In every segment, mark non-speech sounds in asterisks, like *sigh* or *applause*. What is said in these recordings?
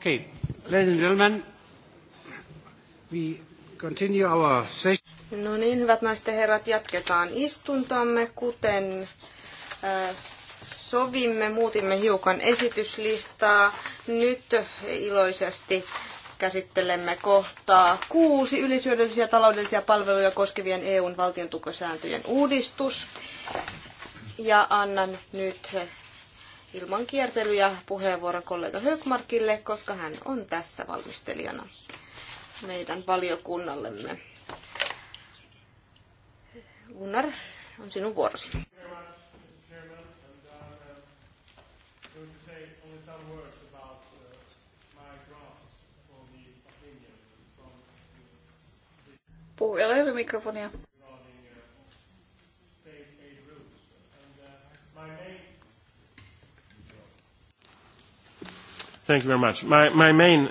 Okay, ladies and gentlemen, we continue our session. No niin, hyvät naiset ja herrat, jatketaan istuntamme, kuten sovimme, muutimme hiukan esityslistaa. Nyt iloisesti käsittelemme kohtaa kuusi ylisyödyllisiä taloudellisia palveluja koskevien EUn valtion tukosääntöjen uudistus. Ja annan nyt ilman kiertelyjä puheenvuoron kollega Högmarkille, koska hän on tässä valmistelijana meidän valiokunnallemme. Gunnar, on sinun vuorosi. Puhujalla ei mikrofonia. Thank you very much. My, my main...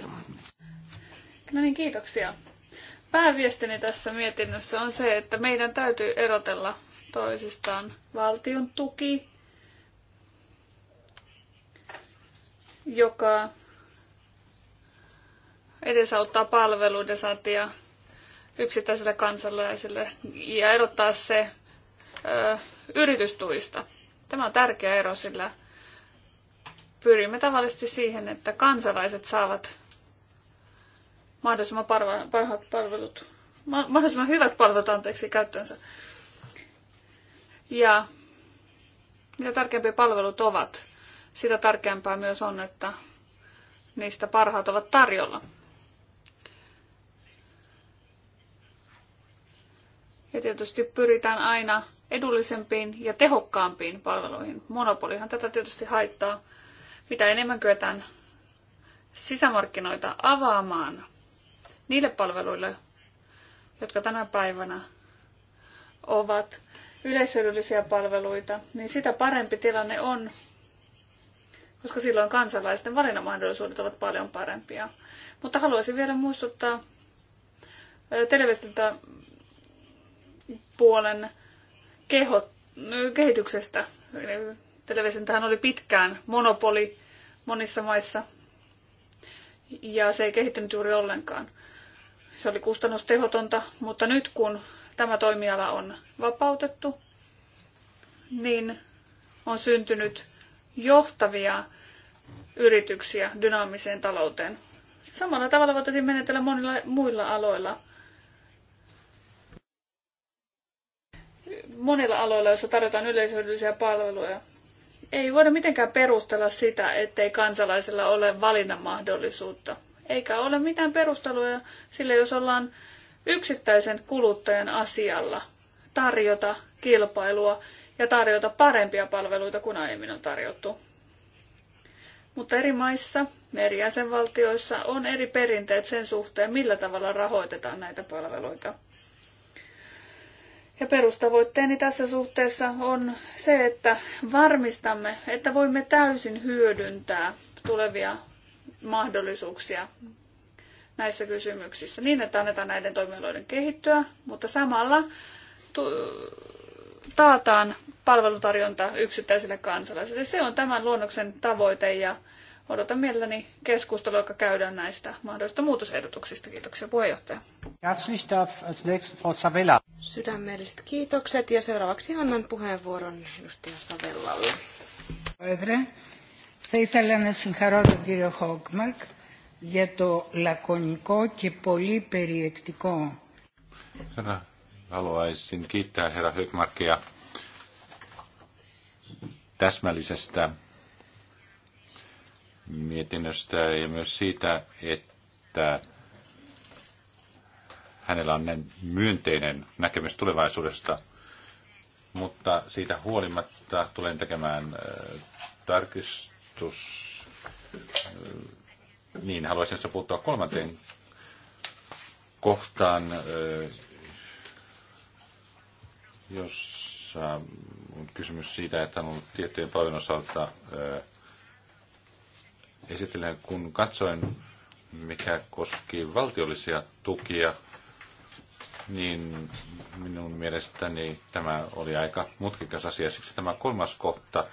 No niin, kiitoksia. Pääviestini tässä mietinnössä on se, että meidän täytyy erotella toisistaan valtion tuki, joka edesauttaa palveluiden saantia yksittäisille kansalaisille ja erottaa se ö, yritystuista. Tämä on tärkeä ero, sillä pyrimme tavallisesti siihen, että kansalaiset saavat mahdollisimman parhaat palvelut, mahdollisimman hyvät palvelut anteeksi käyttöönsä. Ja mitä tärkeämpiä palvelut ovat, sitä tärkeämpää myös on, että niistä parhaat ovat tarjolla. Ja tietysti pyritään aina edullisempiin ja tehokkaampiin palveluihin. Monopolihan tätä tietysti haittaa. Mitä enemmän kyetään sisämarkkinoita avaamaan niille palveluille, jotka tänä päivänä ovat yleishyödyllisiä palveluita, niin sitä parempi tilanne on, koska silloin kansalaisten valinnanmahdollisuudet ovat paljon parempia. Mutta haluaisin vielä muistuttaa televisiota puolen keho, kehityksestä Televisintähän oli pitkään monopoli monissa maissa ja se ei kehittynyt juuri ollenkaan. Se oli kustannustehotonta, mutta nyt kun tämä toimiala on vapautettu, niin on syntynyt johtavia yrityksiä dynaamiseen talouteen. Samalla tavalla voitaisiin menetellä monilla muilla aloilla. Monilla aloilla, joissa tarjotaan yleishyödyllisiä palveluja ei voida mitenkään perustella sitä, ettei kansalaisilla ole valinnan mahdollisuutta. Eikä ole mitään perusteluja sille, jos ollaan yksittäisen kuluttajan asialla tarjota kilpailua ja tarjota parempia palveluita kuin aiemmin on tarjottu. Mutta eri maissa, eri jäsenvaltioissa on eri perinteet sen suhteen, millä tavalla rahoitetaan näitä palveluita. Ja perustavoitteeni tässä suhteessa on se, että varmistamme, että voimme täysin hyödyntää tulevia mahdollisuuksia näissä kysymyksissä niin, että annetaan näiden toimialoiden kehittyä, mutta samalla taataan palvelutarjonta yksittäisille kansalaisille. Se on tämän luonnoksen tavoite ja odotan mielelläni keskustelua, joka käydään näistä mahdollisista muutosehdotuksista. Kiitoksia puheenjohtaja. Savella. Sydämelliset kiitokset ja seuraavaksi annan puheenvuoron edustaja Savellalle. Πρόεδρε, θα ήθελα να συγχαρώ τον κύριο Χόγκμαρκ για το λακωνικό και πολύ περιεκτικό. haluaisin kiittää herra Högmarkia täsmällisestä mietinnöstä ja myös siitä, että hänellä on näin myönteinen näkemys tulevaisuudesta, mutta siitä huolimatta tulen tekemään tarkistus. Niin, haluaisin se puuttua kolmanteen kohtaan, jossa on kysymys siitä, että on ollut tiettyjen paljon osalta esitellään, kun katsoin, mikä koski valtiollisia tukia, niin minun mielestäni tämä oli aika mutkikas asia. Siksi tämä kolmas kohta.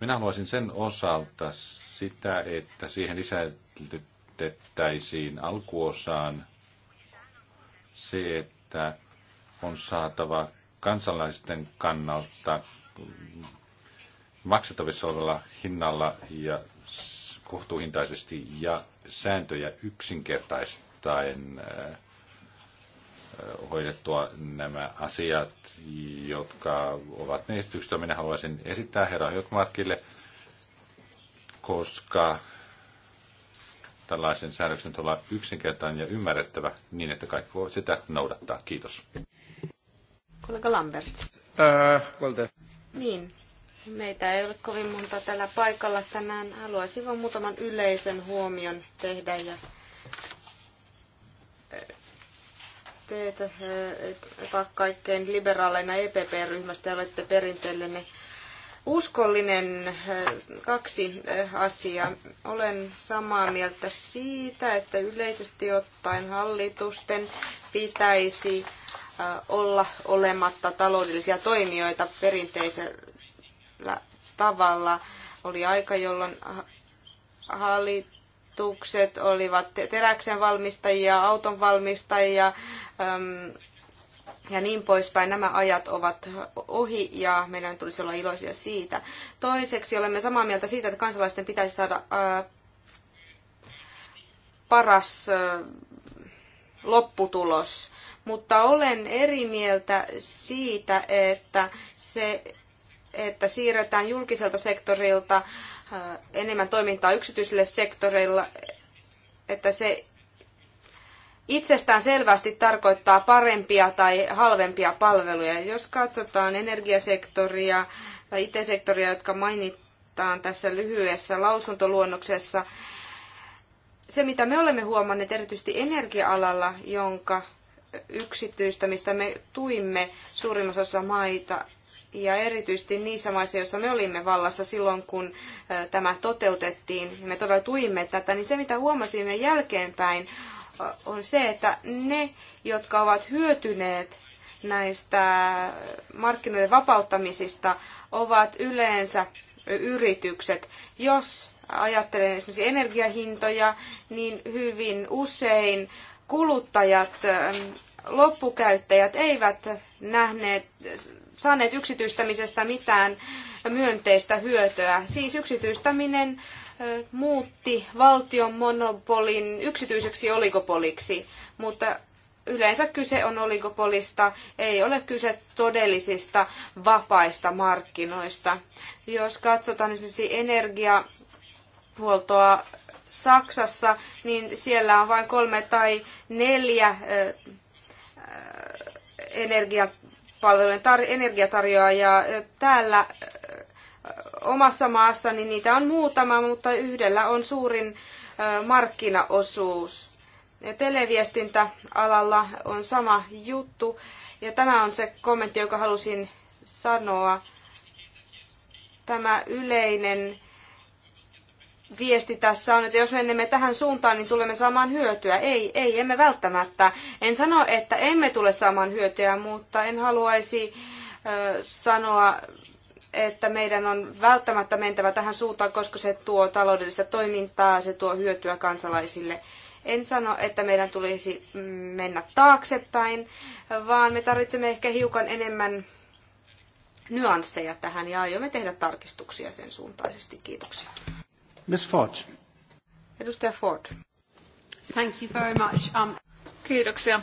Minä haluaisin sen osalta sitä, että siihen lisätettäisiin alkuosaan se, että on saatava kansalaisten kannalta maksettavissa olevalla hinnalla ja kohtuuhintaisesti ja sääntöjä yksinkertaistaen äh, äh, hoidettua nämä asiat, jotka ovat ne esitykset, joita minä haluaisin esittää herra Hökmarkille, koska tällaisen säännöksen olla yksinkertainen ja ymmärrettävä niin, että kaikki voi sitä noudattaa. Kiitos. Kollega Lambert. Äh, Niin, Meitä ei ole kovin monta tällä paikalla tänään. Haluaisin vain muutaman yleisen huomion tehdä ja eh, teitä eh, kaikkein liberaaleina EPP-ryhmästä olette perinteellinen uskollinen eh, kaksi asiaa. Olen samaa mieltä siitä, että yleisesti ottaen hallitusten pitäisi olla olematta taloudellisia toimijoita perinteisellä tavalla. Oli aika, jolloin hallitukset olivat teräksen valmistajia, auton valmistajia ja niin poispäin. Nämä ajat ovat ohi ja meidän tulisi olla iloisia siitä. Toiseksi olemme samaa mieltä siitä, että kansalaisten pitäisi saada paras lopputulos. Mutta olen eri mieltä siitä, että se että siirretään julkiselta sektorilta äh, enemmän toimintaa yksityiselle sektorilla, että se itsestään selvästi tarkoittaa parempia tai halvempia palveluja. Jos katsotaan energiasektoria tai IT-sektoria, jotka mainitaan tässä lyhyessä lausuntoluonnoksessa, se mitä me olemme huomanneet erityisesti energia-alalla, jonka yksityistämistä me tuimme suurimmassa osassa maita, ja erityisesti niissä maissa, joissa me olimme vallassa silloin, kun tämä toteutettiin, me todella tuimme tätä, niin se mitä huomasimme jälkeenpäin on se, että ne, jotka ovat hyötyneet näistä markkinoiden vapauttamisista, ovat yleensä yritykset. Jos ajattelen esimerkiksi energiahintoja, niin hyvin usein kuluttajat, loppukäyttäjät eivät nähneet saaneet yksityistämisestä mitään myönteistä hyötyä. Siis yksityistäminen muutti valtion monopolin yksityiseksi oligopoliksi, mutta yleensä kyse on oligopolista, ei ole kyse todellisista vapaista markkinoista. Jos katsotaan esimerkiksi energiahuoltoa Saksassa, niin siellä on vain kolme tai neljä energian palvelujen tar- energiatarjoajaa. Täällä omassa maassani niin niitä on muutama, mutta yhdellä on suurin markkinaosuus. Televiestintäalalla on sama juttu. Ja tämä on se kommentti, joka halusin sanoa. Tämä yleinen viesti tässä on, että jos menemme tähän suuntaan, niin tulemme saamaan hyötyä. Ei, ei, emme välttämättä. En sano, että emme tule saamaan hyötyä, mutta en haluaisi ö, sanoa, että meidän on välttämättä mentävä tähän suuntaan, koska se tuo taloudellista toimintaa, se tuo hyötyä kansalaisille. En sano, että meidän tulisi mennä taaksepäin, vaan me tarvitsemme ehkä hiukan enemmän nyansseja tähän ja aiomme tehdä tarkistuksia sen suuntaisesti. Kiitoksia. Miss Ford. Edustaja Ford. Thank you very much. Um... Kiitoksia.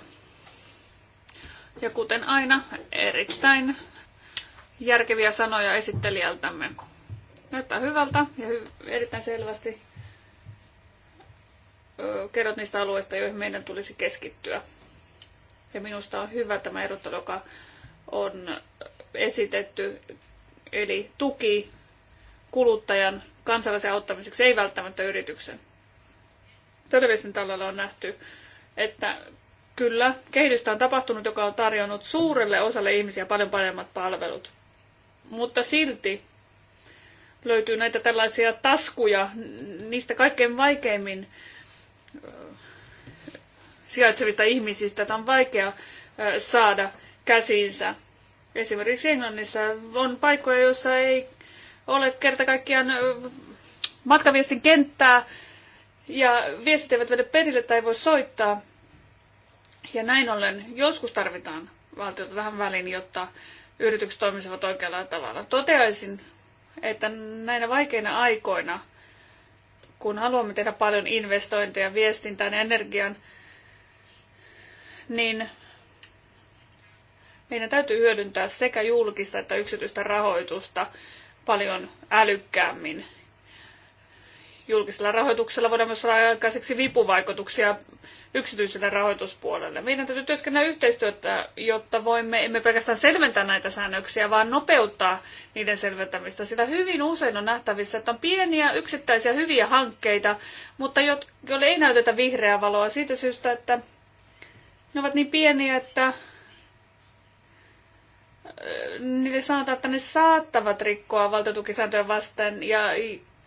Ja kuten aina, erittäin järkeviä sanoja esittelijältämme. Näyttää hyvältä ja hy- erittäin selvästi ö, kerrot niistä alueista, joihin meidän tulisi keskittyä. Ja minusta on hyvä tämä erottelu, joka on esitetty, eli tuki kuluttajan kansalaisen auttamiseksi, ei välttämättä yrityksen. Televisiontalolla on nähty, että kyllä, kehitystä on tapahtunut, joka on tarjonnut suurelle osalle ihmisiä paljon paremmat palvelut. Mutta silti löytyy näitä tällaisia taskuja, niistä kaikkein vaikeimmin äh, sijaitsevista ihmisistä, että on vaikea äh, saada käsiinsä. Esimerkiksi Englannissa on paikkoja, joissa ei ole kerta kaikkiaan matkaviestin kenttää ja viestit eivät vedä perille tai voi soittaa. Ja näin ollen joskus tarvitaan valtiota tähän väliin, jotta yritykset toimisivat oikealla tavalla. Toteaisin, että näinä vaikeina aikoina, kun haluamme tehdä paljon investointeja viestintään ja energian, niin meidän täytyy hyödyntää sekä julkista että yksityistä rahoitusta paljon älykkäämmin. Julkisella rahoituksella voidaan myös saada aikaiseksi vipuvaikutuksia yksityiselle rahoituspuolelle. Meidän täytyy työskennellä yhteistyötä, jotta voimme emme pelkästään selventää näitä säännöksiä, vaan nopeuttaa niiden selventämistä, sillä hyvin usein on nähtävissä, että on pieniä yksittäisiä hyviä hankkeita, mutta joille ei näytetä vihreää valoa siitä syystä, että ne ovat niin pieniä, että niille sanotaan, että ne saattavat rikkoa valtiotukisääntöjä vasten, ja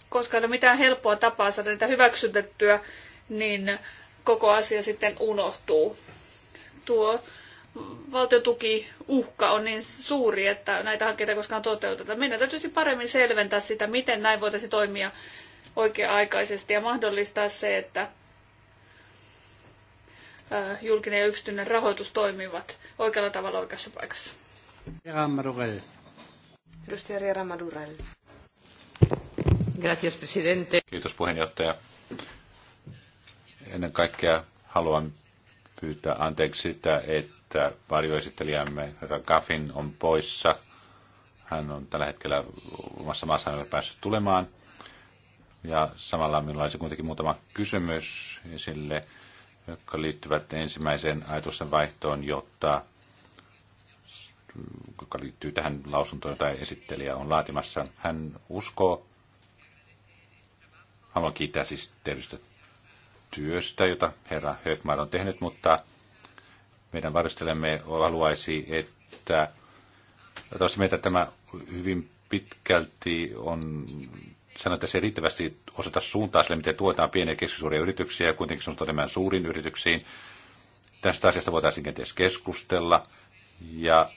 koska ei ole mitään helppoa tapaa saada niitä hyväksytettyä, niin koko asia sitten unohtuu. Tuo valtiotukiuhka on niin suuri, että näitä hankkeita koskaan toteuteta. Meidän täytyisi paremmin selventää sitä, miten näin voitaisiin toimia oikea-aikaisesti ja mahdollistaa se, että äh, julkinen ja yksityinen rahoitus toimivat oikealla tavalla oikeassa paikassa. Edustaja Riera Madurell. Gracias, presidente. Kiitos puheenjohtaja. Ennen kaikkea haluan pyytää anteeksi sitä, että varjoesittelijämme Ragafin on poissa. Hän on tällä hetkellä omassa maassaan päässyt tulemaan. Ja samalla minulla olisi kuitenkin muutama kysymys esille, jotka liittyvät ensimmäiseen ajatusten vaihtoon, jotta joka liittyy tähän lausuntoon, jota esittelijä on laatimassa. Hän uskoo, haluan kiittää siis tehdystä työstä, jota herra Högmar on tehnyt, mutta meidän varustelemme haluaisi, että tosi meitä tämä hyvin pitkälti on sanoa, että se ei riittävästi osata suuntaa sille, miten tuetaan pieniä ja keskisuuria yrityksiä ja kuitenkin se on enemmän suurin yrityksiin. Tästä asiasta voitaisiin kenties keskustella ja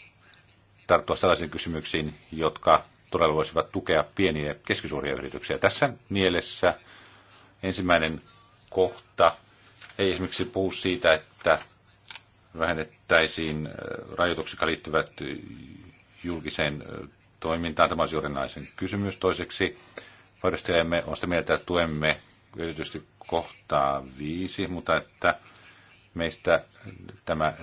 tarttua sellaisiin kysymyksiin, jotka todella voisivat tukea pieniä ja keskisuuria yrityksiä. Tässä mielessä ensimmäinen kohta ei esimerkiksi puhu siitä, että vähennettäisiin äh, rajoituksia, jotka liittyvät äh, julkiseen äh, toimintaan. Tämä olisi kysymys. Toiseksi varustelemme on sitä mieltä, että tuemme erityisesti kohtaa viisi, mutta että meistä tämä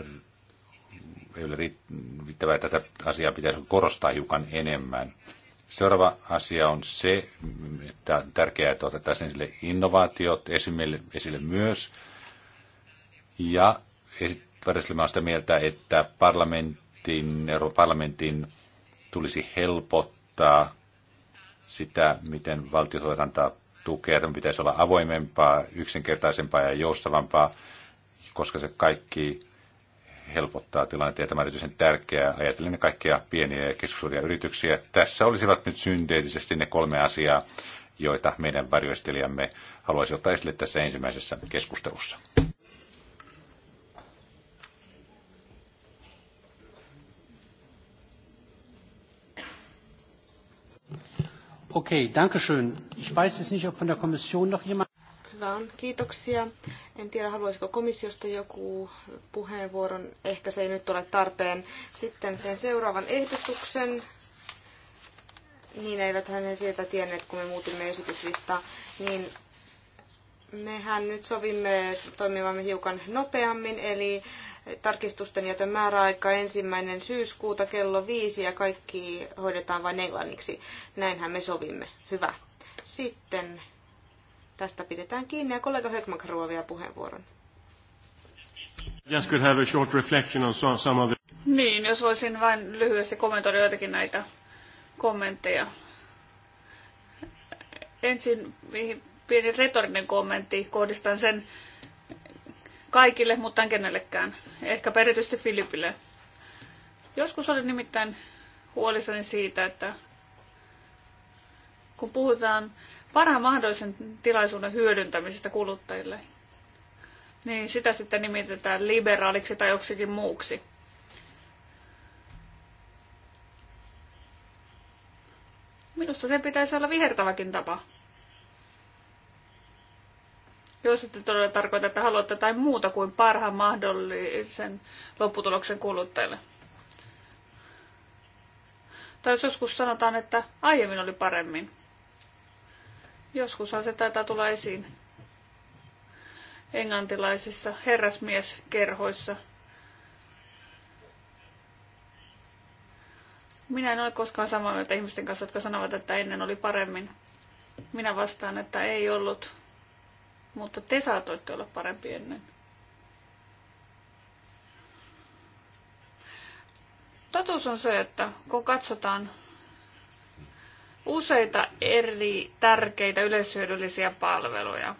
ei ole riittävää, että tätä asiaa pitäisi korostaa hiukan enemmän. Seuraava asia on se, että on tärkeää, että otetaan sille innovaatiot esille, esille myös. Ja varsinkin on sitä mieltä, että parlamentin, Euroopan parlamentin tulisi helpottaa sitä, miten valtiot voivat antaa tukea. Tämä pitäisi olla avoimempaa, yksinkertaisempaa ja joustavampaa, koska se kaikki helpottaa tilannetta ja tämä on erityisen tärkeää ajatellen kaikkia pieniä ja keskisuuria yrityksiä. Tässä olisivat nyt synteettisesti ne kolme asiaa, joita meidän varjoistelijamme haluaisi ottaa esille tässä ensimmäisessä keskustelussa. Okay, danke schön. Ich weiß jetzt nicht, ob von der Kommission noch jemand... Hyvä on, kiitoksia. En tiedä, haluaisiko komissiosta joku puheenvuoron. Ehkä se ei nyt ole tarpeen. Sitten teen seuraavan ehdotuksen. Niin eivät hän sieltä tienneet, kun me muutimme esityslistaa. Niin mehän nyt sovimme toimivamme hiukan nopeammin, eli tarkistusten jätön määräaika ensimmäinen syyskuuta kello viisi ja kaikki hoidetaan vain englanniksi. Näinhän me sovimme. Hyvä. Sitten Tästä pidetään kiinni ja kollega Höckman haluaa vielä puheenvuoron. Just could have a short reflection on some of the... Niin, jos voisin vain lyhyesti kommentoida joitakin näitä kommentteja. Ensin pieni retorinen kommentti, kohdistan sen kaikille, mutta en kenellekään. Ehkä perityisesti Filipille. Joskus olin nimittäin huolissani siitä, että kun puhutaan parhaan mahdollisen tilaisuuden hyödyntämisestä kuluttajille, niin sitä sitten nimitetään liberaaliksi tai joksikin muuksi. Minusta se pitäisi olla vihertäväkin tapa. Jos ette todella tarkoita, että haluatte jotain muuta kuin parhaan mahdollisen lopputuloksen kuluttajille. Tai jos joskus sanotaan, että aiemmin oli paremmin. Joskus se taitaa tulla esiin englantilaisissa herrasmieskerhoissa. Minä en ole koskaan samaa mieltä ihmisten kanssa, jotka sanovat, että ennen oli paremmin. Minä vastaan, että ei ollut, mutta te saatoitte olla parempi ennen. Totuus on se, että kun katsotaan useita eri tärkeitä yleishyödyllisiä palveluja,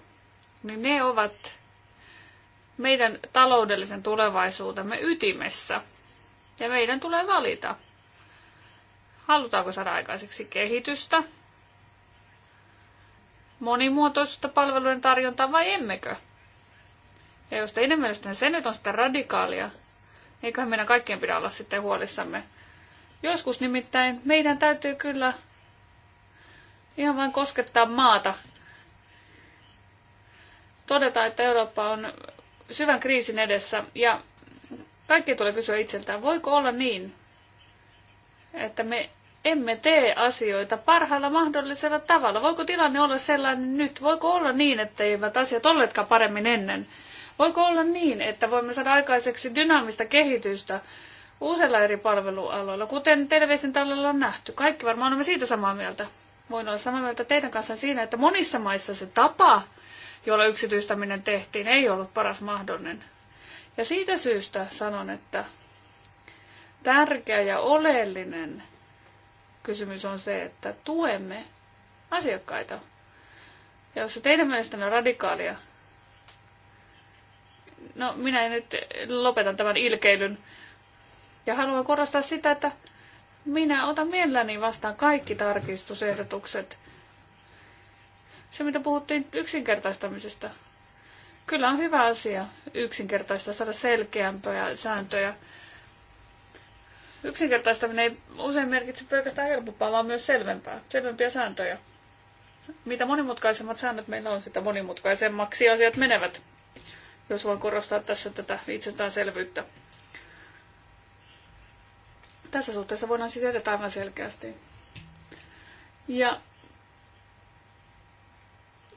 niin ne ovat meidän taloudellisen tulevaisuutemme ytimessä. Ja meidän tulee valita, halutaanko saada aikaiseksi kehitystä, monimuotoisuutta palvelujen tarjontaa vai emmekö. Ja jos teidän mielestänne se nyt on sitä radikaalia, eiköhän meidän kaikkien pidä olla sitten huolissamme. Joskus nimittäin meidän täytyy kyllä ihan vain koskettaa maata. Todeta, että Eurooppa on syvän kriisin edessä ja kaikki tulee kysyä itseltään, voiko olla niin, että me emme tee asioita parhaalla mahdollisella tavalla. Voiko tilanne olla sellainen nyt? Voiko olla niin, että eivät asiat olleetkaan paremmin ennen? Voiko olla niin, että voimme saada aikaiseksi dynaamista kehitystä uusilla eri palvelualoilla, kuten television tallella on nähty? Kaikki varmaan olemme siitä samaa mieltä voin olla samaa mieltä teidän kanssa siinä, että monissa maissa se tapa, jolla yksityistäminen tehtiin, ei ollut paras mahdollinen. Ja siitä syystä sanon, että tärkeä ja oleellinen kysymys on se, että tuemme asiakkaita. Ja jos se teidän mielestänne on radikaalia, no minä nyt lopetan tämän ilkeilyn. Ja haluan korostaa sitä, että minä otan mielelläni vastaan kaikki tarkistusehdotukset. Se, mitä puhuttiin yksinkertaistamisesta. Kyllä on hyvä asia yksinkertaista saada selkeämpiä sääntöjä. Yksinkertaistaminen ei usein merkitse pelkästään helpompaa, vaan myös selvempää, selvempiä sääntöjä. Mitä monimutkaisemmat säännöt meillä on, sitä monimutkaisemmaksi asiat menevät, jos voin korostaa tässä tätä itsestäänselvyyttä. Tässä suhteessa voidaan siis edetä aivan selkeästi. Ja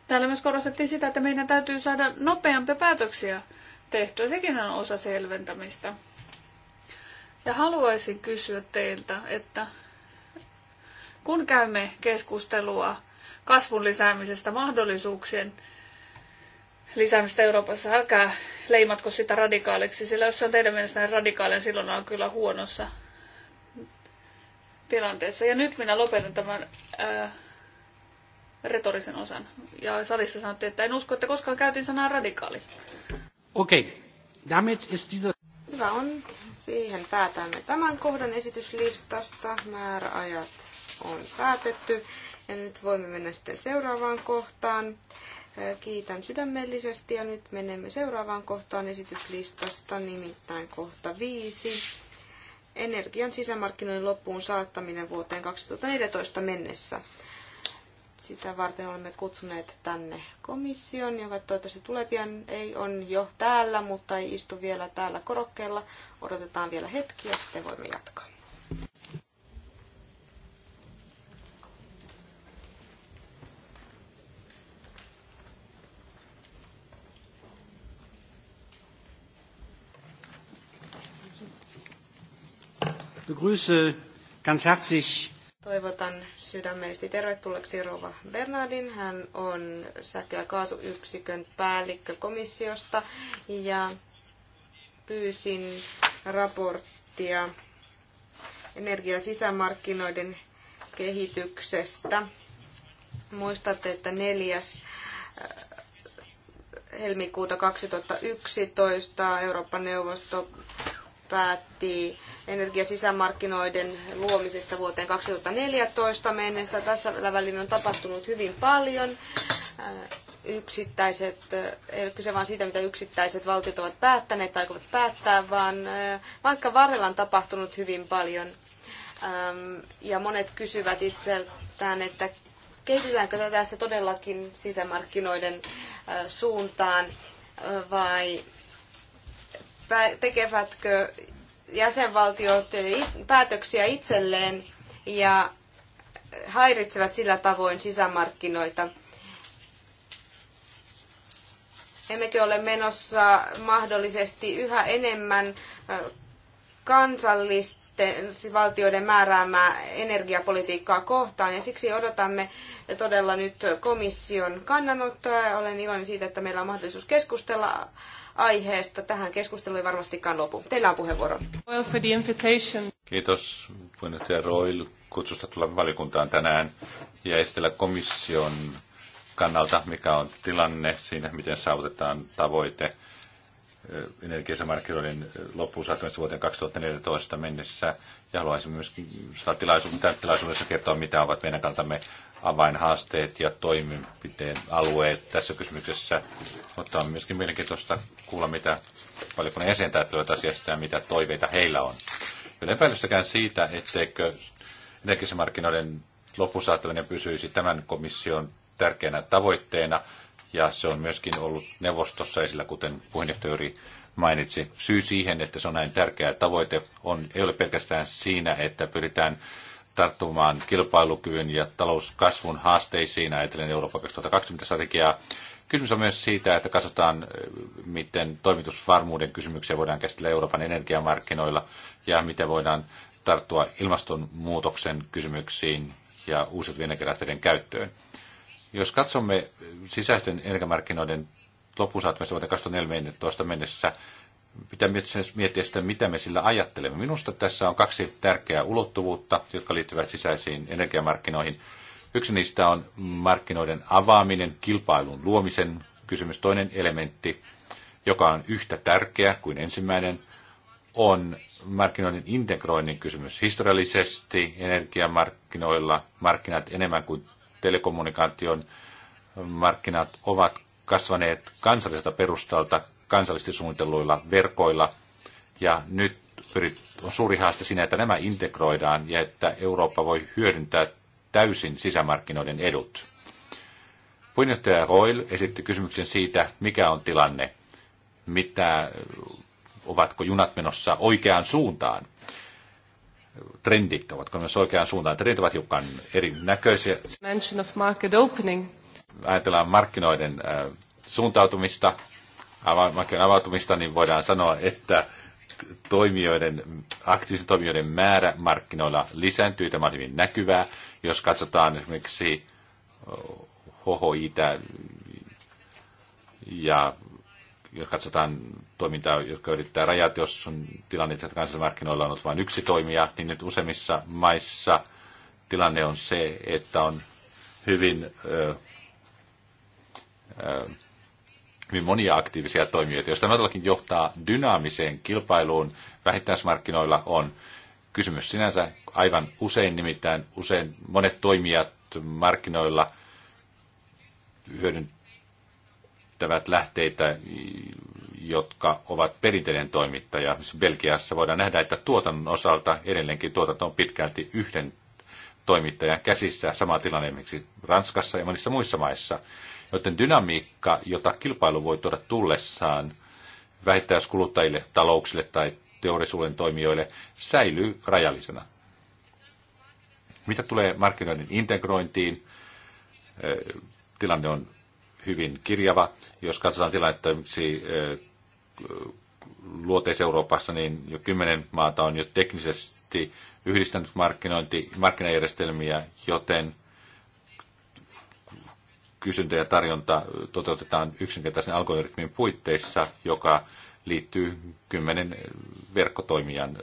täällä myös korostettiin sitä, että meidän täytyy saada nopeampia päätöksiä tehtyä. Sekin on osa selventämistä. Ja haluaisin kysyä teiltä, että kun käymme keskustelua kasvun lisäämisestä, mahdollisuuksien lisäämistä Euroopassa, älkää leimatko sitä radikaaliksi, sillä jos se on teidän mielestänne radikaalinen, silloin on kyllä huonossa tilanteessa. Ja nyt minä lopetan tämän ää, äh, retorisen osan. Ja salissa sanottiin, että en usko, että koskaan käytin sanaa radikaali. Okei. Okay. Damit Hyvä on. Siihen päätämme tämän kohdan esityslistasta. Määräajat on päätetty. Ja nyt voimme mennä sitten seuraavaan kohtaan. Äh, kiitän sydämellisesti ja nyt menemme seuraavaan kohtaan esityslistasta, nimittäin kohta viisi energian sisämarkkinoiden loppuun saattaminen vuoteen 2014 mennessä. Sitä varten olemme kutsuneet tänne komission, joka toivottavasti tulee pian, ei on jo täällä, mutta ei istu vielä täällä korokkeella. Odotetaan vielä hetki ja sitten voimme jatkaa. begrüße ganz herzlich Toivotan sydämellisesti tervetulleeksi Rova Bernardin. Hän on sähkö- ja kaasuyksikön päällikkö komissiosta ja pyysin raporttia energiasisämarkkinoiden kehityksestä. Muistatte, että neljäs äh, helmikuuta 2011 Euroopan neuvosto päätti energiasisämarkkinoiden luomisesta vuoteen 2014 mennessä. Tässä välin on tapahtunut hyvin paljon. Äh, yksittäiset, äh, ei ole kyse vain siitä, mitä yksittäiset valtiot ovat päättäneet tai ovat päättää, vaan matkan äh, varrella on tapahtunut hyvin paljon. Ähm, ja monet kysyvät itseltään, että kehitetäänkö tässä todellakin sisämarkkinoiden suuntaan vai tekevätkö jäsenvaltiot päätöksiä itselleen ja häiritsevät sillä tavoin sisämarkkinoita. Emmekö ole menossa mahdollisesti yhä enemmän kansallisten valtioiden määräämää energiapolitiikkaa kohtaan ja siksi odotamme todella nyt komission kannanottoa. Olen iloinen siitä, että meillä on mahdollisuus keskustella aiheesta. Tähän keskusteluun ei varmastikaan lopu. Teillä on puheenvuoro. Well for the invitation. Kiitos puheenjohtaja Roil kutsusta tulla valiokuntaan tänään ja esitellä komission kannalta, mikä on tilanne siinä, miten saavutetaan tavoite eh, energiamarkkinoiden eh, loppuun saattamista vuoteen 2014 mennessä. Ja haluaisin myöskin saada tilaisuudessa kertoa, mitä ovat meidän kantamme avainhaasteet ja toimenpiteen alueet tässä kysymyksessä, mutta on myöskin mielenkiintoista kuulla, mitä valiokunnan jäsenet ajattelevat asiasta ja mitä toiveita heillä on. Kyllä epäilystäkään siitä, etteikö energiamarkkinoiden loppusaattaminen pysyisi tämän komission tärkeänä tavoitteena, ja se on myöskin ollut neuvostossa esillä, kuten puheenjohtajuri mainitsi. Syy siihen, että se on näin tärkeä tavoite, on, ei ole pelkästään siinä, että pyritään tarttumaan kilpailukyvyn ja talouskasvun haasteisiin ajatellen Eurooppa 2020-strategiaa. Kysymys on myös siitä, että katsotaan, eh, miten toimitusvarmuuden kysymyksiä voidaan käsitellä Euroopan energiamarkkinoilla ja miten voidaan tarttua ilmastonmuutoksen kysymyksiin ja uusien energialähteiden käyttöön. Jos katsomme sisäisten energiamarkkinoiden loppuun saattamista vuoteen 2014 mennessä, pitää miettiä sitä, mitä me sillä ajattelemme. Minusta tässä on kaksi tärkeää ulottuvuutta, jotka liittyvät sisäisiin energiamarkkinoihin. Yksi niistä on markkinoiden avaaminen, kilpailun luomisen kysymys. Toinen elementti, joka on yhtä tärkeä kuin ensimmäinen, on markkinoiden integroinnin kysymys. Historiallisesti energiamarkkinoilla markkinat enemmän kuin telekommunikaation markkinat ovat kasvaneet kansalliselta perustalta kansallisesti suunnitelluilla verkoilla. Ja nyt on suuri haaste siinä, että nämä integroidaan ja että Eurooppa voi hyödyntää täysin sisämarkkinoiden edut. Puheenjohtaja Roil esitti kysymyksen siitä, mikä on tilanne, mitä, ovatko junat menossa oikeaan suuntaan. Trendit, ovatko menossa oikeaan suuntaan? Trendit ovat hiukan erinäköisiä. Mention of market opening. Ajatellaan markkinoiden äh, suuntautumista avautumista, niin voidaan sanoa, että toimijoiden, aktiivisten toimijoiden määrä markkinoilla lisääntyy. Tämä on hyvin näkyvää. Jos katsotaan esimerkiksi HHIitä oh, ja jos katsotaan toimintaa, jotka yrittää rajat, jos on tilanne, että kansallisilla markkinoilla on ollut vain yksi toimija, niin nyt useimmissa maissa tilanne on se, että on hyvin ö, ö, hyvin monia aktiivisia toimijoita. Jos tämä todellakin johtaa dynaamiseen kilpailuun, vähittäismarkkinoilla on kysymys sinänsä aivan usein, nimittäin usein monet toimijat markkinoilla hyödyntävät lähteitä, jotka ovat perinteinen toimittaja. Siis Belgiassa voidaan nähdä, että tuotannon osalta edelleenkin tuotanto on pitkälti yhden toimittajan käsissä. Sama tilanne esimerkiksi Ranskassa ja monissa muissa maissa joten dynamiikka, jota kilpailu voi tuoda tullessaan vähittäiskuluttajille, talouksille tai teollisuuden toimijoille, säilyy rajallisena. Mitä tulee markkinoiden integrointiin, eh, tilanne on hyvin kirjava. Jos katsotaan tilannetta miksi eh, luoteis-Euroopassa, niin jo kymmenen maata on jo teknisesti yhdistänyt markkinointi, markkinajärjestelmiä, joten kysyntä ja tarjonta toteutetaan yksinkertaisen algoritmin puitteissa, joka liittyy kymmenen verkkotoimijan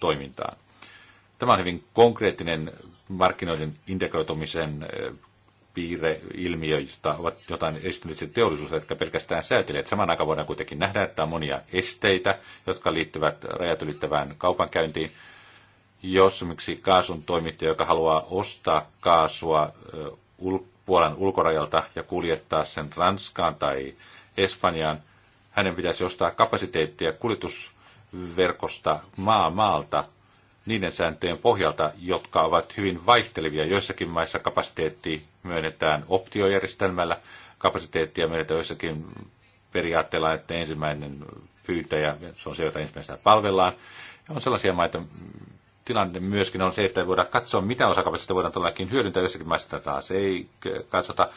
toimintaan. Tämä on hyvin konkreettinen markkinoiden integroitumisen piirre, ilmiö, jota ovat jotain esittänyt se teollisuus, jotka pelkästään säätelee. Samaan aikaan voidaan kuitenkin nähdä, että on monia esteitä, jotka liittyvät rajat ylittävään kaupankäyntiin. Jos esimerkiksi kaasun toimittaja, joka haluaa ostaa kaasua ulkoa, Puolan ulkorajalta ja kuljettaa sen Ranskaan tai Espanjaan, hänen pitäisi ostaa kapasiteettia kuljetusverkosta maa maalta niiden sääntöjen pohjalta, jotka ovat hyvin vaihtelevia. Joissakin maissa kapasiteetti myönnetään optiojärjestelmällä, kapasiteettia myönnetään joissakin periaatteella, että ensimmäinen pyytäjä, se on se, jota ensimmäisenä palvellaan. Ja on sellaisia maita, tilanne myöskin on se, että voidaan katsoa, mitä osakapasiteettia voidaan tuollakin hyödyntää. Jossakin maissa taas ei katsota.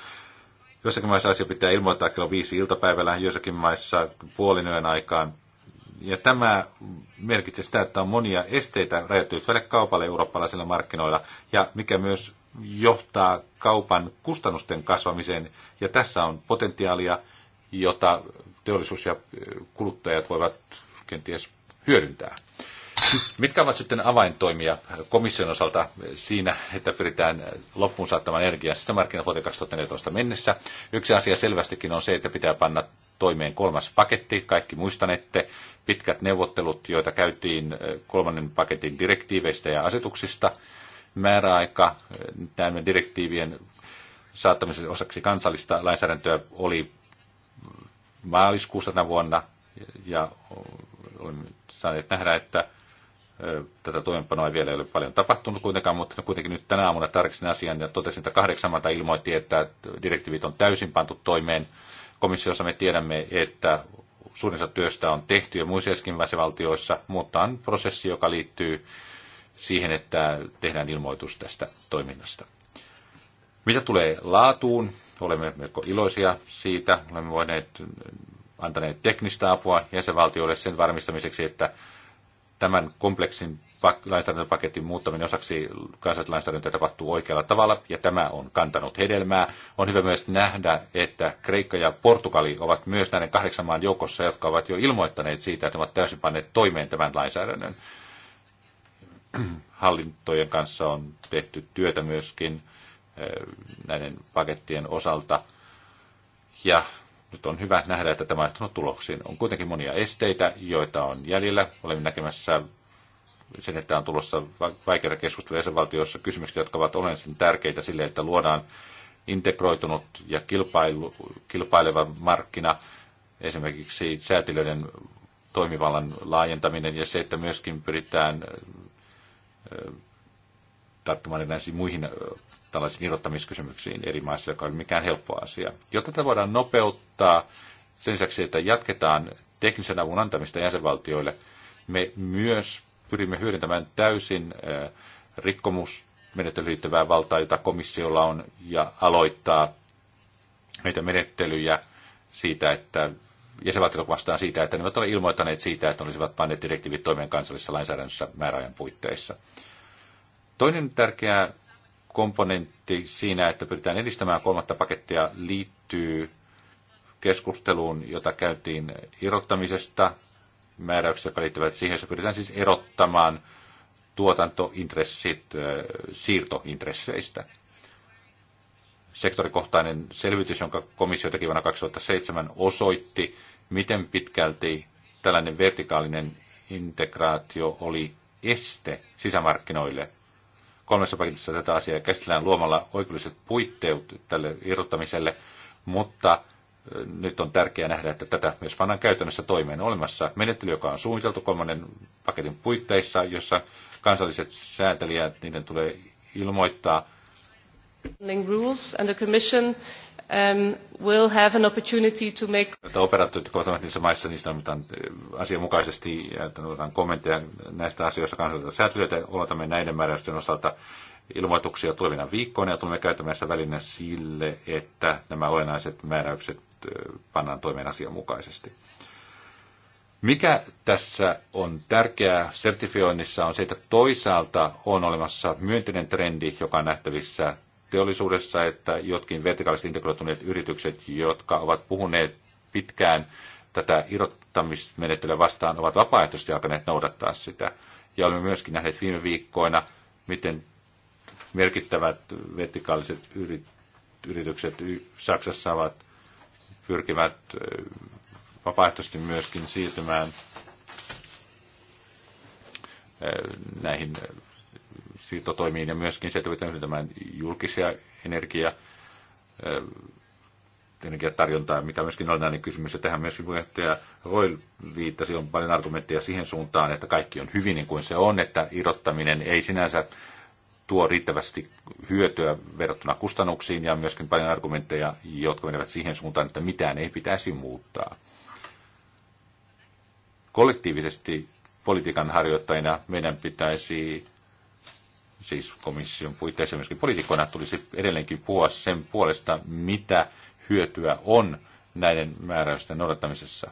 Jossakin maissa asia pitää ilmoittaa kello viisi iltapäivällä, jossakin maissa puolin yön aikaan. Ja tämä merkitsee sitä, että on monia esteitä rajoittuvalle kaupalle eurooppalaisilla markkinoilla, ja mikä myös johtaa kaupan kustannusten kasvamiseen. Ja tässä on potentiaalia, jota teollisuus ja kuluttajat voivat kenties hyödyntää. Mitkä ovat sitten avaintoimia komission osalta siinä, että pyritään loppuun saattamaan energiaa sisämarkkinat vuoteen 2014 mennessä? Yksi asia selvästikin on se, että pitää panna toimeen kolmas paketti. Kaikki muistanette pitkät neuvottelut, joita käytiin kolmannen paketin direktiiveistä ja asetuksista. Määräaika näiden direktiivien saattamisen osaksi kansallista lainsäädäntöä oli maaliskuussa tänä vuonna ja olemme saaneet nähdä, että Tätä toimenpanoa vielä ole paljon tapahtunut kuitenkaan, mutta no kuitenkin nyt tänä aamuna tarkistin asian ja totesin, että kahdeksamalta ilmoitti, että direktiivit on täysin pantu toimeen. Komissiossa me tiedämme, että suurin työstä on tehty jo muissa jäsenvaltioissa, mutta on prosessi, joka liittyy siihen, että tehdään ilmoitus tästä toiminnasta. Mitä tulee laatuun, olemme melko iloisia siitä. Olemme voineet antaneet teknistä apua jäsenvaltioille sen varmistamiseksi, että tämän kompleksin lainsäädäntöpaketin muuttaminen osaksi kansallista lainsäädäntöä tapahtuu oikealla tavalla, ja tämä on kantanut hedelmää. On hyvä myös nähdä, että Kreikka ja Portugali ovat myös näiden kahdeksan maan joukossa, jotka ovat jo ilmoittaneet siitä, että ne ovat täysin panneet toimeen tämän lainsäädännön. *clears throat* Hallintojen kanssa on tehty työtä myöskin eh, näiden pakettien osalta, ja nyt on hyvä nähdä, että tämä on johtanut tuloksiin. On kuitenkin monia esteitä, joita on jäljellä. Olemme näkemässä sen, että on tulossa vaikeita keskusteluja jäsenvaltioissa kysymyksiä, jotka ovat olennaisen tärkeitä sille, että luodaan integroitunut ja kilpailu, kilpaileva markkina, esimerkiksi säätilöiden toimivallan laajentaminen ja se, että myöskin pyritään tarttumaan näihin muihin tällaisiin irrottamiskysymyksiin eri maissa, joka ei ole mikään helppo asia. Jotta tätä voidaan nopeuttaa sen lisäksi, että jatketaan teknisen avun antamista jäsenvaltioille, me myös pyrimme hyödyntämään täysin rikkomusmenettelyyn liittyvää valtaa, jota komissiolla on, ja aloittaa meitä menettelyjä siitä, että jäsenvaltiot vastaan siitä, että ne ovat ilmoittaneet siitä, että olisivat panneet direktiivit toimeen kansallisessa lainsäädännössä määräajan puitteissa. Toinen tärkeä komponentti siinä, että pyritään edistämään kolmatta pakettia, liittyy keskusteluun, jota käytiin irrottamisesta, määräyksiä, jotka liittyvät siihen, että pyritään siis erottamaan tuotantointressit siirtointresseistä. Sektorikohtainen selvitys, jonka komissio teki vuonna 2007, osoitti, miten pitkälti tällainen vertikaalinen integraatio oli este sisämarkkinoille – Kolmessa paketissa tätä asiaa käsitellään luomalla oikeudelliset puitteet tälle irrottamiselle, mutta nyt on tärkeää nähdä, että tätä myös pannaan käytännössä toimeen olemassa menettely, joka on suunniteltu kolmannen paketin puitteissa, jossa kansalliset säätelijät, niiden tulee ilmoittaa rules and the commission Um, will have an opportunity to make... Operaattorit, jotka ovat niissä maissa, niistä toimitaan äh, asianmukaisesti ja otetaan kommentteja näistä asioista kansallisilta säätelijöiltä. Oletamme näiden määräysten osalta ilmoituksia tulevina viikkoina ja tulemme käyttämään sitä välinä sille, että nämä olennaiset määräykset äh, pannaan toimeen asianmukaisesti. Mikä tässä on tärkeää sertifioinnissa on se, että toisaalta on olemassa myönteinen trendi, joka on nähtävissä teollisuudessa että jotkin vertikaalisesti integroituneet yritykset, jotka ovat puhuneet pitkään tätä irrottamismenettelyä vastaan, ovat vapaaehtoisesti alkaneet noudattaa sitä. Ja olemme myöskin nähneet viime viikkoina, miten merkittävät vertikaaliset yritykset Saksassa ovat pyrkivät vapaaehtoisesti myöskin siirtymään näihin siirtotoimiin ja myöskin se, että tämän julkisia energia, äh, energiatarjontaa, mikä myöskin on näin kysymys. Ja tähän myöskin puheenjohtaja Roil viittasi, on paljon argumentteja siihen suuntaan, että kaikki on hyvin niin kuin se on, että irrottaminen ei sinänsä tuo riittävästi hyötyä verrattuna kustannuksiin ja myöskin paljon argumentteja, jotka menevät siihen suuntaan, että mitään ei pitäisi muuttaa. Kollektiivisesti politiikan harjoittajina meidän pitäisi siis komission puitteissa myöskin poliitikkoina, tulisi edelleenkin puhua sen puolesta, mitä hyötyä on näiden määräysten noudattamisessa.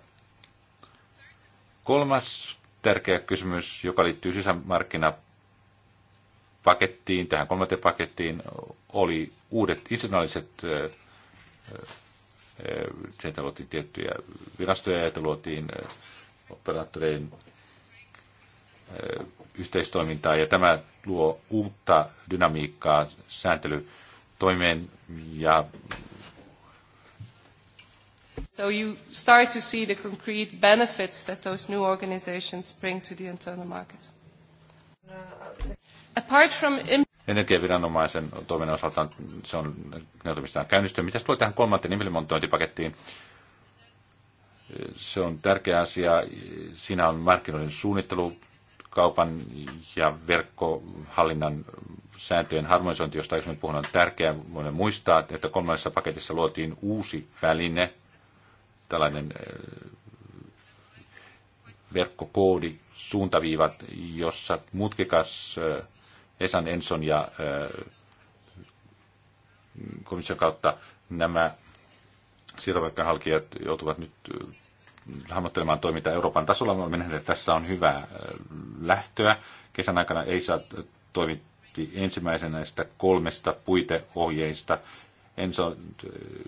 Kolmas tärkeä kysymys, joka liittyy sisämarkkinapakettiin, tähän kolmanteen pakettiin, oli uudet itsenäiset sieltä luotiin tiettyjä virastoja, ja luotiin operaattoreiden yhteistoimintaa ja tämä luo uutta dynamiikkaa sääntelytoimeen ja So you start to see the concrete benefits that those new organizations bring to the internal market. Apart from Energiaviranomaisen toiminnan osalta se on neuvotelmista käynnistynyt. Mitä tulee tähän kolmanteen implementointipakettiin? Se on tärkeä asia. Siinä on markkinoiden suunnittelu kaupan ja verkkohallinnan sääntöjen harmonisointi, josta esimerkiksi puhunut, on tärkeää. monen muistaa, että kolmannessa paketissa luotiin uusi väline, tällainen äh, verkkokoodi, suuntaviivat, jossa mutkikas äh, Esan Enson ja äh, komission kautta nämä siirtoverkkojen halkijat joutuvat nyt hahmottelemaan toimintaa Euroopan tasolla. Mä menen, että tässä on hyvää äh, lähtöä. Kesän aikana ei saa äh, toimitti ensimmäisenä näistä kolmesta puiteohjeista. saa äh,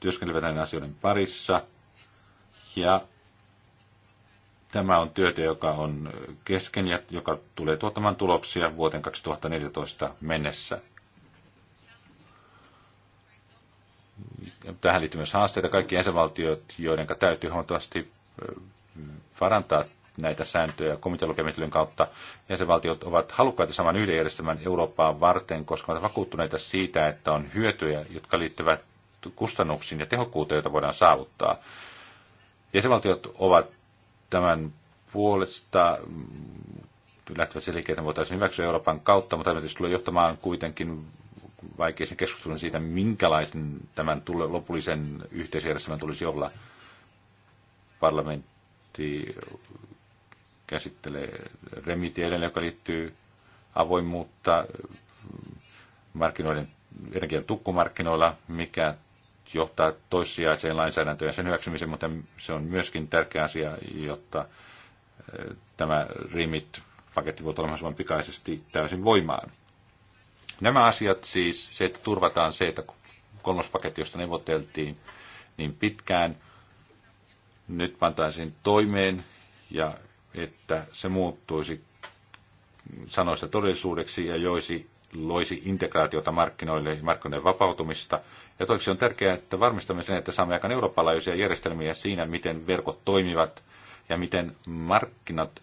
työskennellä näiden asioiden parissa. Ja tämä on työtä, joka on kesken ja joka tulee tuottamaan tuloksia vuoteen 2014 mennessä. Tähän liittyy myös haasteita. Kaikki jäsenvaltiot, joiden täytyy huomattavasti parantaa näitä sääntöjä komitealukemitilön kautta. Jäsenvaltiot ovat halukkaita saman yhden järjestelmän Eurooppaan varten, koska ovat vakuuttuneita siitä, että on hyötyjä, jotka liittyvät kustannuksiin ja tehokkuuteen, joita voidaan saavuttaa. Jäsenvaltiot ovat tämän puolesta mm, lähtevät että voitaisiin hyväksyä Euroopan kautta, mutta tämä tulee johtamaan kuitenkin vaikeisen keskustelun siitä, minkälaisen tämän tule, lopullisen yhteisjärjestelmän tulisi olla. Parlamentti käsittelee remitiä joka liittyy avoimuutta mm, markkinoiden, energian tukkumarkkinoilla, mikä johtaa toissijaiseen lainsäädäntöön ja sen hyväksymiseen, mutta se on myöskin tärkeä asia, jotta eh, tämä remit paketti voi olla pikaisesti täysin voimaan. Nämä asiat siis, se, että turvataan se, että kolmas paketti, josta neuvoteltiin niin pitkään, nyt pantaisiin toimeen ja että se muuttuisi sanoista todellisuudeksi ja joisi loisi integraatiota markkinoille ja markkinoiden vapautumista. Ja toiseksi on tärkeää, että varmistamme sen, että saamme aikaan eurooppalaisia järjestelmiä siinä, miten verkot toimivat ja miten markkinat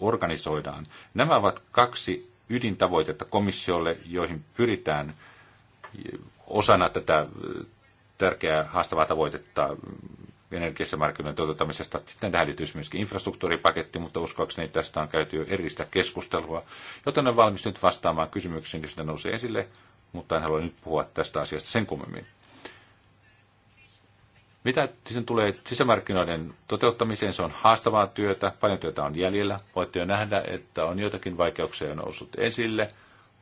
organisoidaan. Nämä ovat kaksi ydintavoitetta komissiolle, joihin pyritään osana tätä äh, tärkeää haastavaa tavoitetta äh, energiassa markkinoiden toteuttamisesta. Sitten tähän liittyy siis myöskin infrastruktuuripaketti, mutta uskoakseni tästä on käyty jo erillistä keskustelua, joten olen valmis nyt vastaamaan kysymyksiin, jos ne nousee esille, mutta en halua nyt puhua tästä asiasta sen kummemmin. Mitä sen tulee sisämarkkinoiden toteuttamiseen, se on haastavaa työtä, paljon työtä on jäljellä. Voitte jo nähdä, että on joitakin vaikeuksia noussut esille,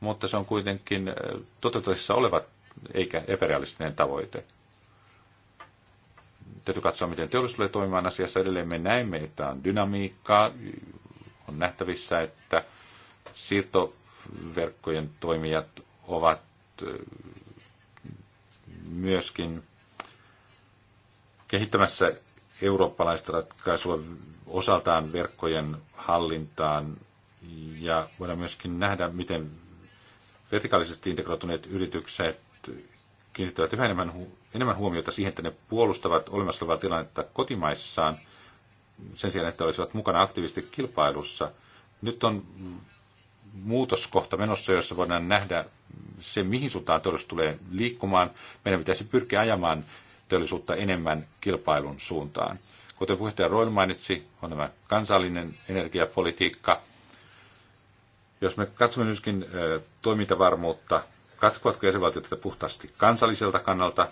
mutta se on kuitenkin äh, toteutuksessa oleva eikä epärealistinen tavoite. Täytyy katsoa, miten teollisuus tulee toimimaan asiassa. Edelleen me näemme, että on dynamiikkaa, on nähtävissä, että siirtoverkkojen toimijat ovat äh, myöskin kehittämässä eurooppalaista ratkaisua osaltaan verkkojen hallintaan ja voidaan myöskin nähdä, miten vertikaalisesti integroituneet yritykset kiinnittävät yhä enemmän, hu- enemmän huomiota siihen, että ne puolustavat olemassa olevaa tilannetta kotimaissaan sen sijaan, että olisivat mukana aktiivisesti kilpailussa. Nyt on muutoskohta menossa, jossa voidaan nähdä se, mihin suuntaan teollisuus tulee liikkumaan. Meidän pitäisi pyrkiä ajamaan teollisuutta enemmän kilpailun suuntaan. Kuten puheenjohtaja Roil mainitsi, on tämä kansallinen energiapolitiikka. Jos me katsomme myöskin toimintavarmuutta, katsovatko jäsenvaltiot tätä puhtaasti kansalliselta kannalta,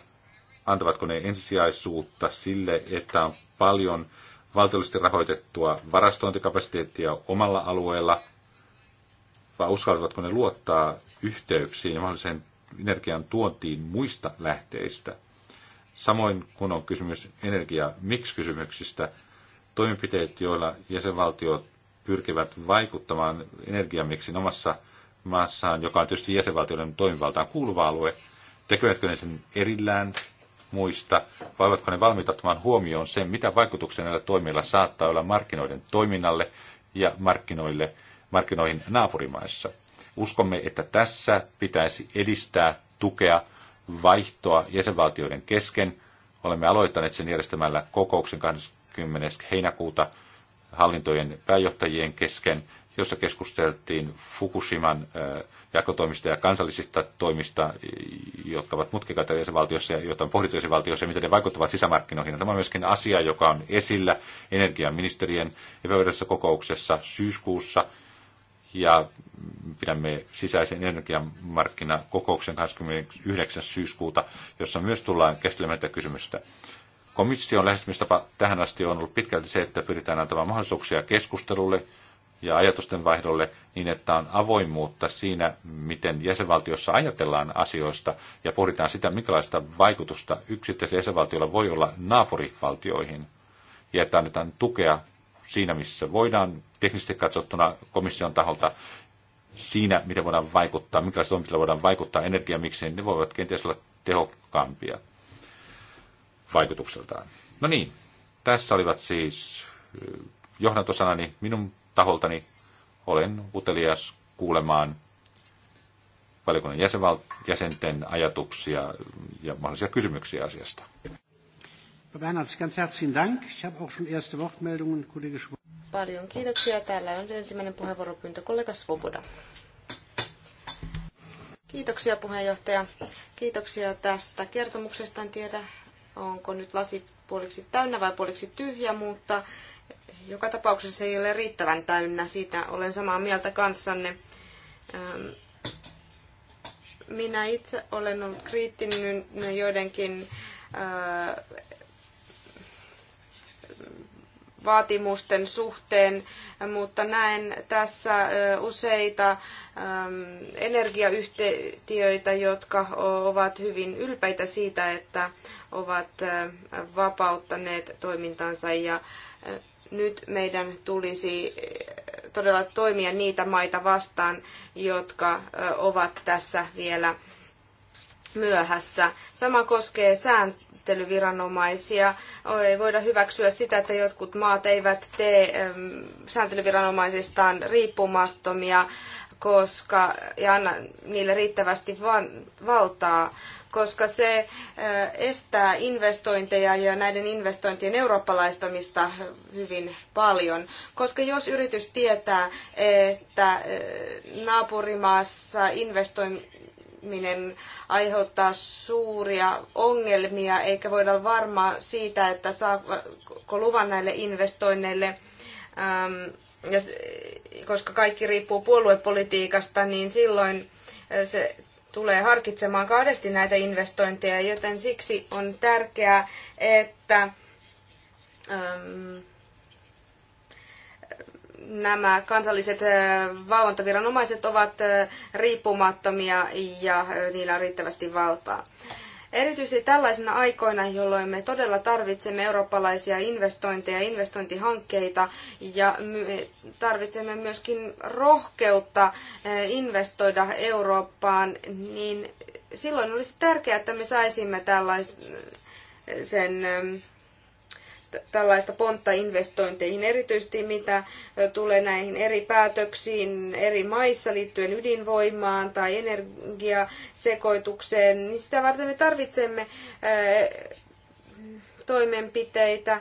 antavatko ne ensisijaisuutta sille, että on paljon valtiollisesti rahoitettua varastointikapasiteettia omalla alueella, vai uskaltavatko ne luottaa yhteyksiin ja mahdolliseen energian tuontiin muista lähteistä – Samoin kun on kysymys energia miksi kysymyksistä toimenpiteet, joilla jäsenvaltiot pyrkivät vaikuttamaan energiamiksin omassa maassaan, joka on tietysti jäsenvaltioiden toimivaltaan kuuluva alue, tekevätkö ne sen erillään muista, vai ovatko ne valmiita ottamaan huomioon sen, mitä vaikutuksia näillä toimilla saattaa olla markkinoiden toiminnalle ja markkinoille, markkinoihin naapurimaissa. Uskomme, että tässä pitäisi edistää, tukea vaihtoa jäsenvaltioiden kesken. Olemme aloittaneet sen järjestämällä kokouksen 20. heinäkuuta hallintojen pääjohtajien kesken, jossa keskusteltiin Fukushiman äh, jakotoimista ja kansallisista toimista, jotka ovat mutkikaita jäsenvaltiossa ja joita on pohdittu jäsenvaltiossa ja miten ne vaikuttavat sisämarkkinoihin. Tämä on myöskin asia, joka on esillä energiaministerien epävirallisessa kokouksessa syyskuussa – ja pidämme sisäisen energiamarkkinakokouksen 29. syyskuuta, jossa myös tullaan käsittelemään tätä kysymystä. Komission lähestymistapa tähän asti on ollut pitkälti se, että pyritään antamaan mahdollisuuksia keskustelulle ja ajatusten vaihdolle niin, että on avoimuutta siinä, miten jäsenvaltiossa ajatellaan asioista ja pohditaan sitä, minkälaista vaikutusta yksittäisellä jäsenvaltiolla voi olla naapurivaltioihin ja että annetaan tukea siinä, missä voidaan teknisesti katsottuna komission taholta siinä, miten voidaan vaikuttaa, minkälaisilla toimilla voidaan vaikuttaa energiamikseen, niin ne voivat kenties olla tehokkaampia vaikutukseltaan. No niin, tässä olivat siis eh, johdantosanani minun taholtani. Olen utelias kuulemaan valiokunnan jäsenten ajatuksia ja mahdollisia kysymyksiä asiasta. Bernhards, ganz herzlichen Dank. Ich habe auch schon erste Wortmeldungen, Kollege Schwab. Paljon kiitoksia. Täällä on ensimmäinen puheenvuoropyyntö kollega Svoboda. Kiitoksia puheenjohtaja. Kiitoksia tästä kertomuksesta. En tiedä, onko nyt lasi puoliksi täynnä vai puoliksi tyhjä, mutta joka tapauksessa ei ole riittävän täynnä. Siitä olen samaa mieltä kanssanne. Minä itse olen ollut kriittinen joidenkin vaatimusten suhteen, mutta näen tässä useita energiayhtiöitä, jotka ovat hyvin ylpeitä siitä, että ovat vapauttaneet toimintansa ja nyt meidän tulisi todella toimia niitä maita vastaan, jotka ovat tässä vielä myöhässä. Sama koskee sääntöjä sääntelyviranomaisia. Ei voida hyväksyä sitä, että jotkut maat eivät tee sääntelyviranomaisistaan riippumattomia koska, ja anna niille riittävästi van, valtaa, koska se e, estää investointeja ja näiden investointien eurooppalaistamista hyvin paljon. Koska jos yritys tietää, että e, naapurimaassa investoin leviäminen aiheuttaa suuria ongelmia, eikä voida olla varma siitä, että saako luvan näille investoinneille. Ähm, ja koska kaikki riippuu puoluepolitiikasta, niin silloin äh, se tulee harkitsemaan kahdesti näitä investointeja, joten siksi on tärkeää, että ähm, nämä kansalliset valvontaviranomaiset ovat riippumattomia ja niillä on riittävästi valtaa. Erityisesti tällaisina aikoina, jolloin me todella tarvitsemme eurooppalaisia investointeja, investointihankkeita ja tarvitsemme myöskin rohkeutta investoida Eurooppaan, niin silloin olisi tärkeää, että me saisimme tällaisen tällaista pontta investointeihin, erityisesti mitä tulee näihin eri päätöksiin eri maissa liittyen ydinvoimaan tai energiasekoitukseen, niin sitä varten me tarvitsemme toimenpiteitä.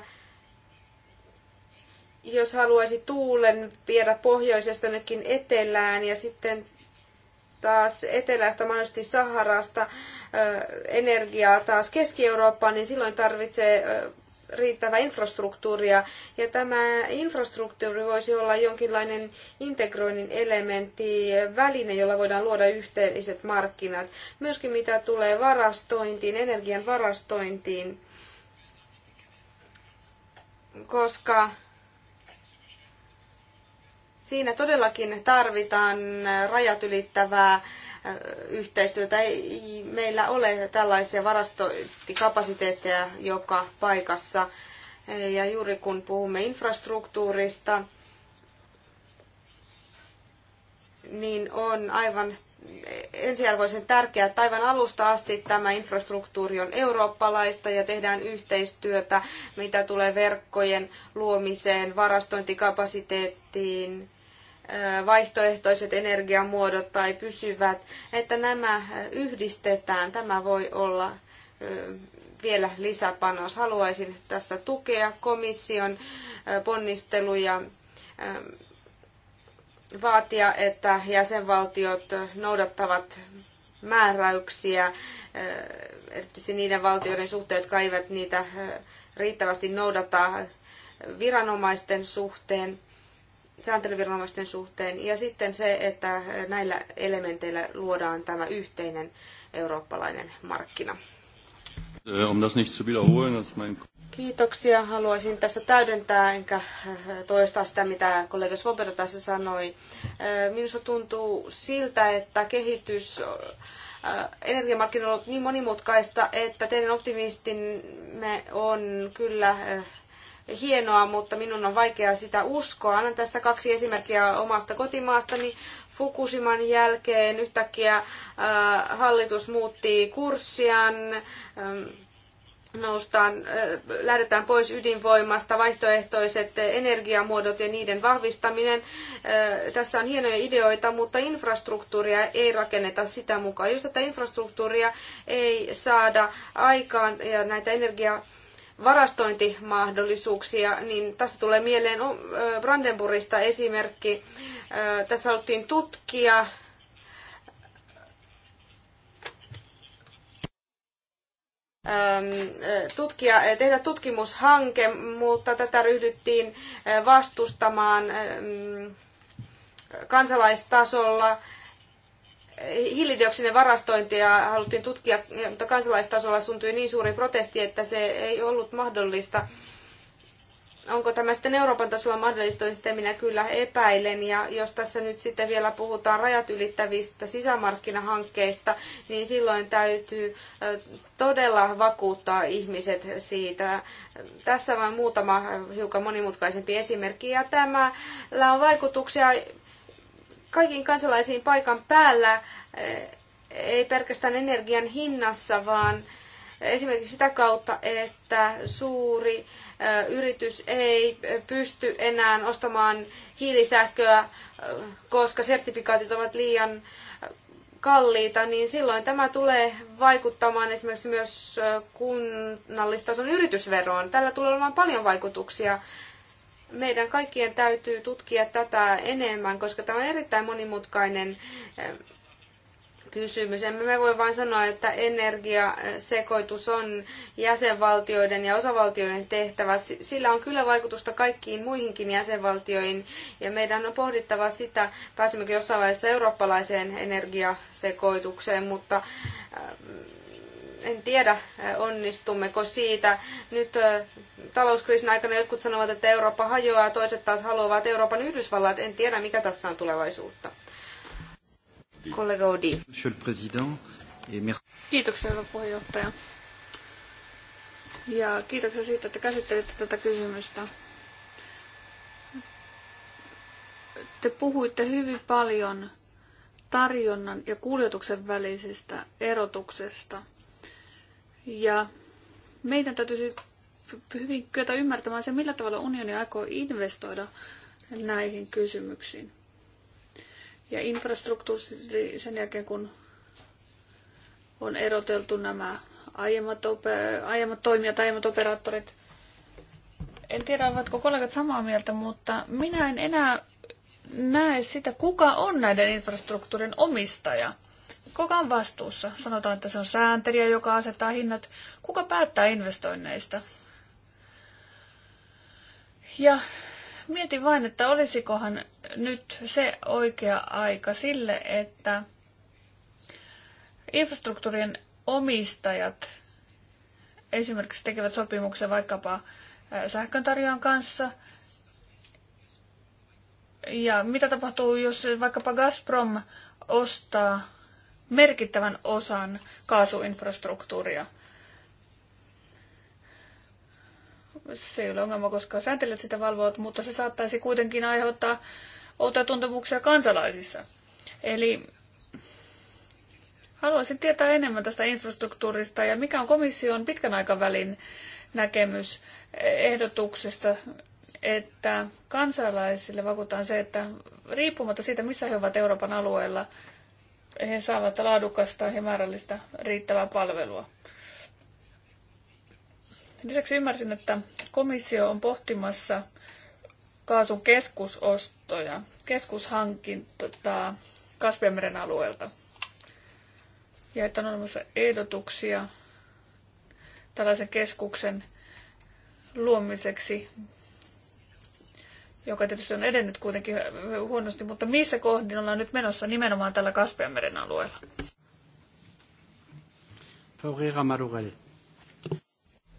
Jos haluaisi tuulen viedä pohjoisesta nytkin etelään ja sitten taas etelästä, mahdollisesti Saharasta energiaa taas Keski-Eurooppaan, niin silloin tarvitsee riittävä infrastruktuuria. Ja tämä infrastruktuuri voisi olla jonkinlainen integroinnin elementti, väline, jolla voidaan luoda yhteiset markkinat. Myöskin mitä tulee varastointiin, energian varastointiin, koska siinä todellakin tarvitaan rajat ylittävää yhteistyötä. Ei meillä ole tällaisia varastointikapasiteetteja joka paikassa. Ja juuri kun puhumme infrastruktuurista, niin on aivan ensiarvoisen tärkeää, että aivan alusta asti tämä infrastruktuuri on eurooppalaista ja tehdään yhteistyötä, mitä tulee verkkojen luomiseen, varastointikapasiteettiin vaihtoehtoiset energiamuodot tai pysyvät, että nämä yhdistetään. Tämä voi olla vielä lisäpanos. Haluaisin tässä tukea komission ponnisteluja vaatia, että jäsenvaltiot noudattavat määräyksiä, erityisesti niiden valtioiden suhteen, jotka eivät niitä riittävästi noudata viranomaisten suhteen sääntelyviranomaisten suhteen ja sitten se, että näillä elementeillä luodaan tämä yhteinen eurooppalainen markkina. Äh, um Kiitoksia. Haluaisin tässä täydentää, enkä äh, toistaa sitä, mitä kollega Svoboda tässä sanoi. Äh, minusta tuntuu siltä, että kehitys energiamarkkinoilla on niin monimutkaista, että teidän optimistimme on kyllä hienoa, mutta minun on vaikea sitä uskoa. Annan tässä kaksi esimerkkiä omasta kotimaastani. Fukushiman jälkeen yhtäkkiä äh, hallitus muutti kurssiaan ähm, noustaan, äh, lähdetään pois ydinvoimasta, vaihtoehtoiset energiamuodot ja niiden vahvistaminen. Äh, tässä on hienoja ideoita, mutta infrastruktuuria ei rakenneta sitä mukaan. Jos tätä infrastruktuuria ei saada aikaan ja näitä energia varastointimahdollisuuksia, niin tässä tulee mieleen Brandenburgista esimerkki. Tässä haluttiin tutkia tutkia, tehdä tutkimushanke, mutta tätä ryhdyttiin vastustamaan kansalaistasolla hiilidioksidin varastointia haluttiin tutkia, mutta kansalaistasolla syntyi niin suuri protesti, että se ei ollut mahdollista. Onko tämä sitten Euroopan tasolla mahdollista, niin sitä minä kyllä epäilen. Ja jos tässä nyt sitten vielä puhutaan rajat ylittävistä sisämarkkinahankkeista, niin silloin täytyy todella vakuuttaa ihmiset siitä. Tässä vain muutama hiukan monimutkaisempi esimerkki. Ja tämä on vaikutuksia kaikin kansalaisiin paikan päällä, eh, ei pelkästään energian hinnassa, vaan esimerkiksi sitä kautta, että suuri eh, yritys ei pysty enää ostamaan hiilisähköä, eh, koska sertifikaatit ovat liian kalliita, niin silloin tämä tulee vaikuttamaan esimerkiksi myös kunnallistason yritysveroon. Tällä tulee olemaan paljon vaikutuksia meidän kaikkien täytyy tutkia tätä enemmän, koska tämä on erittäin monimutkainen eh, kysymys. Emme me voi vain sanoa, että energiasekoitus on jäsenvaltioiden ja osavaltioiden tehtävä. Sillä on kyllä vaikutusta kaikkiin muihinkin jäsenvaltioihin ja meidän on pohdittava sitä, pääsemmekö jossain vaiheessa eurooppalaiseen energiasekoitukseen, mutta eh, en tiedä, onnistummeko siitä. Nyt talouskriisin aikana jotkut sanovat, että Eurooppa hajoaa, toiset taas haluavat Euroopan Yhdysvallat. En tiedä, mikä tässä on tulevaisuutta. Kollega Odi. Kiitoksia, hyvä puheenjohtaja. Ja kiitoksia siitä, että käsittelitte tätä kysymystä. Te puhuitte hyvin paljon tarjonnan ja kuljetuksen välisestä erotuksesta – ja meidän täytyisi hyvin kyetä ymmärtämään se, millä tavalla unioni aikoo investoida näihin kysymyksiin. Ja infrastruktuuri sen jälkeen, kun on eroteltu nämä aiemmat, ope- aiemmat toimijat, aiemmat operaattorit. En tiedä, ovatko kollegat samaa mieltä, mutta minä en enää näe sitä, kuka on näiden infrastruktuurin omistaja. Kuka on vastuussa? Sanotaan, että se on sääntelijä, joka asettaa hinnat. Kuka päättää investoinneista? Ja mietin vain, että olisikohan nyt se oikea aika sille, että infrastruktuurien omistajat esimerkiksi tekevät sopimuksen vaikkapa sähköntarjoajan kanssa. Ja mitä tapahtuu, jos vaikkapa Gazprom ostaa merkittävän osan kaasuinfrastruktuuria. Se ei ole ongelma, koska sääntelijät sitä valvovat, mutta se saattaisi kuitenkin aiheuttaa outoja tuntemuksia kansalaisissa. Eli haluaisin tietää enemmän tästä infrastruktuurista ja mikä on komission pitkän aikavälin näkemys ehdotuksesta, että kansalaisille vakuutaan se, että riippumatta siitä, missä he ovat Euroopan alueella, he saavat laadukasta ja määrällistä riittävää palvelua. Lisäksi ymmärsin, että komissio on pohtimassa kaasun keskusostoja, keskushankintaa Kaspianmeren alueelta. Ja että on olemassa ehdotuksia tällaisen keskuksen luomiseksi joka tietysti on edennyt kuitenkin huonosti, mutta missä kohdin ollaan nyt menossa nimenomaan tällä Kaspianmeren alueella? Ferreira Madurell.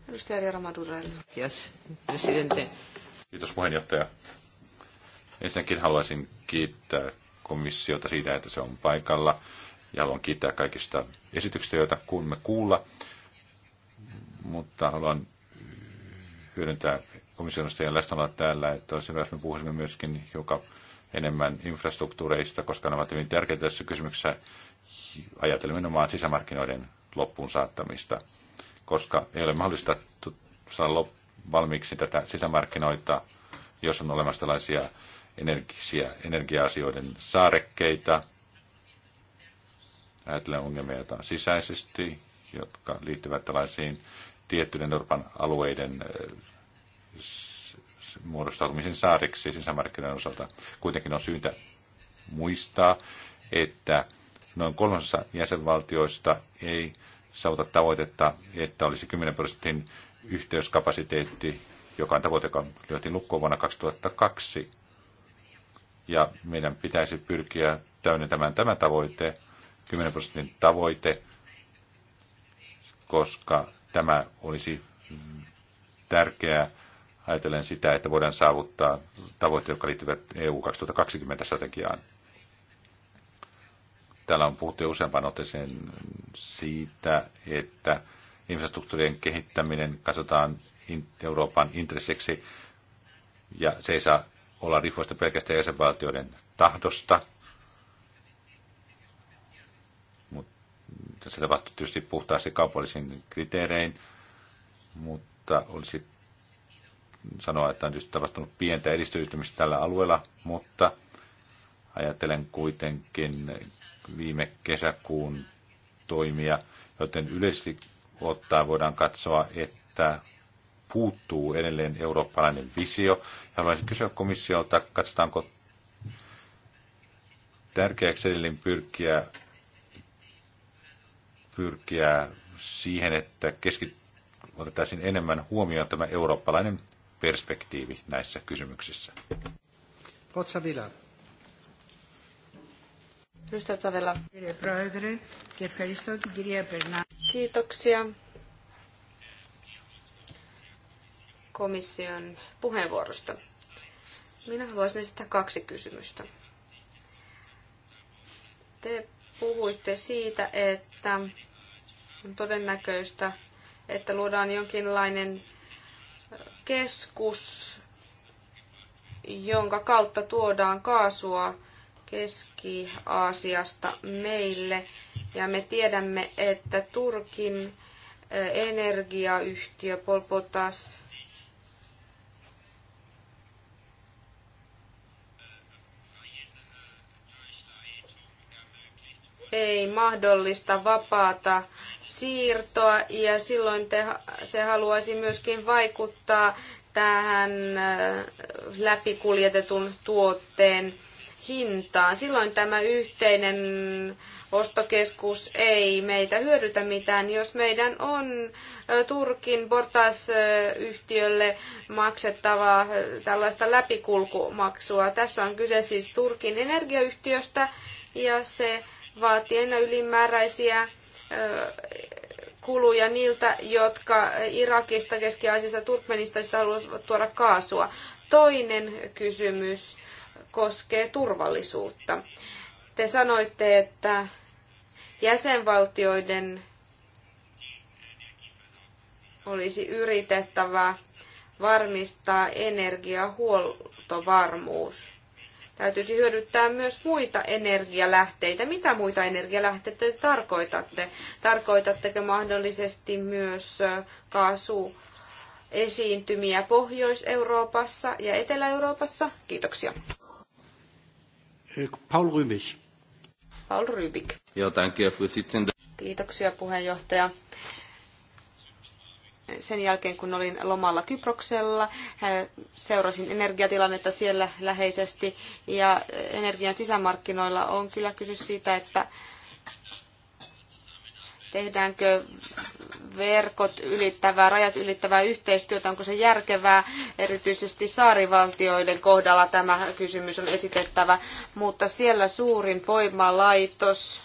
Edustaja Ferreira Madurell. Yes, presidente. Kiitos puheenjohtaja. Ensinnäkin haluaisin kiittää komissiota siitä, että se on paikalla ja haluan kiittää kaikista esityksistä, joita kuulimme kuulla, mutta haluan hyödyntää komission edustajan olla täällä, että olisi hyvä, jos me puhuisimme myöskin joka enemmän infrastruktuureista, koska ne ovat hyvin tärkeitä tässä kysymyksessä ajatellen nimenomaan sisämarkkinoiden loppuun saattamista, koska ei ole mahdollista saada valmiiksi tätä sisämarkkinoita, jos on olemassa tällaisia energisia, energia-asioiden saarekkeita, ajatellen ongelmia, joita on sisäisesti, jotka liittyvät tällaisiin tiettyjen Euroopan alueiden muodostautumisen saariksi sisämarkkinoiden osalta. Kuitenkin on syytä muistaa, että noin kolmasosa jäsenvaltioista ei saavuta tavoitetta, että olisi 10 prosentin yhteyskapasiteetti, joka on tavoite, joka lyötiin lukkoon vuonna 2002. Ja meidän pitäisi pyrkiä täydentämään tämä tavoite, 10 prosentin tavoite, koska tämä olisi tärkeää ajatellen sitä, että voidaan saavuttaa tavoitteet, jotka liittyvät EU 2020-strategiaan. Täällä on puhuttu jo useampaan otteeseen siitä, että infrastruktuurien kehittäminen katsotaan Euroopan intresseksi ja se ei saa olla riippuvasta pelkästään jäsenvaltioiden tahdosta. Mutta se tapahtuu tietysti puhtaasti kaupallisiin kriteerein, mutta olisi sanoa, että on tietysti tapahtunut pientä edistymistä tällä alueella, mutta ajattelen kuitenkin viime kesäkuun toimia, joten yleisesti ottaa voidaan katsoa, että puuttuu edelleen eurooppalainen visio. Haluaisin kysyä komissiolta, katsotaanko tärkeäksi edelleen pyrkiä, pyrkiä siihen, että keskit, otettaisiin enemmän huomioon tämä eurooppalainen perspektiivi näissä kysymyksissä. Potsavila. Ystävällä. Kiitoksia komission puheenvuorosta. Minä haluaisin esittää kaksi kysymystä. Te puhuitte siitä, että on todennäköistä, että luodaan jonkinlainen keskus, jonka kautta tuodaan kaasua Keski-Aasiasta meille. Ja me tiedämme, että Turkin eh, energiayhtiö Polpotas ei mahdollista vapaata siirtoa ja silloin te, se haluaisi myöskin vaikuttaa tähän äh, läpikuljetetun tuotteen hintaan. Silloin tämä yhteinen ostokeskus ei meitä hyödytä mitään, jos meidän on äh, Turkin Bortas-yhtiölle maksettava äh, tällaista läpikulkumaksua. Tässä on kyse siis Turkin energiayhtiöstä ja se vaatien ylimääräisiä kuluja niiltä, jotka Irakista, Keski-Aasiasta, Turkmenistaista haluavat tuoda kaasua. Toinen kysymys koskee turvallisuutta. Te sanoitte, että jäsenvaltioiden olisi yritettävä varmistaa energiahuoltovarmuus täytyisi hyödyttää myös muita energialähteitä. Mitä muita energialähteitä te tarkoitatte? Tarkoitatteko mahdollisesti myös kaasu esiintymiä Pohjois-Euroopassa ja Etelä-Euroopassa? Kiitoksia. Paul Rübig. Paul Rübig. Joo, danke, Kiitoksia puheenjohtaja sen jälkeen, kun olin lomalla Kyproksella. Seurasin energiatilannetta siellä läheisesti ja energian sisämarkkinoilla on kyllä kysy siitä, että tehdäänkö verkot ylittävää, rajat ylittävää yhteistyötä, onko se järkevää. Erityisesti saarivaltioiden kohdalla tämä kysymys on esitettävä, mutta siellä suurin voimalaitos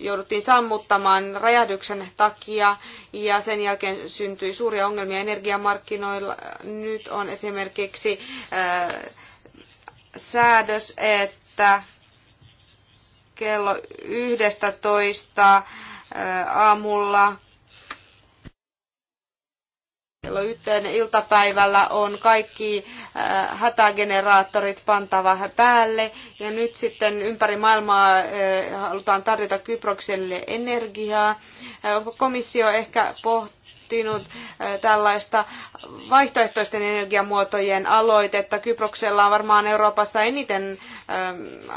jouduttiin sammuttamaan räjähdyksen takia ja sen jälkeen syntyi suuria ongelmia energiamarkkinoilla. Nyt on esimerkiksi säädös, että kello 11 aamulla kello yhteen iltapäivällä on kaikki Äh, hätägeneraattorit pantava päälle. Ja nyt sitten ympäri maailmaa äh, halutaan tarjota Kyprokselle energiaa. Äh, onko komissio ehkä pohtinut? tällaista vaihtoehtoisten energiamuotojen aloitetta. Kyproksella on varmaan Euroopassa eniten ähm,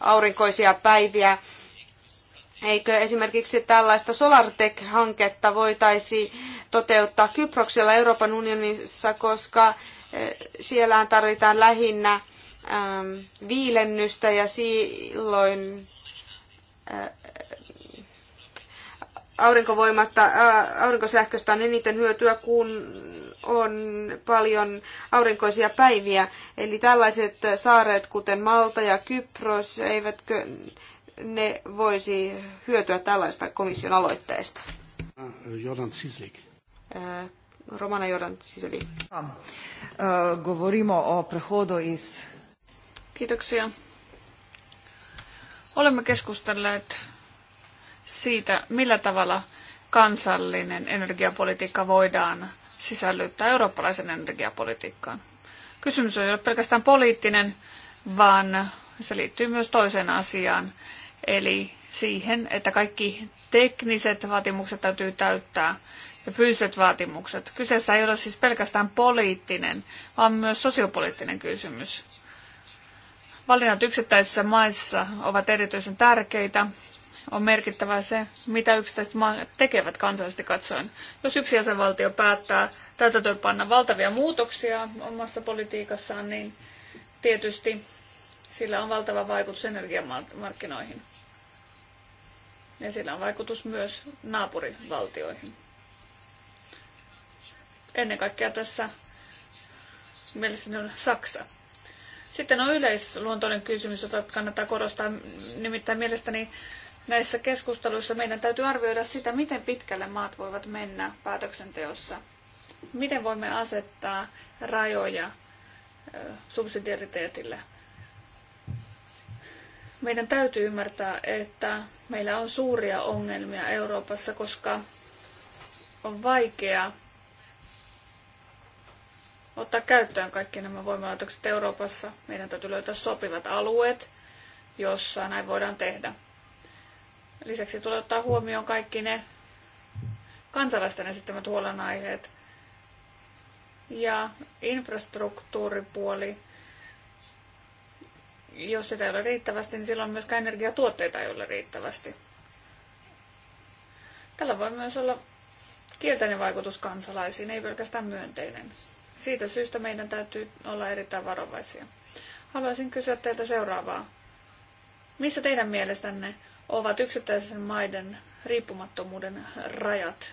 aurinkoisia päiviä. Eikö esimerkiksi tällaista Solartech-hanketta voitaisi toteuttaa Kyproksella Euroopan unionissa, koska siellähän tarvitaan lähinnä ähm, viilennystä ja silloin äh, aurinkovoimasta, äh, aurinkosähköstä on eniten hyötyä, kun on paljon aurinkoisia päiviä. Eli tällaiset saaret, kuten Malta ja Kypros, eivätkö ne voisi hyötyä tällaista komission aloitteesta? Äh, Jordan Sislik. Romana Joran Siseli. Eh, govorimo o prehodu is... Kiitoksia. Olemme keskustelleet siitä, millä tavalla kansallinen energiapolitiikka voidaan sisällyttää eurooppalaisen energiapolitiikkaan. Kysymys ei ole pelkästään poliittinen, vaan se liittyy myös toiseen asiaan, eli siihen, että kaikki tekniset vaatimukset täytyy täyttää ja fyysiset vaatimukset. Kyseessä ei ole siis pelkästään poliittinen, vaan myös sosiopoliittinen kysymys. Valinnat yksittäisissä maissa ovat erityisen tärkeitä. On merkittävää se, mitä yksittäiset maat tekevät kansallisesti katsoen. Jos yksi jäsenvaltio päättää täytäntöönpanna valtavia muutoksia omassa politiikassaan, niin tietysti sillä on valtava vaikutus energiamarkkinoihin. Ja sillä on vaikutus myös naapurivaltioihin ennen kaikkea tässä mielessäni on Saksa. Sitten on yleisluontoinen kysymys, jota kannattaa korostaa. Nimittäin mielestäni näissä keskusteluissa meidän täytyy arvioida sitä, miten pitkälle maat voivat mennä päätöksenteossa. Miten voimme asettaa rajoja subsidiariteetille. Meidän täytyy ymmärtää, että meillä on suuria ongelmia Euroopassa, koska on vaikea ottaa käyttöön kaikki nämä voimalaitokset Euroopassa. Meidän täytyy löytää sopivat alueet, jossa näin voidaan tehdä. Lisäksi tulee ottaa huomioon kaikki ne kansalaisten esittämät huolenaiheet ja infrastruktuuripuoli. Jos sitä ei ole riittävästi, niin silloin myöskään energiatuotteita ei ole riittävästi. Tällä voi myös olla kielteinen vaikutus kansalaisiin, ei pelkästään myönteinen. Siitä syystä meidän täytyy olla erittäin varovaisia. Haluaisin kysyä teiltä seuraavaa. Missä teidän mielestänne ovat yksittäisen maiden riippumattomuuden rajat?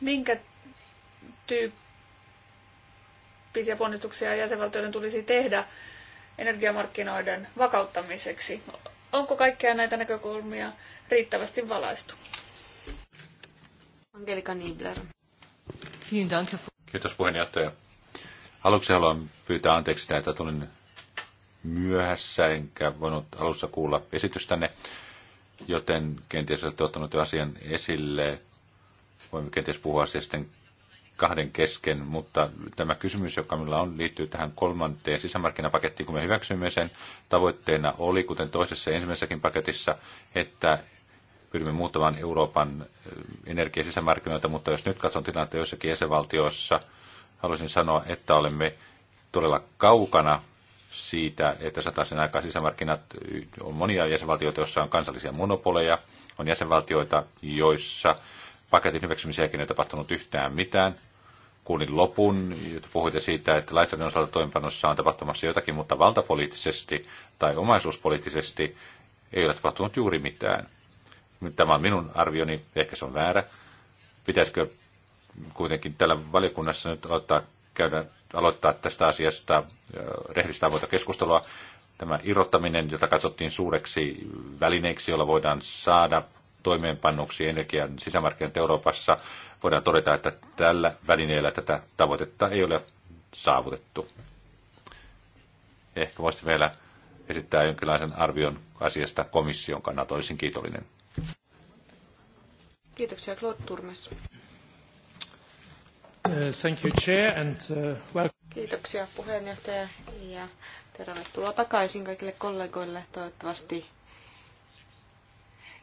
Minkä tyyppisiä ponnistuksia jäsenvaltioiden tulisi tehdä energiamarkkinoiden vakauttamiseksi? Onko kaikkia näitä näkökulmia riittävästi valaistu? Angelika Nibler Kiitos puheenjohtaja. Aluksi haluan pyytää anteeksi sitä, että tulin myöhässä, enkä voinut alussa kuulla esitystänne, joten kenties olette ottanut jo asian esille. Voimme kenties puhua asiasta sitten kahden kesken, mutta tämä kysymys, joka minulla on, liittyy tähän kolmanteen sisämarkkinapakettiin, kun me hyväksymme sen. Tavoitteena oli, kuten toisessa ensimmäisessäkin paketissa, että pyrimme muuttamaan Euroopan energiasisämarkkinoita, mutta jos nyt katson tilannetta joissakin jäsenvaltioissa, haluaisin sanoa, että olemme todella kaukana siitä, että sataisen aikaa sisämarkkinat. On monia jäsenvaltioita, joissa on kansallisia monopoleja, on jäsenvaltioita, joissa paketin hyväksymisiäkin ei tapahtunut yhtään mitään. Kuulin lopun, puhuitte siitä, että laitteiden osalta toimenpanossa on tapahtumassa jotakin, mutta valtapoliittisesti tai omaisuuspoliittisesti ei ole tapahtunut juuri mitään. Tämä on minun arvioni, ehkä se on väärä. Pitäisikö kuitenkin tällä valiokunnassa nyt ottaa, käydä, aloittaa tästä asiasta rehellistä avointa keskustelua? Tämä irrottaminen, jota katsottiin suureksi välineeksi, jolla voidaan saada toimeenpannuksi energian sisämarkkinat Euroopassa, voidaan todeta, että tällä välineellä tätä tavoitetta ei ole saavutettu. Ehkä voisi vielä esittää jonkinlaisen arvion asiasta komission kannalta. Olisin kiitollinen. Kiitoksia, Claude Turmes. Uh, thank you, Chair, and uh, welcome. Kiitoksia puheenjohtaja ja tervetuloa takaisin kaikille kollegoille. Toivottavasti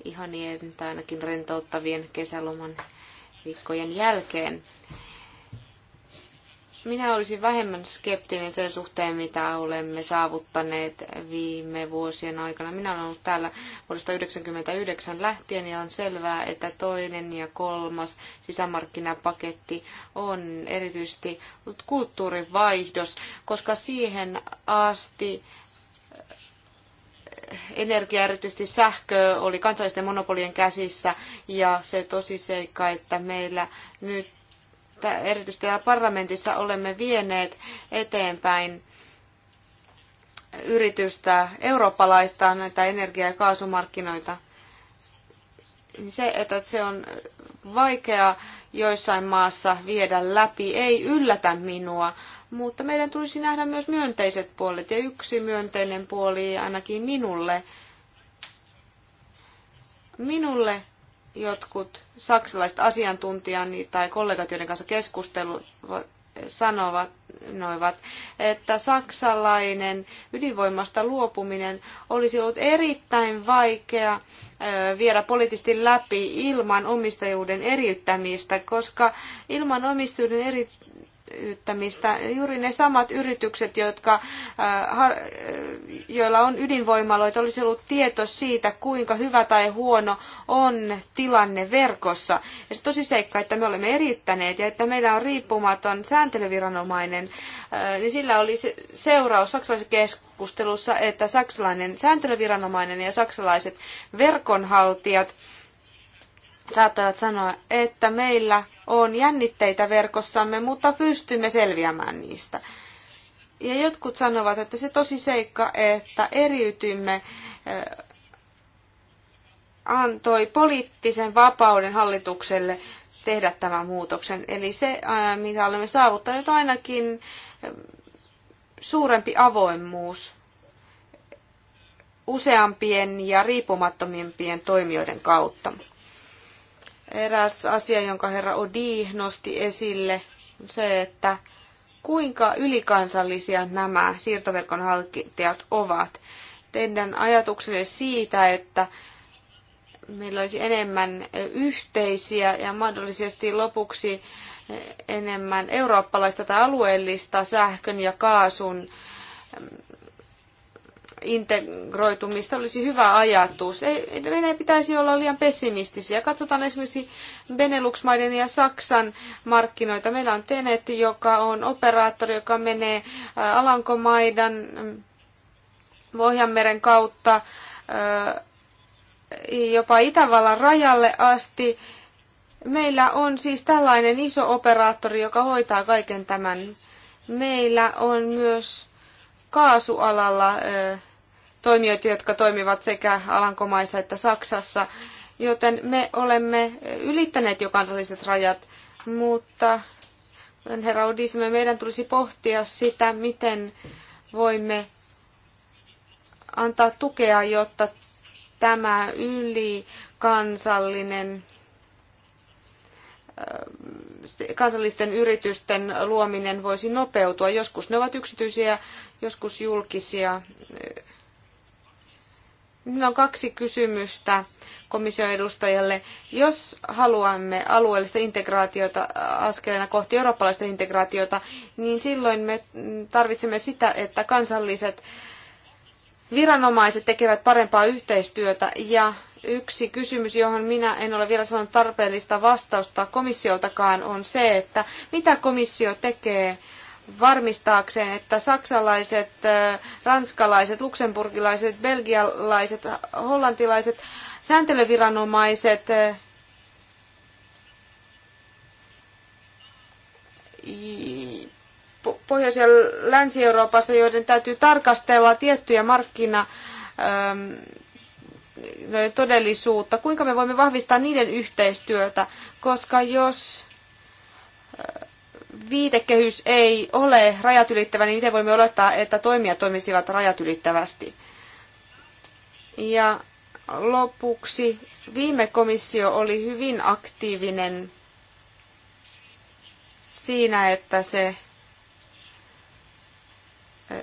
ihanien tai ainakin rentouttavien kesäloman viikkojen jälkeen. Minä olisin vähemmän skeptinen sen suhteen, mitä olemme saavuttaneet viime vuosien aikana. Minä olen ollut täällä vuodesta 1999 lähtien ja on selvää, että toinen ja kolmas sisämarkkinapaketti on erityisesti kulttuurivaihdos, koska siihen asti eh, energia, erityisesti sähkö, oli kansallisten monopolien käsissä ja se tosiseikka, että meillä nyt että erityisesti täällä parlamentissa olemme vieneet eteenpäin yritystä eurooppalaistaa näitä energia- ja kaasumarkkinoita. Se, että se on vaikea joissain maassa viedä läpi, ei yllätä minua, mutta meidän tulisi nähdä myös myönteiset puolet. Ja yksi myönteinen puoli ainakin minulle. Minulle jotkut saksalaiset asiantuntijani tai kollegat, joiden kanssa keskustelu sanovat, noivat, että saksalainen ydinvoimasta luopuminen olisi ollut erittäin vaikea viedä poliittisesti läpi ilman omistajuuden eriyttämistä, koska ilman omistajuuden eriyttämistä Juuri ne samat yritykset, jotka, äh, äh, joilla on ydinvoimaloita, olisi ollut tieto siitä, kuinka hyvä tai huono on tilanne verkossa. Ja se tosi seikka, että me olemme erittäneet ja että meillä on riippumaton sääntelyviranomainen, äh, niin sillä oli seuraus saksalaisessa keskustelussa, että saksalainen sääntelyviranomainen ja saksalaiset verkonhaltijat saattoivat sanoa, että meillä on jännitteitä verkossamme, mutta pystymme selviämään niistä. Ja jotkut sanovat, että se tosi seikka, että eriytymme, antoi poliittisen vapauden hallitukselle tehdä tämän muutoksen. Eli se, mitä olemme saavuttaneet, ainakin suurempi avoimuus useampien ja riippumattomimpien toimijoiden kautta. Eräs asia, jonka herra Odi nosti esille, on se, että kuinka ylikansallisia nämä siirtoverkon haltijat ovat. Teidän ajatuksenne siitä, että meillä olisi enemmän yhteisiä ja mahdollisesti lopuksi enemmän eurooppalaista tai alueellista sähkön ja kaasun integroitumista olisi hyvä ajatus. Ei, meidän ei pitäisi olla liian pessimistisiä. Katsotaan esimerkiksi Benelux-maiden ja Saksan markkinoita. Meillä on Tenet, joka on operaattori, joka menee äh, Alankomaidan mm, Pohjanmeren kautta äh, jopa Itävallan rajalle asti. Meillä on siis tällainen iso operaattori, joka hoitaa kaiken tämän. Meillä on myös kaasualalla äh, toimijoita, jotka toimivat sekä Alankomaissa että Saksassa, joten me olemme ylittäneet jo kansalliset rajat, mutta herra Odi sanoi, meidän tulisi pohtia sitä, miten voimme antaa tukea, jotta tämä ylikansallinen kansallisten yritysten luominen voisi nopeutua. Joskus ne ovat yksityisiä, joskus julkisia Minulla on kaksi kysymystä komission edustajalle. Jos haluamme alueellista integraatiota äh, askeleena kohti eurooppalaista integraatiota, niin silloin me tarvitsemme sitä, että kansalliset viranomaiset tekevät parempaa yhteistyötä ja yksi kysymys, johon minä en ole vielä saanut tarpeellista vastausta komissioltakaan, on se, että mitä komissio tekee varmistaakseen, että saksalaiset, ranskalaiset, luksemburgilaiset, belgialaiset, hollantilaiset sääntelyviranomaiset Pohjois- ja Länsi-Euroopassa, joiden täytyy tarkastella tiettyjä markkina no, todellisuutta, kuinka me voimme vahvistaa niiden yhteistyötä, koska jos viitekehys ei ole rajat ylittävä, niin miten voimme olettaa, että toimijat toimisivat rajat ylittävästi? Ja lopuksi viime komissio oli hyvin aktiivinen siinä, että se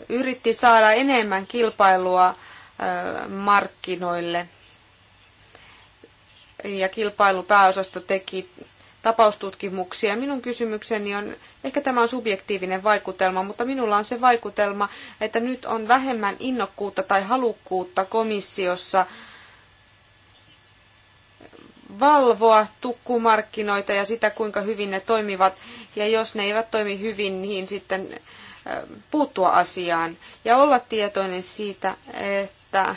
yritti saada enemmän kilpailua markkinoille. Ja kilpailupääosasto teki tapaustutkimuksia. Minun kysymykseni on, ehkä tämä on subjektiivinen vaikutelma, mutta minulla on se vaikutelma, että nyt on vähemmän innokkuutta tai halukkuutta komissiossa valvoa tukkumarkkinoita ja sitä, kuinka hyvin ne toimivat. Ja jos ne eivät toimi hyvin, niin sitten ähm, puuttua asiaan ja olla tietoinen siitä, että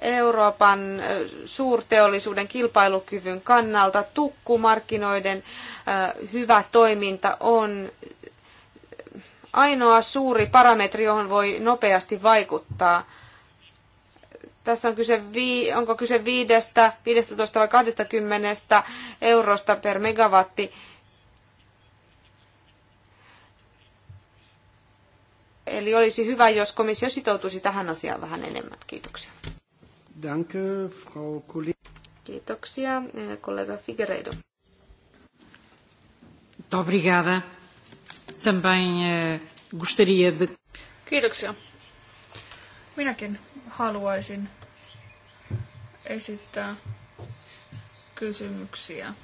Euroopan suurteollisuuden kilpailukyvyn kannalta tukkumarkkinoiden hyvä toiminta on ainoa suuri parametri, johon voi nopeasti vaikuttaa. Tässä on kyse, onko kyse 5, 15 vai 20 eurosta per megawatti. Eli olisi hyvä, jos komissio sitoutuisi tähän asiaan vähän enemmän. Kiitoksia. Danke, Frau Kiitoksia, eh, kollega Figueiredo. Obrigada. Também eh, gostaria de... Kiitoksia. Minäkin haluaisin esittää kysymyksiä.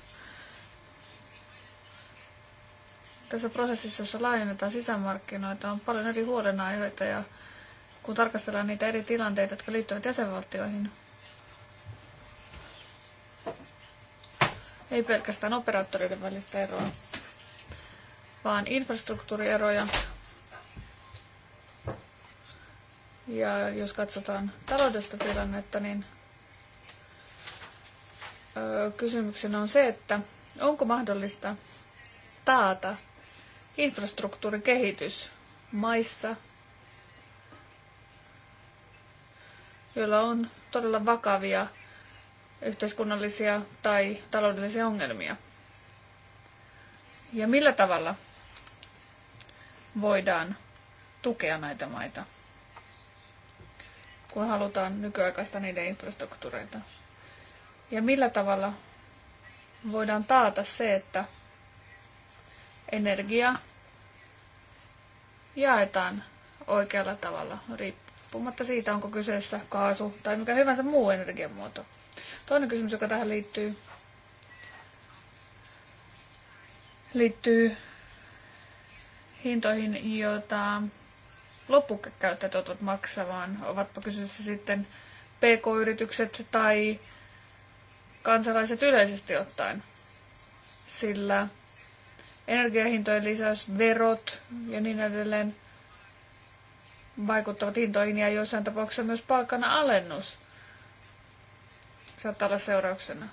Tässä prosessissa, jossa laajennetaan sisämarkkinoita, on paljon eri huolenaiheita ja kun tarkastellaan niitä eri tilanteita, jotka liittyvät jäsenvaltioihin. Ei pelkästään operaattoreiden välistä eroa, vaan infrastruktuurieroja. Ja jos katsotaan taloudellista tilannetta, niin kysymyksenä on se, että onko mahdollista taata infrastruktuurikehitys maissa, joilla on todella vakavia yhteiskunnallisia tai taloudellisia ongelmia. Ja millä tavalla voidaan tukea näitä maita, kun halutaan nykyaikaista niiden infrastruktuureita? Ja millä tavalla voidaan taata se, että energia jaetaan oikealla tavalla riippumatta siitä, onko kyseessä kaasu tai mikä hyvänsä muu energiamuoto. Toinen kysymys, joka tähän liittyy, liittyy hintoihin, joita loppukäyttäjät ovat maksamaan, ovatpa kyseessä sitten pk-yritykset tai kansalaiset yleisesti ottaen. Sillä energiahintojen lisäys, verot ja niin edelleen – vaikuttavat hintoihin ja joissain tapauksissa myös palkana alennus saattaa olla seurauksena.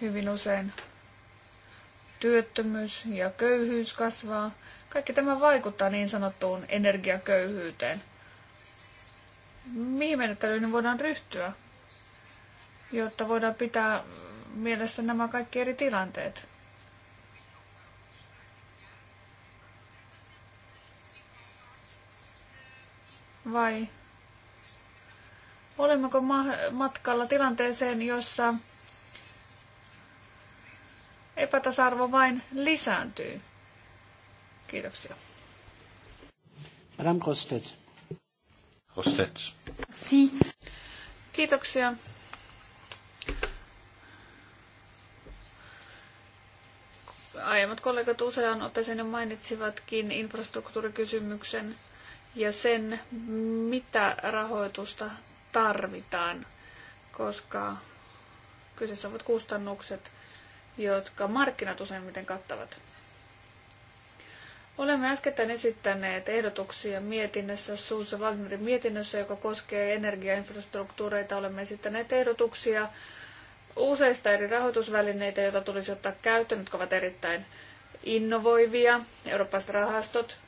Hyvin usein työttömyys ja köyhyys kasvaa. Kaikki tämä vaikuttaa niin sanottuun energiaköyhyyteen. Mihin menettelyihin voidaan ryhtyä, jotta voidaan pitää mielessä nämä kaikki eri tilanteet? Vai olemmeko matkalla tilanteeseen, jossa epätasarvo vain lisääntyy? Kiitoksia. Madame Grostet. Grostet. Si. Kiitoksia. Aiemmat kollegat usean otteeseen jo mainitsivatkin infrastruktuurikysymyksen ja sen, mitä rahoitusta tarvitaan, koska kyseessä ovat kustannukset, jotka markkinat useimmiten kattavat. Olemme äskettäin esittäneet ehdotuksia mietinnössä, Suussa Wagnerin mietinnössä, joka koskee energiainfrastruktuureita. Olemme esittäneet ehdotuksia useista eri rahoitusvälineitä, joita tulisi ottaa käyttöön, jotka ovat erittäin innovoivia. Eurooppalaiset rahastot,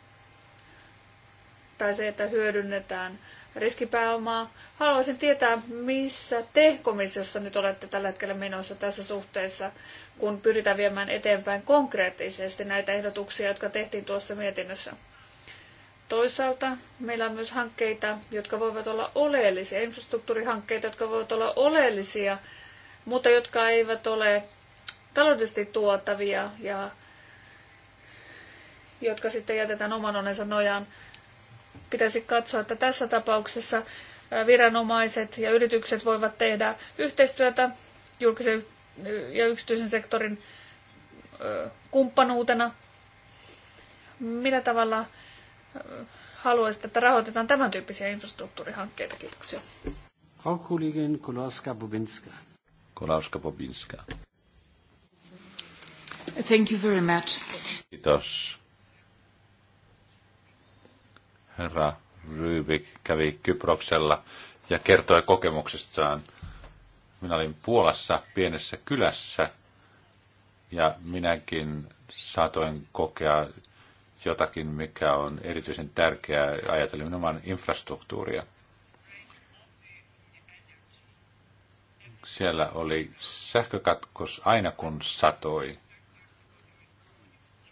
tai se, että hyödynnetään riskipääomaa. Haluaisin tietää, missä te komissiossa nyt olette tällä hetkellä menossa tässä suhteessa, kun pyritään viemään eteenpäin konkreettisesti näitä ehdotuksia, jotka tehtiin tuossa mietinnössä. Toisaalta meillä on myös hankkeita, jotka voivat olla oleellisia, infrastruktuurihankkeita, jotka voivat olla oleellisia, mutta jotka eivät ole taloudellisesti tuottavia ja jotka sitten jätetään oman onnensa nojaan pitäisi katsoa, että tässä tapauksessa viranomaiset ja yritykset voivat tehdä yhteistyötä julkisen ja yksityisen sektorin kumppanuutena. Millä tavalla haluaisit, että rahoitetaan tämän tyyppisiä infrastruktuurihankkeita? Kiitoksia. Thank you very much. Kiitos herra Rybik kävi Kyproksella ja kertoi kokemuksestaan. Minä olin Puolassa pienessä kylässä ja minäkin saatoin kokea jotakin, mikä on erityisen tärkeää ajatellen nimenomaan infrastruktuuria. Siellä oli sähkökatkos aina kun satoi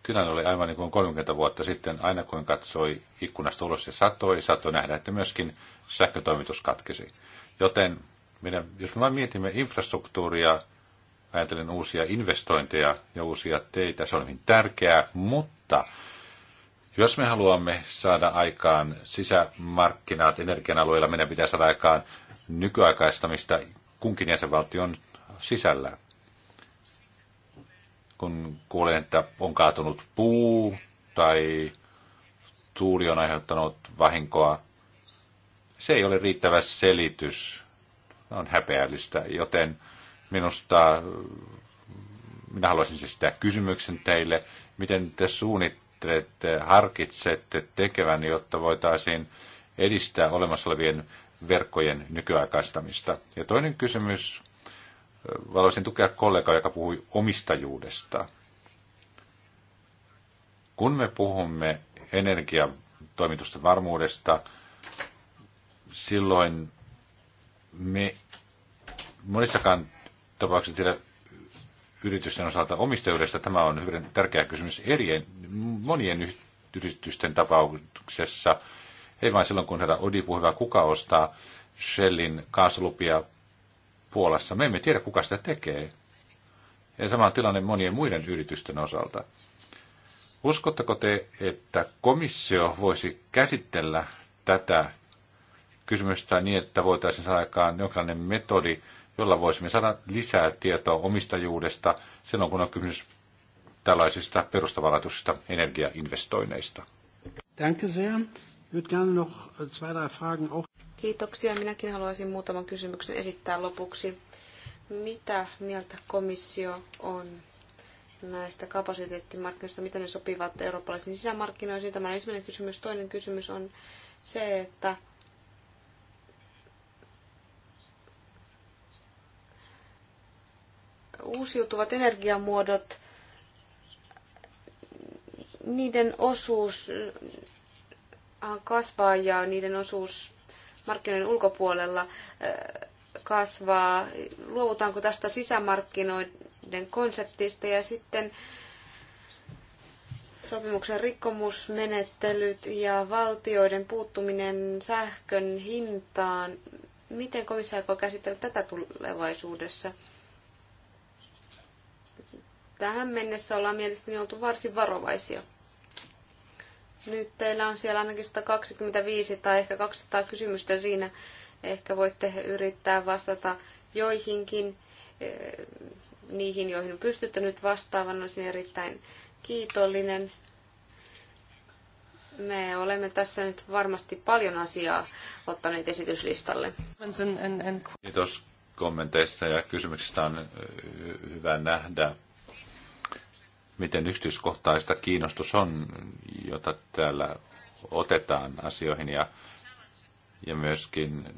tilanne oli aivan niin kuin 30 vuotta sitten, aina kun katsoi ikkunasta ulos ja satoi, satoi nähdä, että myöskin sähkötoimitus katkesi. Joten meidän, jos me vain mietimme infrastruktuuria, ajatellen uusia investointeja ja uusia teitä, se on hyvin tärkeää, mutta jos me haluamme saada aikaan sisämarkkinat energian alueella, meidän pitää saada aikaan nykyaikaistamista kunkin jäsenvaltion sisällä kun kuulen, että on kaatunut puu tai tuuli on aiheuttanut vahinkoa, se ei ole riittävä selitys. On häpeällistä, joten minusta minä haluaisin siis sitä kysymyksen teille, miten te suunnittelette, harkitsette tekevän, jotta voitaisiin edistää olemassa olevien verkkojen nykyaikaistamista. Ja toinen kysymys Haluaisin tukea kollegaa, joka puhui omistajuudesta. Kun me puhumme energiatoimitusten varmuudesta, silloin me monissakaan tapauksissa tiedä yritysten osalta omistajuudesta. Tämä on hyvin tärkeä kysymys eri, monien yritysten tapauksessa. Ei vain silloin, kun herra Odi puhuu, kuka ostaa Shellin kaasulupia Puolassa. Me emme tiedä, kuka sitä tekee. Ja sama tilanne monien muiden yritysten osalta. Uskotteko te, että komissio voisi käsitellä tätä kysymystä niin, että voitaisiin saada aikaan jonkinlainen metodi, jolla voisimme saada lisää tietoa omistajuudesta silloin, kun on kysymys tällaisista perustavanlaatuisista energiainvestoinneista? Danke sehr. Würde gerne noch äh, zwei, drei Fragen auch. Kiitoksia. Minäkin haluaisin muutaman kysymyksen esittää lopuksi. Mitä mieltä komissio on näistä kapasiteettimarkkinoista, miten ne sopivat eurooppalaisiin sisämarkkinoihin? Tämä on ensimmäinen kysymys. Toinen kysymys on se, että uusiutuvat energiamuodot, niiden osuus kasvaa ja niiden osuus markkinoiden ulkopuolella kasvaa, luovutaanko tästä sisämarkkinoiden konseptista ja sitten sopimuksen rikkomusmenettelyt ja valtioiden puuttuminen sähkön hintaan. Miten komissio aikoo käsitellä tätä tulevaisuudessa? Tähän mennessä ollaan mielestäni oltu varsin varovaisia. Nyt teillä on siellä ainakin 125 tai ehkä 200 kysymystä siinä. Ehkä voitte yrittää vastata joihinkin eh, niihin, joihin pystytte nyt vastaavan. Olisin erittäin kiitollinen. Me olemme tässä nyt varmasti paljon asiaa ottaneet esityslistalle. Kiitos kommenteista ja kysymyksistä on eh, hyvä nähdä, miten yksityiskohtaista kiinnostus on, jota täällä otetaan asioihin ja, ja myöskin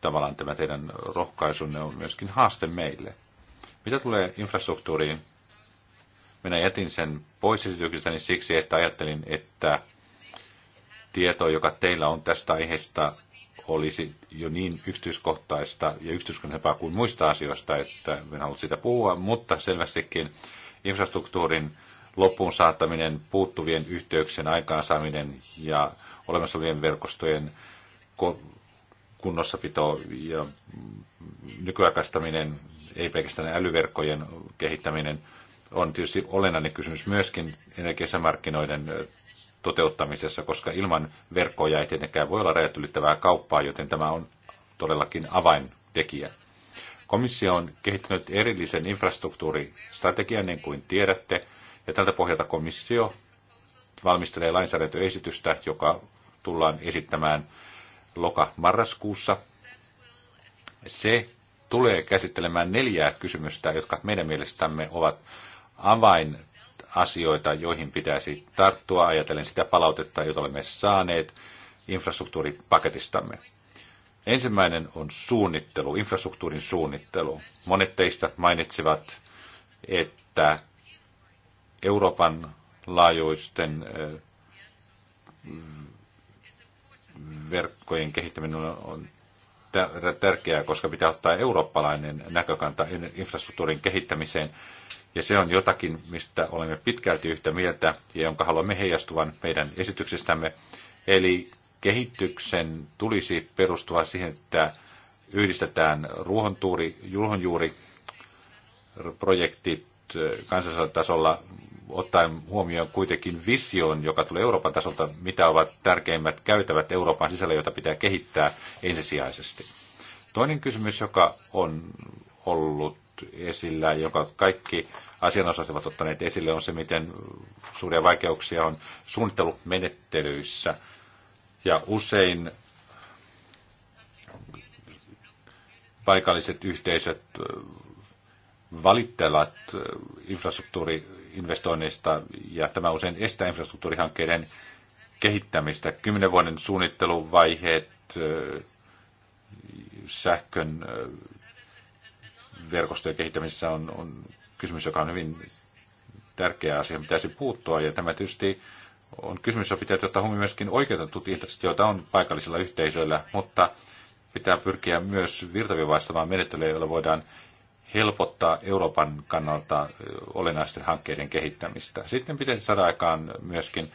tavallaan tämä teidän rohkaisunne on myöskin haaste meille. Mitä tulee infrastruktuuriin? Minä jätin sen pois esityksestäni siksi, että ajattelin, että tieto, joka teillä on tästä aiheesta, olisi jo niin yksityiskohtaista ja yksityiskohtaisempaa kuin muista asioista, että en halua sitä puhua, mutta selvästikin infrastruktuurin loppuun saattaminen, puuttuvien yhteyksien aikaansaaminen ja olemassa olevien verkostojen kunnossapito ja nykyaikaistaminen, ei pelkästään älyverkkojen kehittäminen, on tietysti olennainen kysymys myöskin energiamarkkinoiden toteuttamisessa, koska ilman verkkoja ei tietenkään voi olla rajat ylittävää kauppaa, joten tämä on todellakin avaintekijä. Komissio on kehittänyt erillisen infrastruktuuristrategian, niin kuin tiedätte, ja tältä pohjalta komissio valmistelee lainsäädäntöesitystä, joka tullaan esittämään loka-marraskuussa. Se tulee käsittelemään neljää kysymystä, jotka meidän mielestämme ovat asioita, joihin pitäisi tarttua ajatellen sitä palautetta, jota olemme saaneet infrastruktuuripaketistamme. Ensimmäinen on suunnittelu, infrastruktuurin suunnittelu. Monet teistä mainitsivat, että Euroopan laajuisten eh, verkkojen kehittäminen on tärkeää, koska pitää ottaa eurooppalainen näkökanta infrastruktuurin kehittämiseen. Ja se on jotakin, mistä olemme pitkälti yhtä mieltä ja jonka haluamme heijastuvan meidän esityksestämme. Eli kehityksen tulisi perustua siihen, että yhdistetään ruohontuuri, ruohonjuuri projektit kansallisella tasolla ottaen huomioon kuitenkin vision, joka tulee Euroopan tasolta, mitä ovat tärkeimmät käytävät Euroopan sisällä, joita pitää kehittää ensisijaisesti. Toinen kysymys, joka on ollut esillä, joka kaikki asianosaiset ovat ottaneet esille, on se, miten suuria vaikeuksia on suunnittelumenettelyissä – ja usein paikalliset yhteisöt valittelevat infrastruktuuriinvestoinneista ja tämä usein estää infrastruktuurihankkeiden kehittämistä. Kymmenen vuoden suunnitteluvaiheet, sähkön verkostojen kehittämisessä on, on kysymys, joka on hyvin tärkeä asia, se puuttua ja tämä tietysti on kysymys, jossa pitää ottaa huomioon myöskin oikeutettu tietysti joita on paikallisilla yhteisöillä, mutta pitää pyrkiä myös virtavivaistamaan menettelyjä, joilla voidaan helpottaa Euroopan kannalta olennaisten hankkeiden kehittämistä. Sitten pitäisi saada aikaan myöskin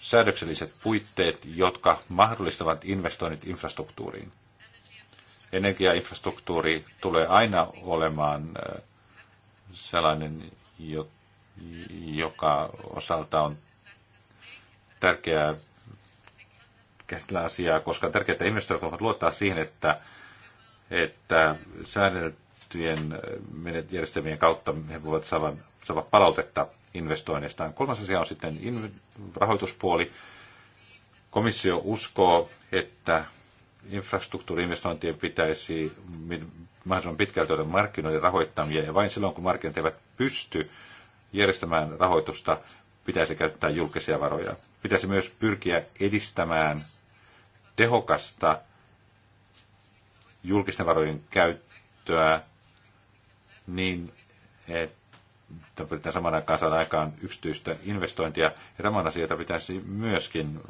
säädökselliset puitteet, jotka mahdollistavat investoinnit infrastruktuuriin. Energiainfrastruktuuri tulee aina olemaan sellainen, joka osalta on tärkeää käsitellä asiaa, koska on tärkeää, että investoijat voivat luottaa siihen, että, että säädeltyjen järjestelmien kautta he voivat saada, saada palautetta investoinneistaan. Kolmas asia on sitten rahoituspuoli. Komissio uskoo, että infrastruktuuriinvestointien pitäisi mahdollisimman pitkälti olla markkinoiden rahoittamia, ja vain silloin, kun markkinat eivät pysty järjestämään rahoitusta, pitäisi käyttää julkisia varoja. Pitäisi myös pyrkiä edistämään tehokasta julkisten varojen käyttöä niin, että pitää saman aikaan saada aikaan yksityistä investointia. Ja tämän asioita pitäisi myöskin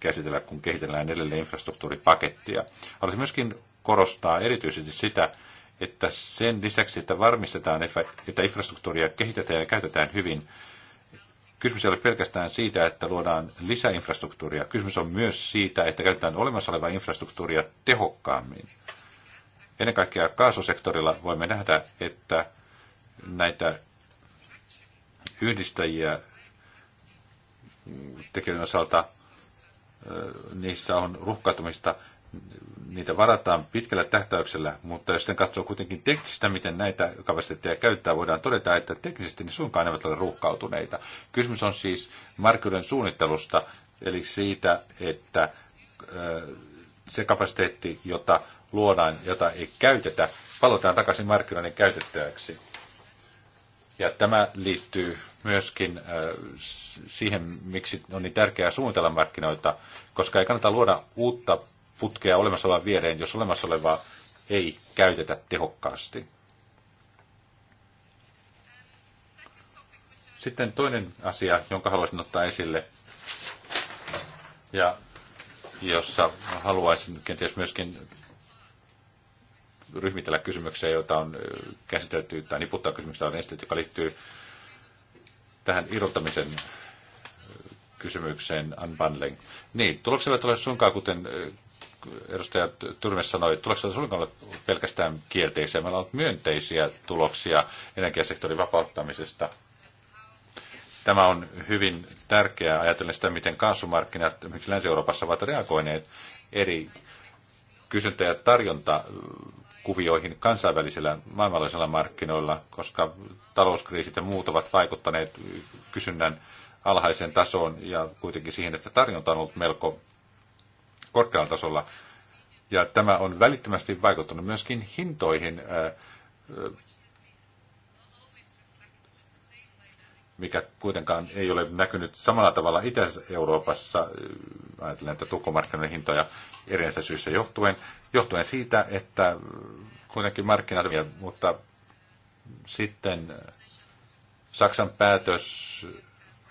käsitellä, kun kehitellään edelleen infrastruktuuripakettia. Haluaisin myöskin korostaa erityisesti sitä, että sen lisäksi, että varmistetaan, että infrastruktuuria kehitetään ja käytetään hyvin, Kysymys ei ole pelkästään siitä, että luodaan lisäinfrastruktuuria. Kysymys on myös siitä, että käytetään olemassa olevaa infrastruktuuria tehokkaammin. Ennen kaikkea kaasusektorilla voimme nähdä, että näitä yhdistäjiä tekijöiden osalta niissä on ruuhkautumista niitä varataan pitkällä tähtäyksellä, mutta jos sitten katsoo kuitenkin teknistä, miten näitä kapasiteetteja käyttää, voidaan todeta, että teknisesti ne suinkaan eivät ole ruuhkautuneita. Kysymys on siis markkinoiden suunnittelusta, eli siitä, että se kapasiteetti, jota luodaan, jota ei käytetä, palataan takaisin markkinoiden käytettäväksi. Ja tämä liittyy myöskin siihen, miksi on niin tärkeää suunnitella markkinoita, koska ei kannata luoda uutta putkea olemassa olevan viereen, jos olemassa olevaa ei käytetä tehokkaasti. Sitten toinen asia, jonka haluaisin ottaa esille, ja jossa haluaisin kenties myöskin ryhmitellä kysymyksiä, joita on käsitelty, tai niputtaa kysymyksiä, on esitetty, joka liittyy tähän irrottamisen kysymykseen, unbundling. Niin, tulokset eivät ole suinkaan kuten edustaja Turmes sanoi, että tulokset ovat ole pelkästään kielteisiä. Meillä on ollut myönteisiä tuloksia energiasektorin vapauttamisesta. Tämä on hyvin tärkeää ajatellen sitä, miten kaasumarkkinat esimerkiksi Länsi-Euroopassa ovat reagoineet eri kysyntä- ja tarjontakuvioihin kansainvälisillä maailmanlaisilla markkinoilla, koska talouskriisit ja muut ovat vaikuttaneet kysynnän alhaiseen tasoon ja kuitenkin siihen, että tarjonta on ollut melko korkealla tasolla. Ja tämä on välittömästi vaikuttanut myöskin hintoihin, äh, äh, mikä kuitenkaan ei ole näkynyt samalla tavalla Itä-Euroopassa, äh, ajatellen että tukkomarkkinoiden hintoja erinäisistä syistä johtuen, johtuen siitä, että kuitenkin markkinat, mutta sitten Saksan päätös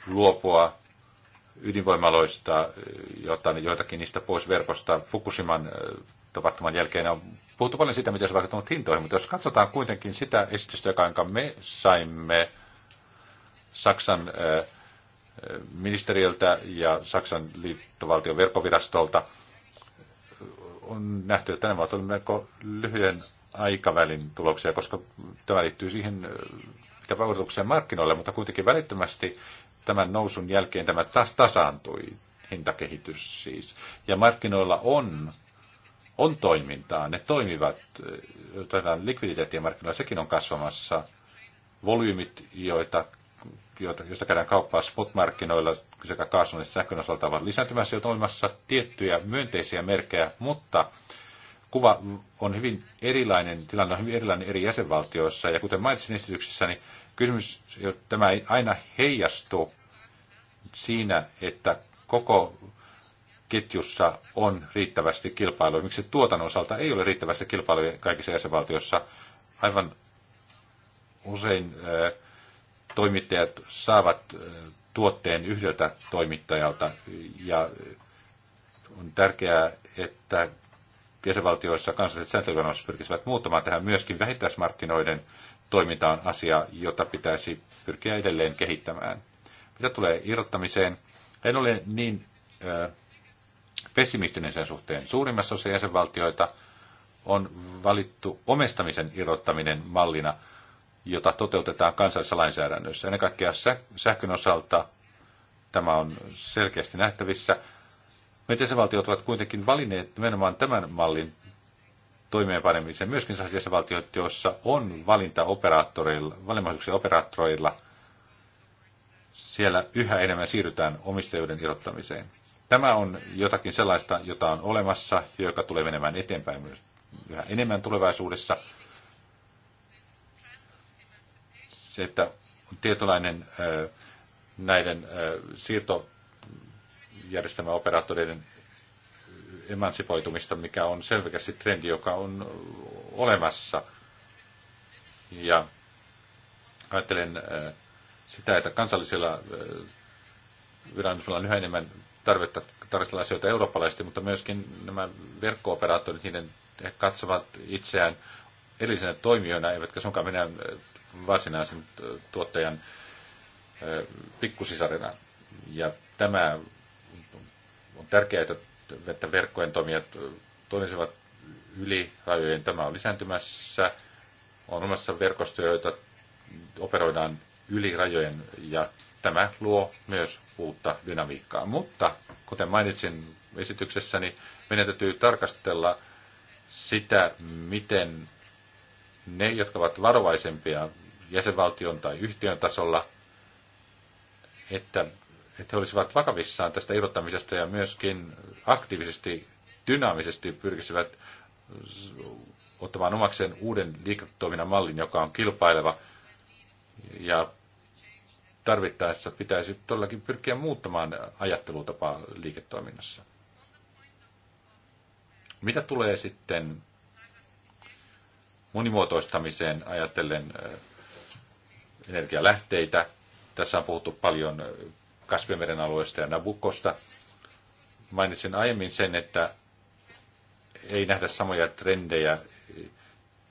luopua ydinvoimaloista ja ottaa joitakin niistä pois verkosta. Fukushiman äh, tapahtuman jälkeen on puhuttu paljon siitä, miten se on vaikuttanut hintoihin, mutta jos katsotaan kuitenkin sitä esitystä, jonka me saimme Saksan äh, äh, ministeriöltä ja Saksan liittovaltion verkkovirastolta, on nähty, että nämä ovat melko lyhyen aikavälin tuloksia, koska tämä liittyy siihen, mitä vaikutuksia markkinoille, mutta kuitenkin välittömästi tämän nousun jälkeen tämä taas tasaantui, hintakehitys siis. Ja markkinoilla on, on toimintaa, ne toimivat, likviditeettiä markkinoilla, sekin on kasvamassa. Volyymit, joita josta joista käydään kauppaa spot-markkinoilla sekä kaasun että sähkön osalta ovat lisääntymässä jo toimimassa tiettyjä myönteisiä merkkejä, mutta kuva on hyvin erilainen, tilanne on hyvin erilainen eri jäsenvaltioissa ja kuten mainitsin esityksessä, niin kysymys, tämä ei aina heijastu siinä, että koko ketjussa on riittävästi kilpailua. Miksi tuotannon osalta ei ole riittävästi kilpailua kaikissa jäsenvaltioissa? Aivan usein eh, toimittajat saavat eh, tuotteen yhdeltä toimittajalta ja on tärkeää, että jäsenvaltioissa kansalliset sääntelyviranomaiset pyrkisivät muuttamaan tähän myöskin vähittäismarkkinoiden toiminta on asia, jota pitäisi pyrkiä edelleen kehittämään. Mitä tulee irrottamiseen, en ole niin ö, pessimistinen sen suhteen. Suurimmassa osassa jäsenvaltioita on valittu omistamisen irrottaminen mallina, jota toteutetaan kansallisessa lainsäädännössä. Ennen kaikkea sähkön osalta tämä on selkeästi nähtävissä. Meidän jäsenvaltiot ovat kuitenkin valinneet nimenomaan tämän mallin toimeenpanemisen myöskin sellaisissa jäsenvaltioissa, joissa on valinta operaattoreilla, valimaisuuksia operaattoreilla – siellä yhä enemmän siirrytään omistajuuden irrottamiseen. Tämä on jotakin sellaista, jota on olemassa, joka tulee menemään eteenpäin myös yhä enemmän tulevaisuudessa. Se, että on tietynlainen näiden siirtojärjestelmäoperaattoreiden emansipoitumista, mikä on selvästi trendi, joka on olemassa. Ja ajattelen sitä, että kansallisilla viranomaisilla on yhä enemmän tarvetta tarkastella asioita eurooppalaisesti, mutta myöskin nämä verkko-operaattorit, niiden he katsovat itseään erillisenä toimijoina, eivätkä sunkaan minä varsinaisen tuottajan pikkusisarina. Ja tämä on tärkeää, että verkkojen toimijat toimisivat yli rajojen. Tämä on lisääntymässä. On olemassa verkostoja, joita operoidaan yli rajojen ja tämä luo myös uutta dynamiikkaa. Mutta kuten mainitsin esityksessäni, meidän täytyy tarkastella sitä, miten ne, jotka ovat varovaisempia jäsenvaltion tai yhtiön tasolla, että, että he olisivat vakavissaan tästä irrottamisesta ja myöskin aktiivisesti, dynaamisesti pyrkisivät ottamaan omakseen uuden liiketoiminnan mallin, joka on kilpaileva – ja tarvittaessa pitäisi todellakin pyrkiä muuttamaan ajattelutapaa liiketoiminnassa. Mitä tulee sitten monimuotoistamiseen ajatellen eh, energialähteitä? Tässä on puhuttu paljon Kasvimeren alueesta ja Nabukosta. Mainitsin aiemmin sen, että ei nähdä samoja trendejä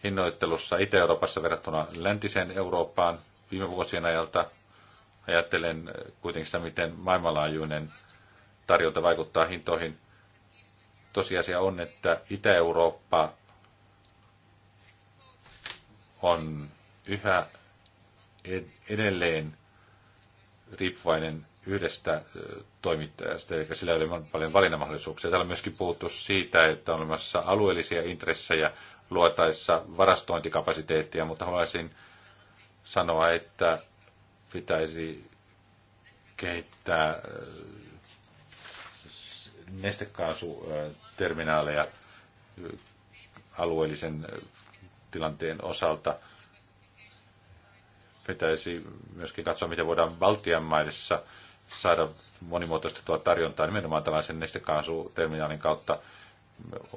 hinnoittelussa Itä-Euroopassa verrattuna läntiseen Eurooppaan viime vuosien ajalta. Ajattelen kuitenkin sitä, miten maailmanlaajuinen tarjonta vaikuttaa hintoihin. Tosiasia on, että Itä-Eurooppa on yhä edelleen riippuvainen yhdestä toimittajasta, eli sillä ei ole paljon valinnanmahdollisuuksia. Täällä on myöskin puhuttu siitä, että on olemassa alueellisia intressejä luotaessa varastointikapasiteettia, mutta haluaisin sanoa, että pitäisi kehittää äh, nestekaasuterminaaleja äh, alueellisen äh, tilanteen osalta. Pitäisi myöskin katsoa, miten voidaan Baltian maissa saada monimuotoistettua tarjontaa nimenomaan tällaisen nestekaasuterminaalin kautta.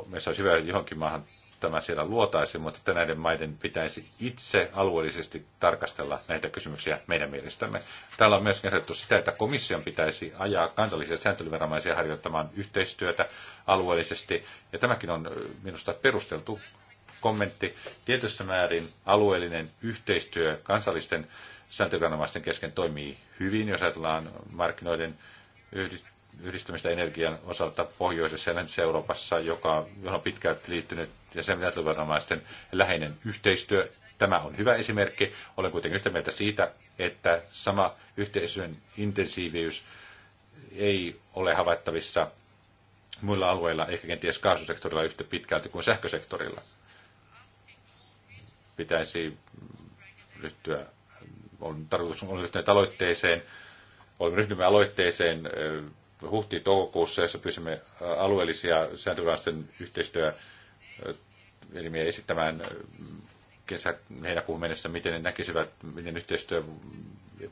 Meissä olisi hyvä johonkin maahan tämä siellä luotaisiin, mutta että näiden maiden pitäisi itse alueellisesti tarkastella näitä kysymyksiä meidän mielestämme. Täällä on myös kerrottu sitä, että komission pitäisi ajaa kansallisia sääntelyviranomaisia harjoittamaan yhteistyötä alueellisesti, ja tämäkin on minusta perusteltu kommentti. Tietyssä määrin alueellinen yhteistyö kansallisten sääntöviranomaisten kesken toimii hyvin, jos ajatellaan markkinoiden yhdistymistä energian osalta pohjoisessa ja länsi Euroopassa, joka, johon on pitkälti liittynyt ja sen viranomaisten läheinen yhteistyö. Tämä on hyvä esimerkki. Olen kuitenkin yhtä mieltä siitä, että sama yhteisön intensiivisyys ei ole havaittavissa muilla alueilla, ehkä kenties kaasusektorilla yhtä pitkälti kuin sähkösektorilla. Pitäisi ryhtyä, on tarkoitus on ryhtyä aloitteeseen, olemme ryhdymme aloitteeseen huhti-toukokuussa, jossa pyysimme äh, alueellisia sääntöviranomaisten yhteistyöelimiä esittämään äh, kesä, heinäkuun mennessä, miten ne näkisivät, miten yhteistyö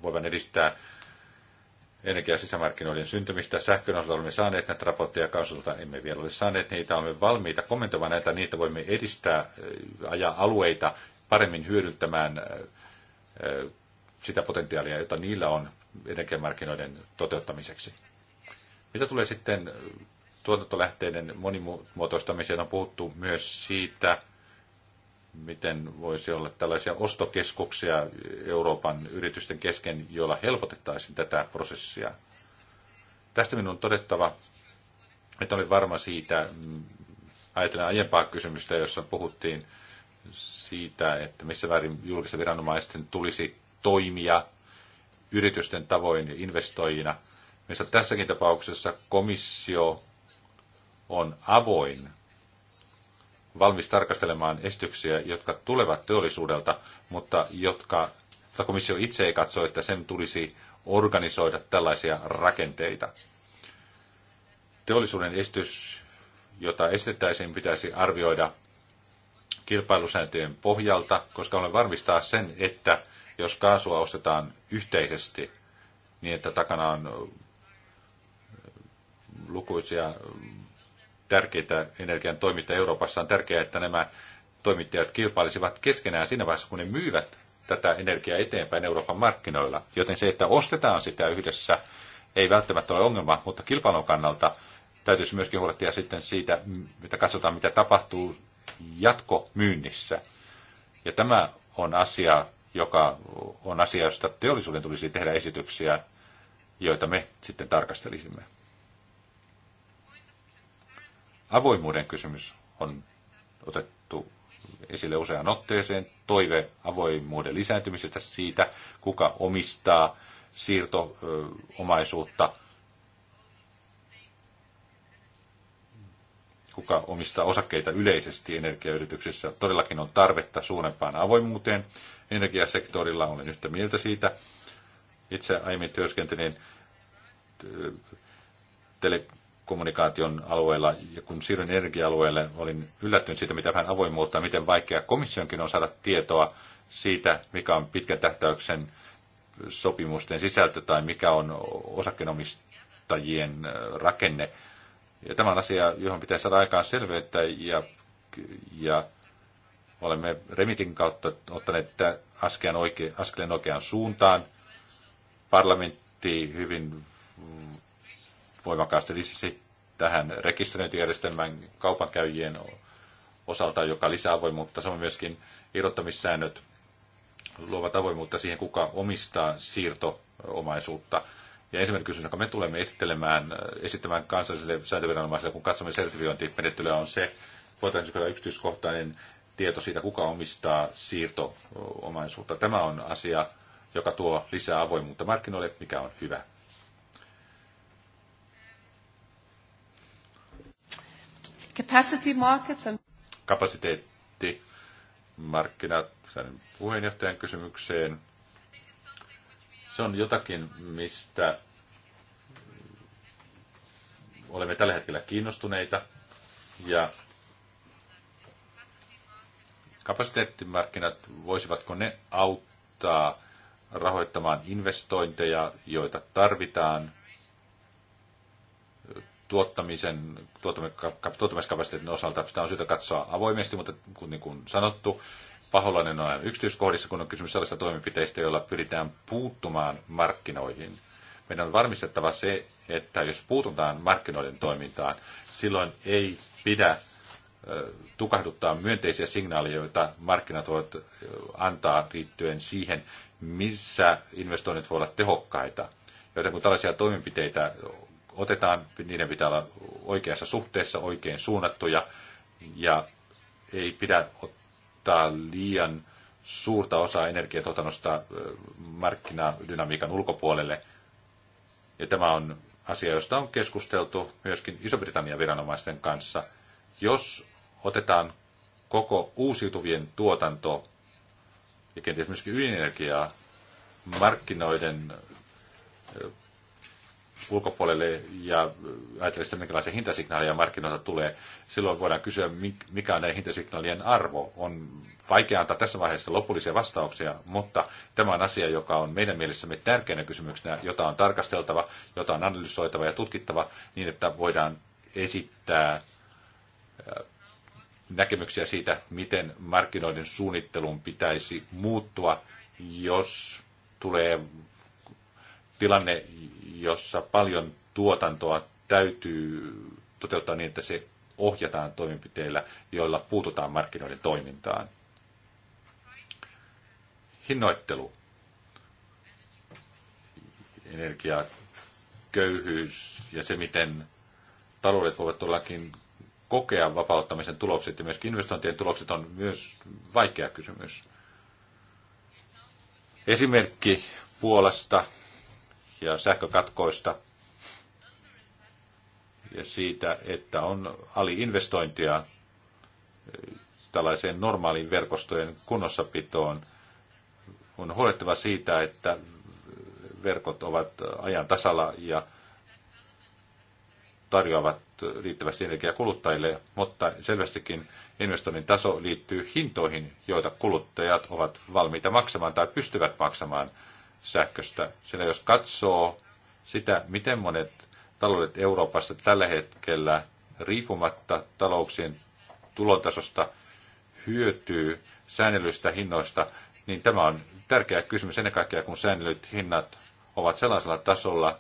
voivan edistää energia- sisämarkkinoiden syntymistä. Sähkön osalta olemme saaneet näitä raportteja, kansalta emme vielä ole saaneet niitä. Olemme valmiita kommentoimaan näitä, niitä voimme edistää, äh, ajaa alueita paremmin hyödyntämään sitä potentiaalia, jota niillä on energiamarkkinoiden toteuttamiseksi. Mitä tulee sitten tuotantolähteiden monimuotoistamiseen, on puhuttu myös siitä, miten voisi olla tällaisia ostokeskuksia Euroopan yritysten kesken, joilla helpotettaisiin tätä prosessia. Tästä minun on todettava, että olin varma siitä, mm, ajatellen aiempaa kysymystä, jossa puhuttiin siitä, että missä väärin julkisten viranomaisten tulisi toimia yritysten tavoin investoijina – missä tässäkin tapauksessa komissio on avoin valmis tarkastelemaan esityksiä, jotka tulevat teollisuudelta, mutta jotka mutta komissio itse ei katso, että sen tulisi organisoida tällaisia rakenteita. Teollisuuden esitys, jota esitettäisiin, pitäisi arvioida kilpailusääntöjen pohjalta, koska olen varmistaa sen, että jos kaasua ostetaan yhteisesti, niin että takana on lukuisia mm, tärkeitä energian toimittajia Euroopassa, on tärkeää, että nämä toimittajat kilpailisivat keskenään siinä vaiheessa, kun ne myyvät tätä energiaa eteenpäin Euroopan markkinoilla. Joten se, että ostetaan sitä yhdessä, ei välttämättä ole ongelma, mutta kilpailun kannalta täytyisi myöskin huolehtia sitten siitä, mm, että katsotaan, mitä tapahtuu jatkomyynnissä. Ja tämä on asia, joka on asia, josta teollisuuden tulisi tehdä esityksiä, joita me sitten tarkastelisimme. Avoimuuden kysymys on otettu esille useaan otteeseen. Toive avoimuuden lisääntymisestä siitä, kuka omistaa siirtoomaisuutta, kuka omistaa osakkeita yleisesti energiayrityksissä. Todellakin on tarvetta suurempaan avoimuuteen energiasektorilla, olen yhtä mieltä siitä. Itse aiemmin työskentelin tele- kommunikaation alueella, ja kun siirryn energia-alueelle, olin yllättynyt siitä, mitä vähän avoimuutta, miten vaikea komissionkin on saada tietoa siitä, mikä on pitkän tähtäyksen sopimusten sisältö tai mikä on osakkeenomistajien rakenne. Ja tämä on asia, johon pitää saada aikaan selveyttä ja, ja olemme Remitin kautta ottaneet askeleen, oikean oikeaan suuntaan. Parlamentti hyvin voimakkaasti lisäsi tähän rekisteröintijärjestelmän kaupankäyjien osalta, joka lisää avoimuutta. Samoin myöskin irrottamissäännöt luovat avoimuutta siihen, kuka omistaa siirtoomaisuutta. Ja ensimmäinen kysymys, joka me tulemme esittelemään, esittämään kansalliselle sääntöviranomaiselle, kun katsomme sertifiointimenettelyä, on se, voitaisiinko olla yksityiskohtainen tieto siitä, kuka omistaa siirtoomaisuutta. Tämä on asia, joka tuo lisää avoimuutta markkinoille, mikä on hyvä capacity markets and... Kapasiteetti, markkinat, puheenjohtajan kysymykseen. Se on jotakin, mistä olemme tällä hetkellä kiinnostuneita. Ja kapasiteettimarkkinat, voisivatko ne auttaa rahoittamaan investointeja, joita tarvitaan tuottamisen, tuottamiskapasiteetin osalta sitä on syytä katsoa avoimesti, mutta kun, niin kuin sanottu, paholainen on yksityiskohdissa, kun on kysymys sellaisista toimenpiteistä, joilla pyritään puuttumaan markkinoihin. Meidän on varmistettava se, että jos puututaan markkinoiden toimintaan, silloin ei pidä tukahduttaa myönteisiä signaaleja, joita markkinat voivat antaa liittyen siihen, missä investoinnit voivat olla tehokkaita. Joten kun tällaisia toimenpiteitä otetaan, niiden pitää olla oikeassa suhteessa, oikein suunnattuja ja ei pidä ottaa liian suurta osaa energiatuotannosta markkinadynamiikan ulkopuolelle. Ja tämä on asia, josta on keskusteltu myöskin Iso-Britannian viranomaisten kanssa. Jos otetaan koko uusiutuvien tuotanto ja kenties myöskin ydinenergiaa markkinoiden ulkopuolelle ja ajatella sitä, minkälaisia hintasignaaleja markkinoilta tulee, silloin voidaan kysyä, mikä on näiden hintasignaalien arvo. On vaikea antaa tässä vaiheessa lopullisia vastauksia, mutta tämä on asia, joka on meidän mielessämme tärkeänä kysymyksenä, jota on tarkasteltava, jota on analysoitava ja tutkittava niin, että voidaan esittää äh, näkemyksiä siitä, miten markkinoiden suunnittelun pitäisi muuttua, jos tulee tilanne, jossa paljon tuotantoa täytyy toteuttaa niin, että se ohjataan toimenpiteillä, joilla puututaan markkinoiden toimintaan. Hinnoittelu. Energia, köyhyys ja se, miten taloudet voivat tullakin kokea vapauttamisen tulokset ja myös investointien tulokset on myös vaikea kysymys. Esimerkki Puolasta ja sähkökatkoista ja siitä, että on aliinvestointia eh, tällaiseen normaaliin verkostojen kunnossapitoon. On huolehtiva siitä, että verkot ovat ajan tasalla ja tarjoavat riittävästi energiaa kuluttajille, mutta selvästikin investoinnin taso liittyy hintoihin, joita kuluttajat ovat valmiita maksamaan tai pystyvät maksamaan – sähköstä. Sillä jos katsoo sitä, miten monet taloudet Euroopassa tällä hetkellä riippumatta talouksien tulotasosta hyötyy säännellystä hinnoista, niin tämä on tärkeä kysymys ennen kaikkea, kun säännellyt hinnat ovat sellaisella tasolla,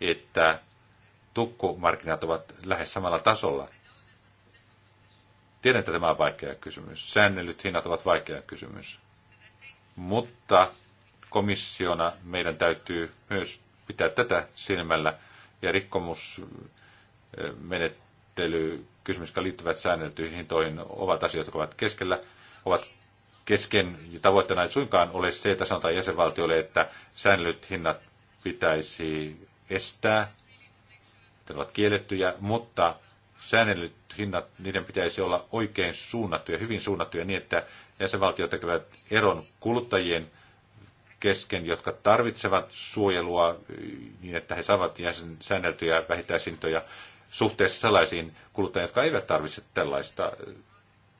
että tukkumarkkinat ovat lähes samalla tasolla. Tiedän, että tämä on vaikea kysymys. Säännellyt hinnat ovat vaikea kysymys. Mutta komissiona meidän täytyy myös pitää tätä silmällä ja rikkomusmenettely, kysymys, jotka liittyvät säänneltyihin hintoihin, ovat asioita, jotka ovat keskellä, ovat kesken ja tavoitteena ei suinkaan ole se, että sanotaan jäsenvaltiolle, että säännellyt hinnat pitäisi estää, että ne ovat kiellettyjä, mutta säännellyt hinnat, niiden pitäisi olla oikein suunnattuja, hyvin suunnattuja niin, että jäsenvaltiot tekevät eron kuluttajien kesken, jotka tarvitsevat suojelua niin, että he saavat jäsen, säänneltyjä vähittäisintoja suhteessa sellaisiin kuluttajien, jotka eivät tarvitse tällaista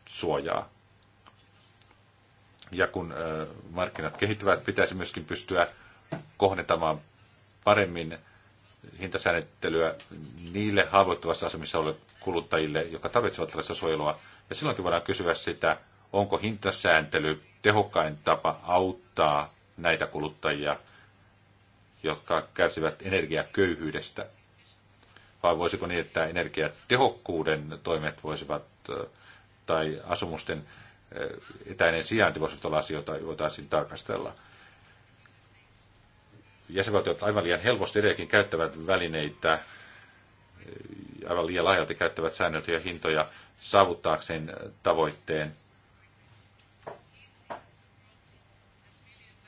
suojaa. Ja kun markkinat kehittyvät, pitäisi myöskin pystyä kohdentamaan paremmin hintasäännettelyä niille haavoittuvassa asemissa oleville kuluttajille, jotka tarvitsevat tällaista suojelua. Ja silloinkin voidaan kysyä sitä, onko hintasääntely tehokkain tapa auttaa näitä kuluttajia, jotka kärsivät energiaköyhyydestä? Vai voisiko niin, että energiatehokkuuden toimet voisivat, tai asumusten etäinen sijainti voisivat olla asioita, joita voitaisiin tarkastella? Jäsenvaltiot aivan liian helposti edelleenkin käyttävät välineitä, aivan liian laajalti käyttävät säännöt ja hintoja saavuttaakseen tavoitteen –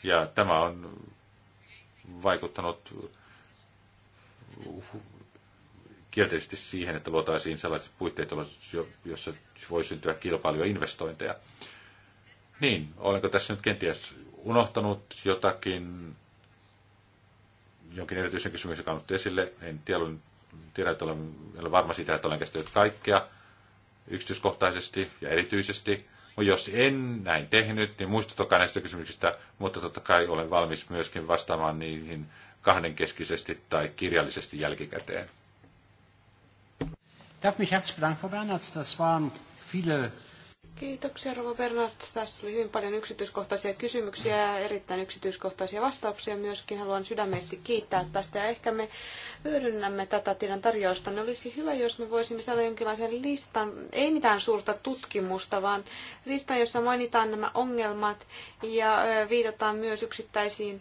Ja tämä on vaikuttanut kielteisesti siihen, että luotaisiin sellaiset puitteet, joissa voi syntyä kilpailuja investointeja. Niin, olenko tässä nyt kenties unohtanut jotakin, jonkin erityisen kysymyksen kannut esille. En tiedä, tiedä että olen, olen varma siitä, että olen käsitellyt kaikkea yksityiskohtaisesti ja erityisesti. Jos en näin tehnyt, niin muistuttakaa näistä kysymyksistä, mutta totta kai olen valmis myöskin vastaamaan niihin kahdenkeskisesti tai kirjallisesti jälkikäteen. Darf mich herzlich bedanken, Frau Bernhards. Das waren viele Kiitoksia Rova Bernard. Tässä oli hyvin paljon yksityiskohtaisia kysymyksiä ja erittäin yksityiskohtaisia vastauksia myöskin. Haluan sydämesti kiittää tästä ja ehkä me hyödynnämme tätä teidän tarjousta. Ne olisi hyvä, jos me voisimme saada jonkinlaisen listan, ei mitään suurta tutkimusta, vaan listan, jossa mainitaan nämä ongelmat ja viitataan myös yksittäisiin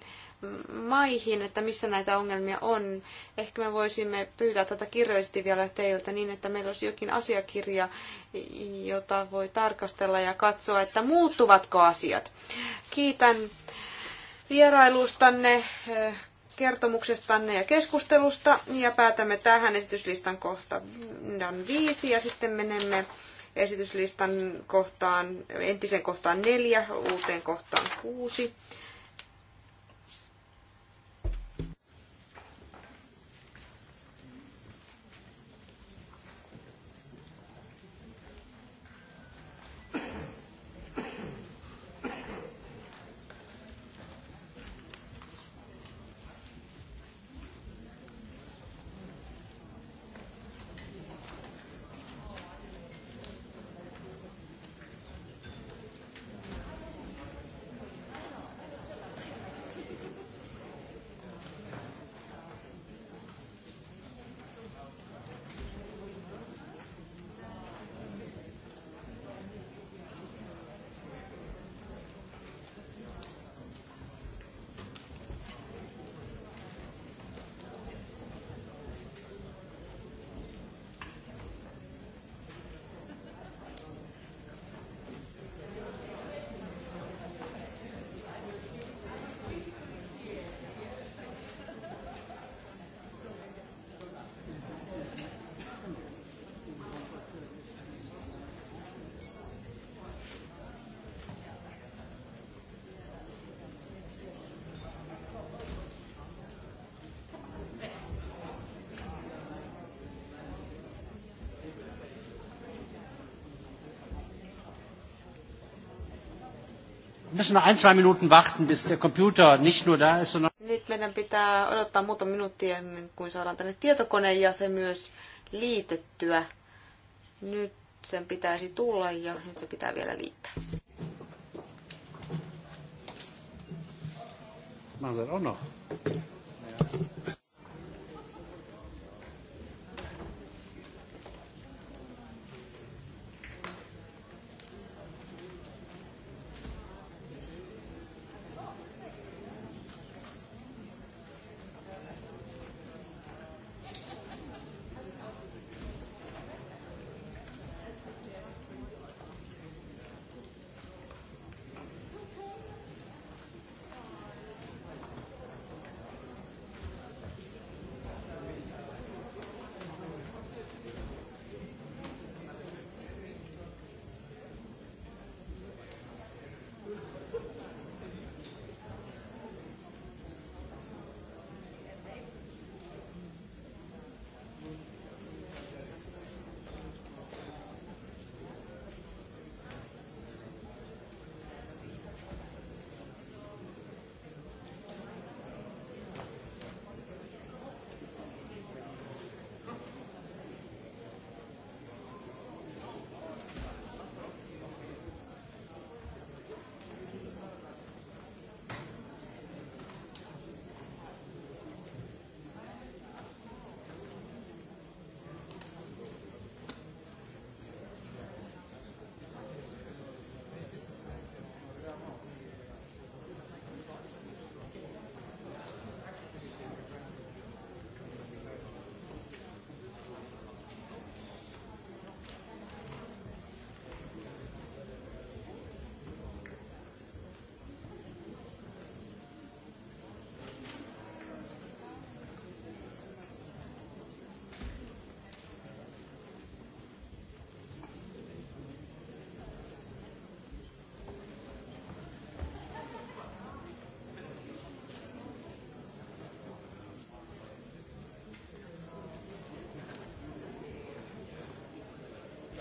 maihin, että missä näitä ongelmia on. Ehkä me voisimme pyytää tätä kirjallisesti vielä teiltä niin, että meillä olisi jokin asiakirja, jota voi tarkastella ja katsoa, että muuttuvatko asiat. Kiitän vierailustanne, kertomuksestanne ja keskustelusta ja päätämme tähän esityslistan kohtaan viisi ja sitten menemme esityslistan kohtaan, entisen kohtaan neljä, uuteen kohtaan kuusi. müssen noch ein, zwei Minuten warten, bis der Computer nicht nur da ist, sondern... Nyt meidän pitää odottaa muuta minuuttia ennen kuin saadaan tänne tietokone ja se myös liitettyä. Nyt sen pitäisi tulla ja nyt se pitää vielä liittää. Mä olen, on, on.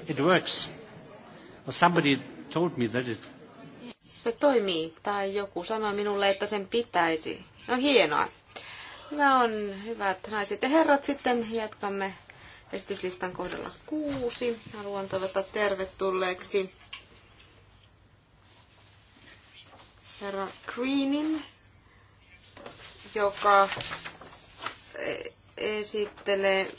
It works. Well, somebody told me that it... Se toimii, tai joku sanoi minulle, että sen pitäisi. No hienoa. Hyvä on, hyvät naiset ja herrat. Sitten jatkamme esityslistan kohdalla kuusi. Haluan toivottaa tervetulleeksi herra Greenin, joka eh, esittelee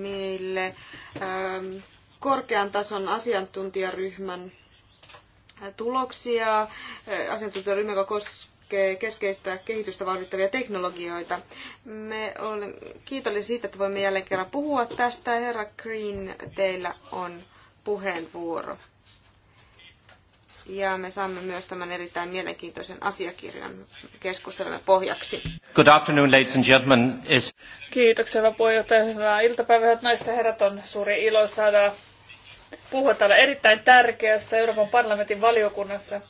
meille ähm, korkean tason asiantuntijaryhmän tuloksia, asiantuntijaryhmä, joka koskee keskeistä kehitystä vauhdittavia teknologioita. Me olen kiitollinen siitä, että voimme jälleen kerran puhua tästä. Herra Green, teillä on puheenvuoro. Ja me saamme myös tämän erittäin mielenkiintoisen asiakirjan keskustelemme pohjaksi. Good afternoon, ladies and gentlemen. Kiitoksia, hyvä puheenjohtaja. Hyvää iltapäivää, hyvät naiset ja herrat. On suuri ilo saada puhua täällä erittäin tärkeässä Euroopan parlamentin valiokunnassa.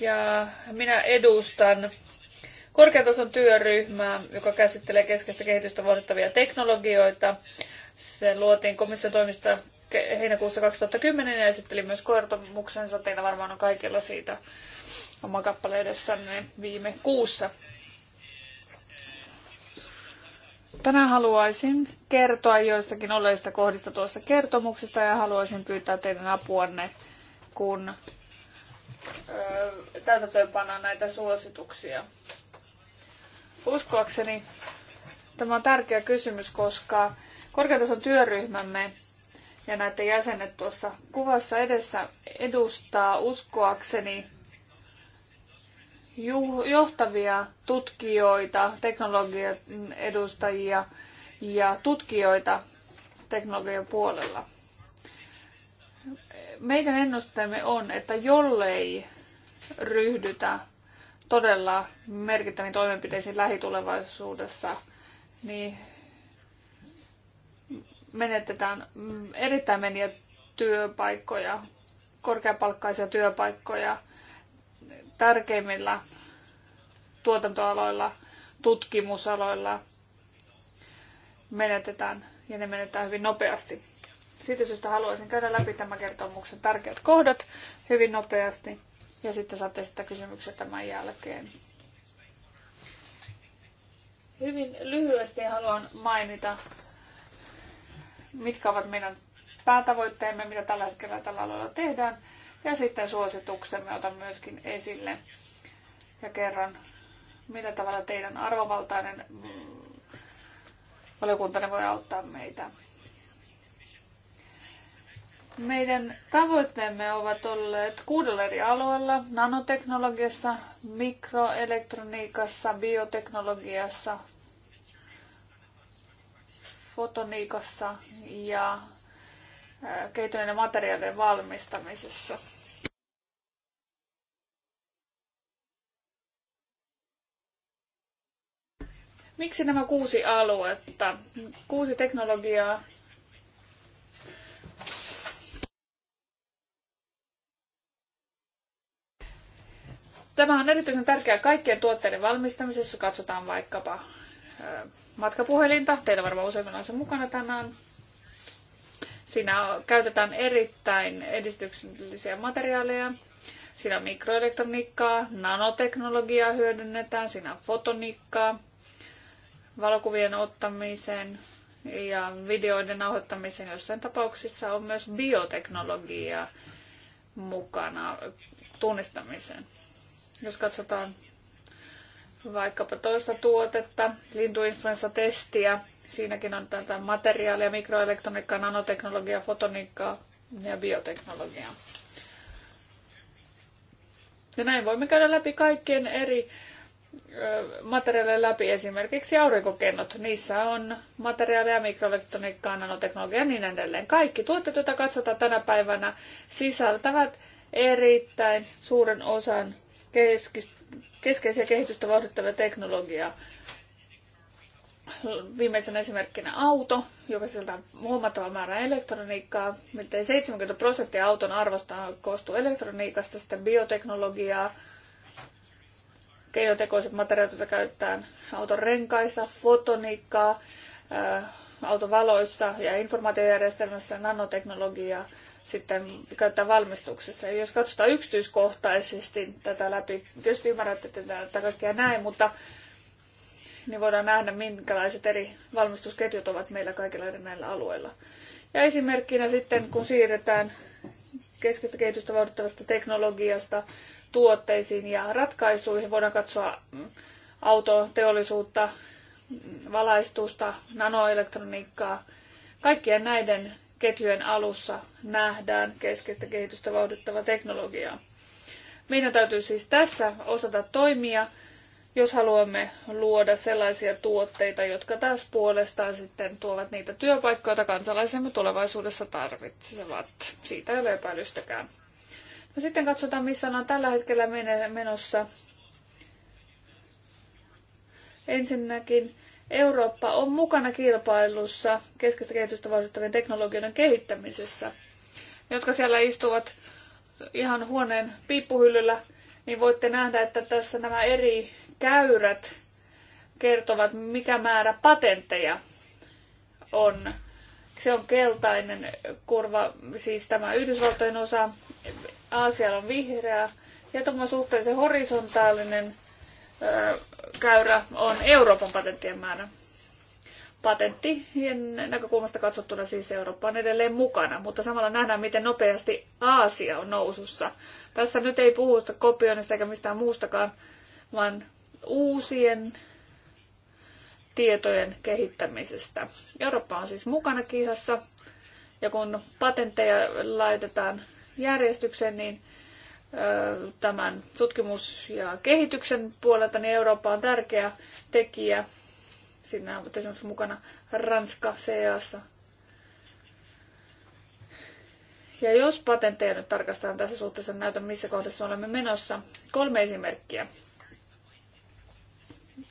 Ja minä edustan korkeatason työryhmää, joka käsittelee keskeistä kehitystä vaadittavia teknologioita. Se luotiin komission toimista heinäkuussa 2010 ja esitteli myös kertomuksensa. Teillä varmaan on kaikilla siitä oma kappale edessänne viime kuussa. Tänään haluaisin kertoa joistakin oleista kohdista tuossa kertomuksesta ja haluaisin pyytää teidän apuanne, kun täytäntöönpannaan näitä suosituksia. Uskoakseni tämä on tärkeä kysymys, koska korkeatason työryhmämme ja näiden jäsenet tuossa kuvassa edessä edustaa uskoakseni johtavia tutkijoita, teknologian edustajia ja tutkijoita teknologian puolella. Meidän ennusteemme on, että jollei ryhdytä todella merkittäviin toimenpiteisiin lähitulevaisuudessa, niin menetetään erittäin meniä työpaikkoja, korkeapalkkaisia työpaikkoja, tärkeimmillä tuotantoaloilla, tutkimusaloilla menetetään ja ne menetetään hyvin nopeasti. Siitä syystä haluaisin käydä läpi tämän kertomuksen tärkeät kohdat hyvin nopeasti ja sitten saatte sitä kysymyksiä tämän jälkeen. Hyvin lyhyesti haluan mainita, mitkä ovat meidän päätavoitteemme, mitä tällä hetkellä tällä alueella tehdään – ja sitten suosituksemme otan myöskin esille ja kerron, millä tavalla teidän arvovaltainen valiokuntanne voi auttaa meitä. Meidän tavoitteemme ovat olleet kuudella eri alueella, nanoteknologiassa, mikroelektroniikassa, bioteknologiassa, fotoniikassa ja kehittyneiden materiaalien valmistamisessa. Miksi nämä kuusi aluetta, kuusi teknologiaa? Tämä on erityisen tärkeää kaikkien tuotteiden valmistamisessa. Katsotaan vaikkapa matkapuhelinta. Teillä varmaan useimmilla on se mukana tänään. Siinä käytetään erittäin edistyksellisiä materiaaleja. Siinä on mikroelektroniikkaa, nanoteknologiaa hyödynnetään, siinä on fotoniikkaa, valokuvien ottamiseen ja videoiden nauhoittamiseen. Jossain tapauksissa on myös bioteknologia mukana tunnistamiseen. Jos katsotaan vaikkapa toista tuotetta, lintuinfluenssatestiä, siinäkin on tätä materiaalia, mikroelektroniikkaa, nanoteknologiaa, fotoniikkaa ja bioteknologiaa. Ja näin voimme käydä läpi kaikkien eri materiaaleja läpi esimerkiksi aurinkokennot. Niissä on materiaaleja, mikroelektroniikkaa, nanoteknologiaa ja niin edelleen. Kaikki tuotteet, joita katsotaan tänä päivänä, sisältävät erittäin suuren osan keskeisiä kehitystä vauhdittavia teknologiaa. Viimeisenä esimerkkinä auto, joka on huomattava määrä elektroniikkaa. Miltei 70 prosenttia auton arvosta koostuu elektroniikasta, sitten bioteknologiaa, keinotekoiset materiaalit, joita käytetään auton renkaissa, fotoniikkaa, äh, autovaloissa ja informaatiojärjestelmässä, nanoteknologiaa sitten käyttää valmistuksessa. Ja jos katsotaan yksityiskohtaisesti tätä läpi, tietysti ymmärrätte, että tätä kaikkea näin, mutta niin voidaan nähdä, minkälaiset eri valmistusketjut ovat meillä kaikilla eri näillä alueilla. Ja esimerkkinä sitten, kun siirretään keskeistä kehitystä vauhdittavasta teknologiasta tuotteisiin ja ratkaisuihin. Voidaan katsoa autoteollisuutta, valaistusta, nanoelektroniikkaa. Kaikkien näiden ketjujen alussa nähdään keskeistä kehitystä vauhdittava teknologiaa. Meidän täytyy siis tässä osata toimia, jos haluamme luoda sellaisia tuotteita, jotka taas puolestaan sitten tuovat niitä työpaikkoja, joita kansalaisemme tulevaisuudessa tarvitsevat. Siitä ei ole epäilystäkään. No sitten katsotaan, missä ollaan tällä hetkellä menossa. Ensinnäkin Eurooppa on mukana kilpailussa keskeistä kehitystä vaikuttavien teknologioiden kehittämisessä, jotka siellä istuvat ihan huoneen piippuhyllyllä, niin voitte nähdä, että tässä nämä eri käyrät kertovat, mikä määrä patentteja on se on keltainen kurva, siis tämä Yhdysvaltojen osa. Aasialla on vihreä. Ja tuommoinen suhteellisen horisontaalinen ö, käyrä on Euroopan patenttien määrä. Patenttien näkökulmasta katsottuna siis Eurooppa on edelleen mukana, mutta samalla nähdään, miten nopeasti Aasia on nousussa. Tässä nyt ei puhuta kopioinnista eikä mistään muustakaan, vaan uusien tietojen kehittämisestä. Eurooppa on siis mukana kisassa ja kun patentteja laitetaan järjestykseen, niin tämän tutkimus- ja kehityksen puolelta, niin Eurooppa on tärkeä tekijä. Siinä on esimerkiksi mukana Ranska CEAssa. Ja jos patentteja nyt tarkastetaan tässä suhteessa, näytän missä kohdassa olemme menossa. Kolme esimerkkiä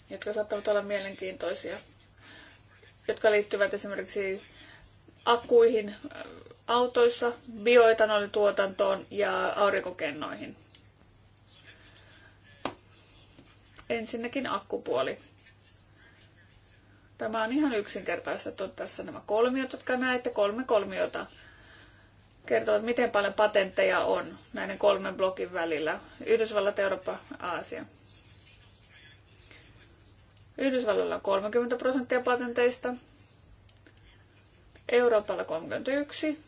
jotka saattavat olla mielenkiintoisia, jotka liittyvät esimerkiksi akkuihin autoissa, bioetanolituotantoon ja aurinkokennoihin. Ensinnäkin akkupuoli. Tämä on ihan yksinkertaistettu tässä nämä kolmiot, jotka näette, kolme kolmiota kertovat, miten paljon patentteja on näiden kolmen blokin välillä. Yhdysvallat, Eurooppa, Aasia. Yhdysvalloilla on 30 prosenttia patenteista, Euroopalla 31,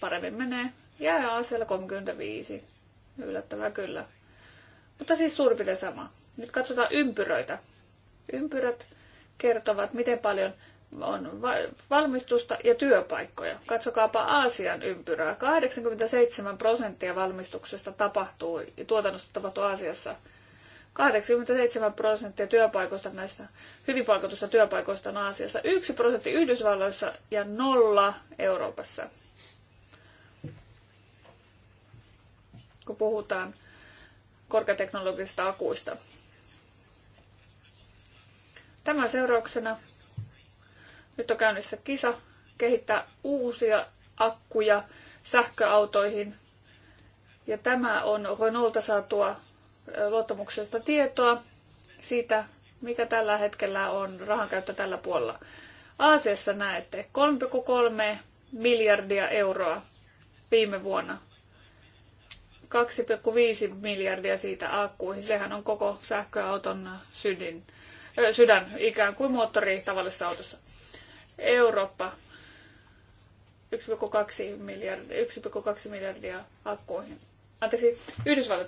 paremmin menee, ja Aasialla 35, yllättävää kyllä. Mutta siis suurin piirtein sama. Nyt katsotaan ympyröitä. Ympyrät kertovat, miten paljon on valmistusta ja työpaikkoja. Katsokaapa Aasian ympyrää. 87 prosenttia valmistuksesta tapahtuu, tuotannosta tapahtuu Aasiassa – 87 prosenttia työpaikoista näistä hyvin palkatusta työpaikoista on Aasiassa, 1 prosentti Yhdysvalloissa ja nolla Euroopassa. Kun puhutaan korkeateknologisista akuista. Tämän seurauksena nyt on käynnissä kisa kehittää uusia akkuja sähköautoihin. Ja tämä on Renaulta saatua luottamuksesta tietoa siitä, mikä tällä hetkellä on rahankäyttö tällä puolella. Aasiassa näette 3,3 miljardia euroa viime vuonna. 2,5 miljardia siitä akkuihin. Sehän on koko sähköauton sydin, ö, sydän, ikään kuin moottori tavallisessa autossa. Eurooppa 1,2 miljardia, 1,2 miljardia akkuihin anteeksi, Yhdysvallat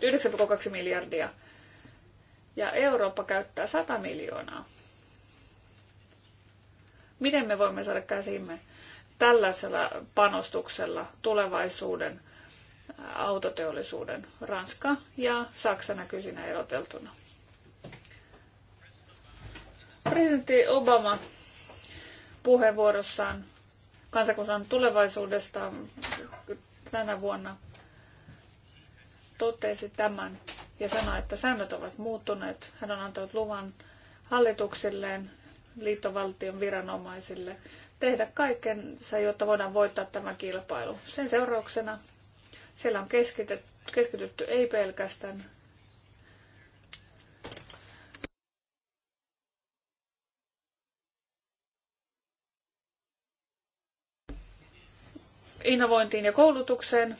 9,2 miljardia ja Eurooppa käyttää 100 miljoonaa. Miten me voimme saada käsimme tällaisella panostuksella tulevaisuuden autoteollisuuden? Ranska ja Saksa näkyy siinä eroteltuna. Presidentti Obama puheenvuorossaan kansakunnan tulevaisuudesta tänä vuonna – totesi tämän ja sanoi, että säännöt ovat muuttuneet. Hän on antanut luvan hallituksilleen, liittovaltion viranomaisille tehdä kaikensa, jotta voidaan voittaa tämä kilpailu. Sen seurauksena siellä on keskitytty ei pelkästään innovointiin ja koulutukseen,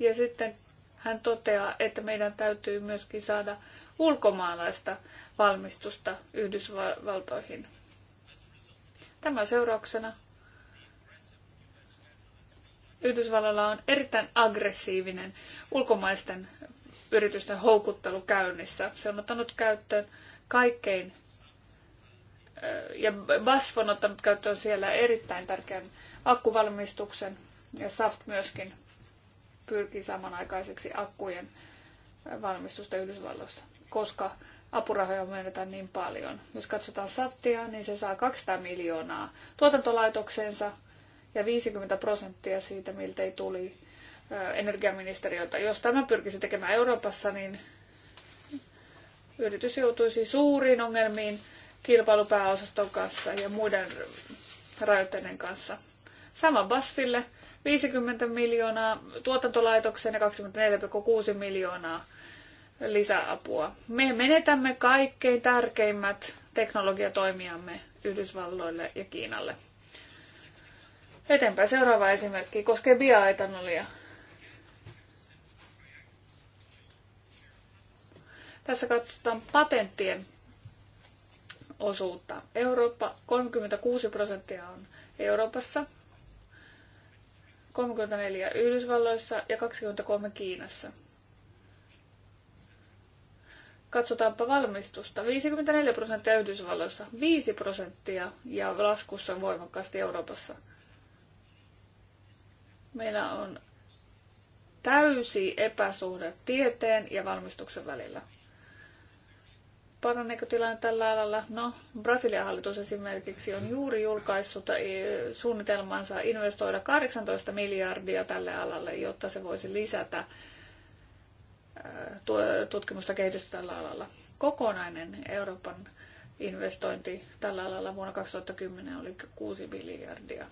Ja sitten hän toteaa, että meidän täytyy myöskin saada ulkomaalaista valmistusta Yhdysvaltoihin. Tämän seurauksena Yhdysvallalla on erittäin aggressiivinen ulkomaisten yritysten houkuttelu käynnissä. Se on ottanut käyttöön kaikkein, ja BASF on ottanut käyttöön siellä erittäin tärkeän akkuvalmistuksen ja SAFT myöskin pyrkii samanaikaiseksi akkujen valmistusta Yhdysvalloissa, koska apurahoja myönnetään niin paljon. Jos katsotaan sattia, niin se saa 200 miljoonaa tuotantolaitokseensa ja 50 prosenttia siitä, miltä ei tuli energiaministeriöltä. Jos tämä pyrkisi tekemään Euroopassa, niin yritys joutuisi suuriin ongelmiin kilpailupääosaston kanssa ja muiden rajoitteiden kanssa. Sama Basfille – 50 miljoonaa tuotantolaitokseen ja 24,6 miljoonaa lisäapua. Me menetämme kaikkein tärkeimmät teknologiatoimijamme Yhdysvalloille ja Kiinalle. Eteenpäin seuraava esimerkki koskee bioetanolia. Tässä katsotaan patenttien osuutta. Eurooppa 36 prosenttia on Euroopassa, 34 Yhdysvalloissa ja 23 Kiinassa. Katsotaanpa valmistusta. 54 prosenttia Yhdysvalloissa, 5 prosenttia ja laskussa voimakkaasti Euroopassa. Meillä on täysi epäsuhde tieteen ja valmistuksen välillä. Paraneeko tilanne tällä alalla? No, Brasilian hallitus esimerkiksi on juuri julkaissut eh, suunnitelmansa investoida 18 miljardia tälle alalle, jotta se voisi lisätä eh, tutkimusta kehitystä tällä alalla. Kokonainen Euroopan investointi tällä alalla vuonna 2010 oli 6 miljardia.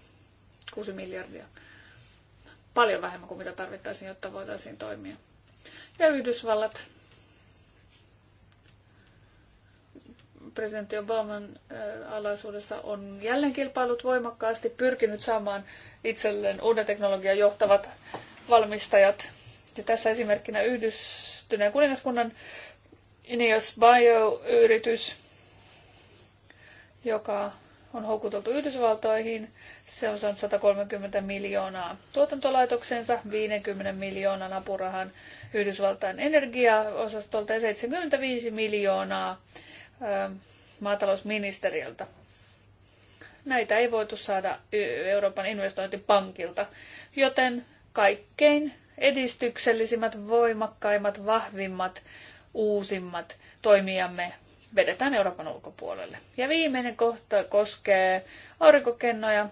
6 miljardia. Paljon vähemmän kuin mitä tarvittaisiin, jotta voitaisiin toimia. Ja Yhdysvallat presidentti Obaman äh, alaisuudessa on jälleen kilpailut voimakkaasti, pyrkinyt saamaan itselleen uuden teknologian johtavat valmistajat. Ja tässä esimerkkinä yhdistyneen kuningaskunnan Ineos Bio-yritys, joka on houkuteltu Yhdysvaltoihin. Se on saanut 130 miljoonaa tuotantolaitoksensa, 50 miljoonan apurahan Yhdysvaltain energiaosastolta ja 75 miljoonaa maatalousministeriöltä. Näitä ei voitu saada Euroopan investointipankilta, joten kaikkein edistyksellisimmät, voimakkaimmat, vahvimmat, uusimmat toimijamme vedetään Euroopan ulkopuolelle. Ja viimeinen kohta koskee aurinkokennoja.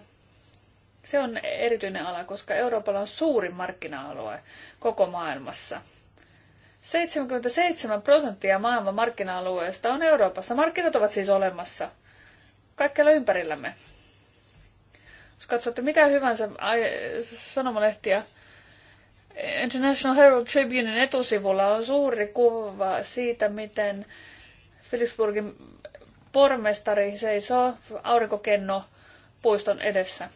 Se on erityinen ala, koska Euroopalla on suurin markkina-alue koko maailmassa. 77 prosenttia maailman markkina-alueesta on Euroopassa. Markkinat ovat siis olemassa kaikkialla ympärillämme. Jos katsotte mitä hyvänsä sanomalehtiä, International Herald Tribunein etusivulla on suuri kuva siitä, miten Philipsburgin pormestari seisoo aurinkokenno puiston edessä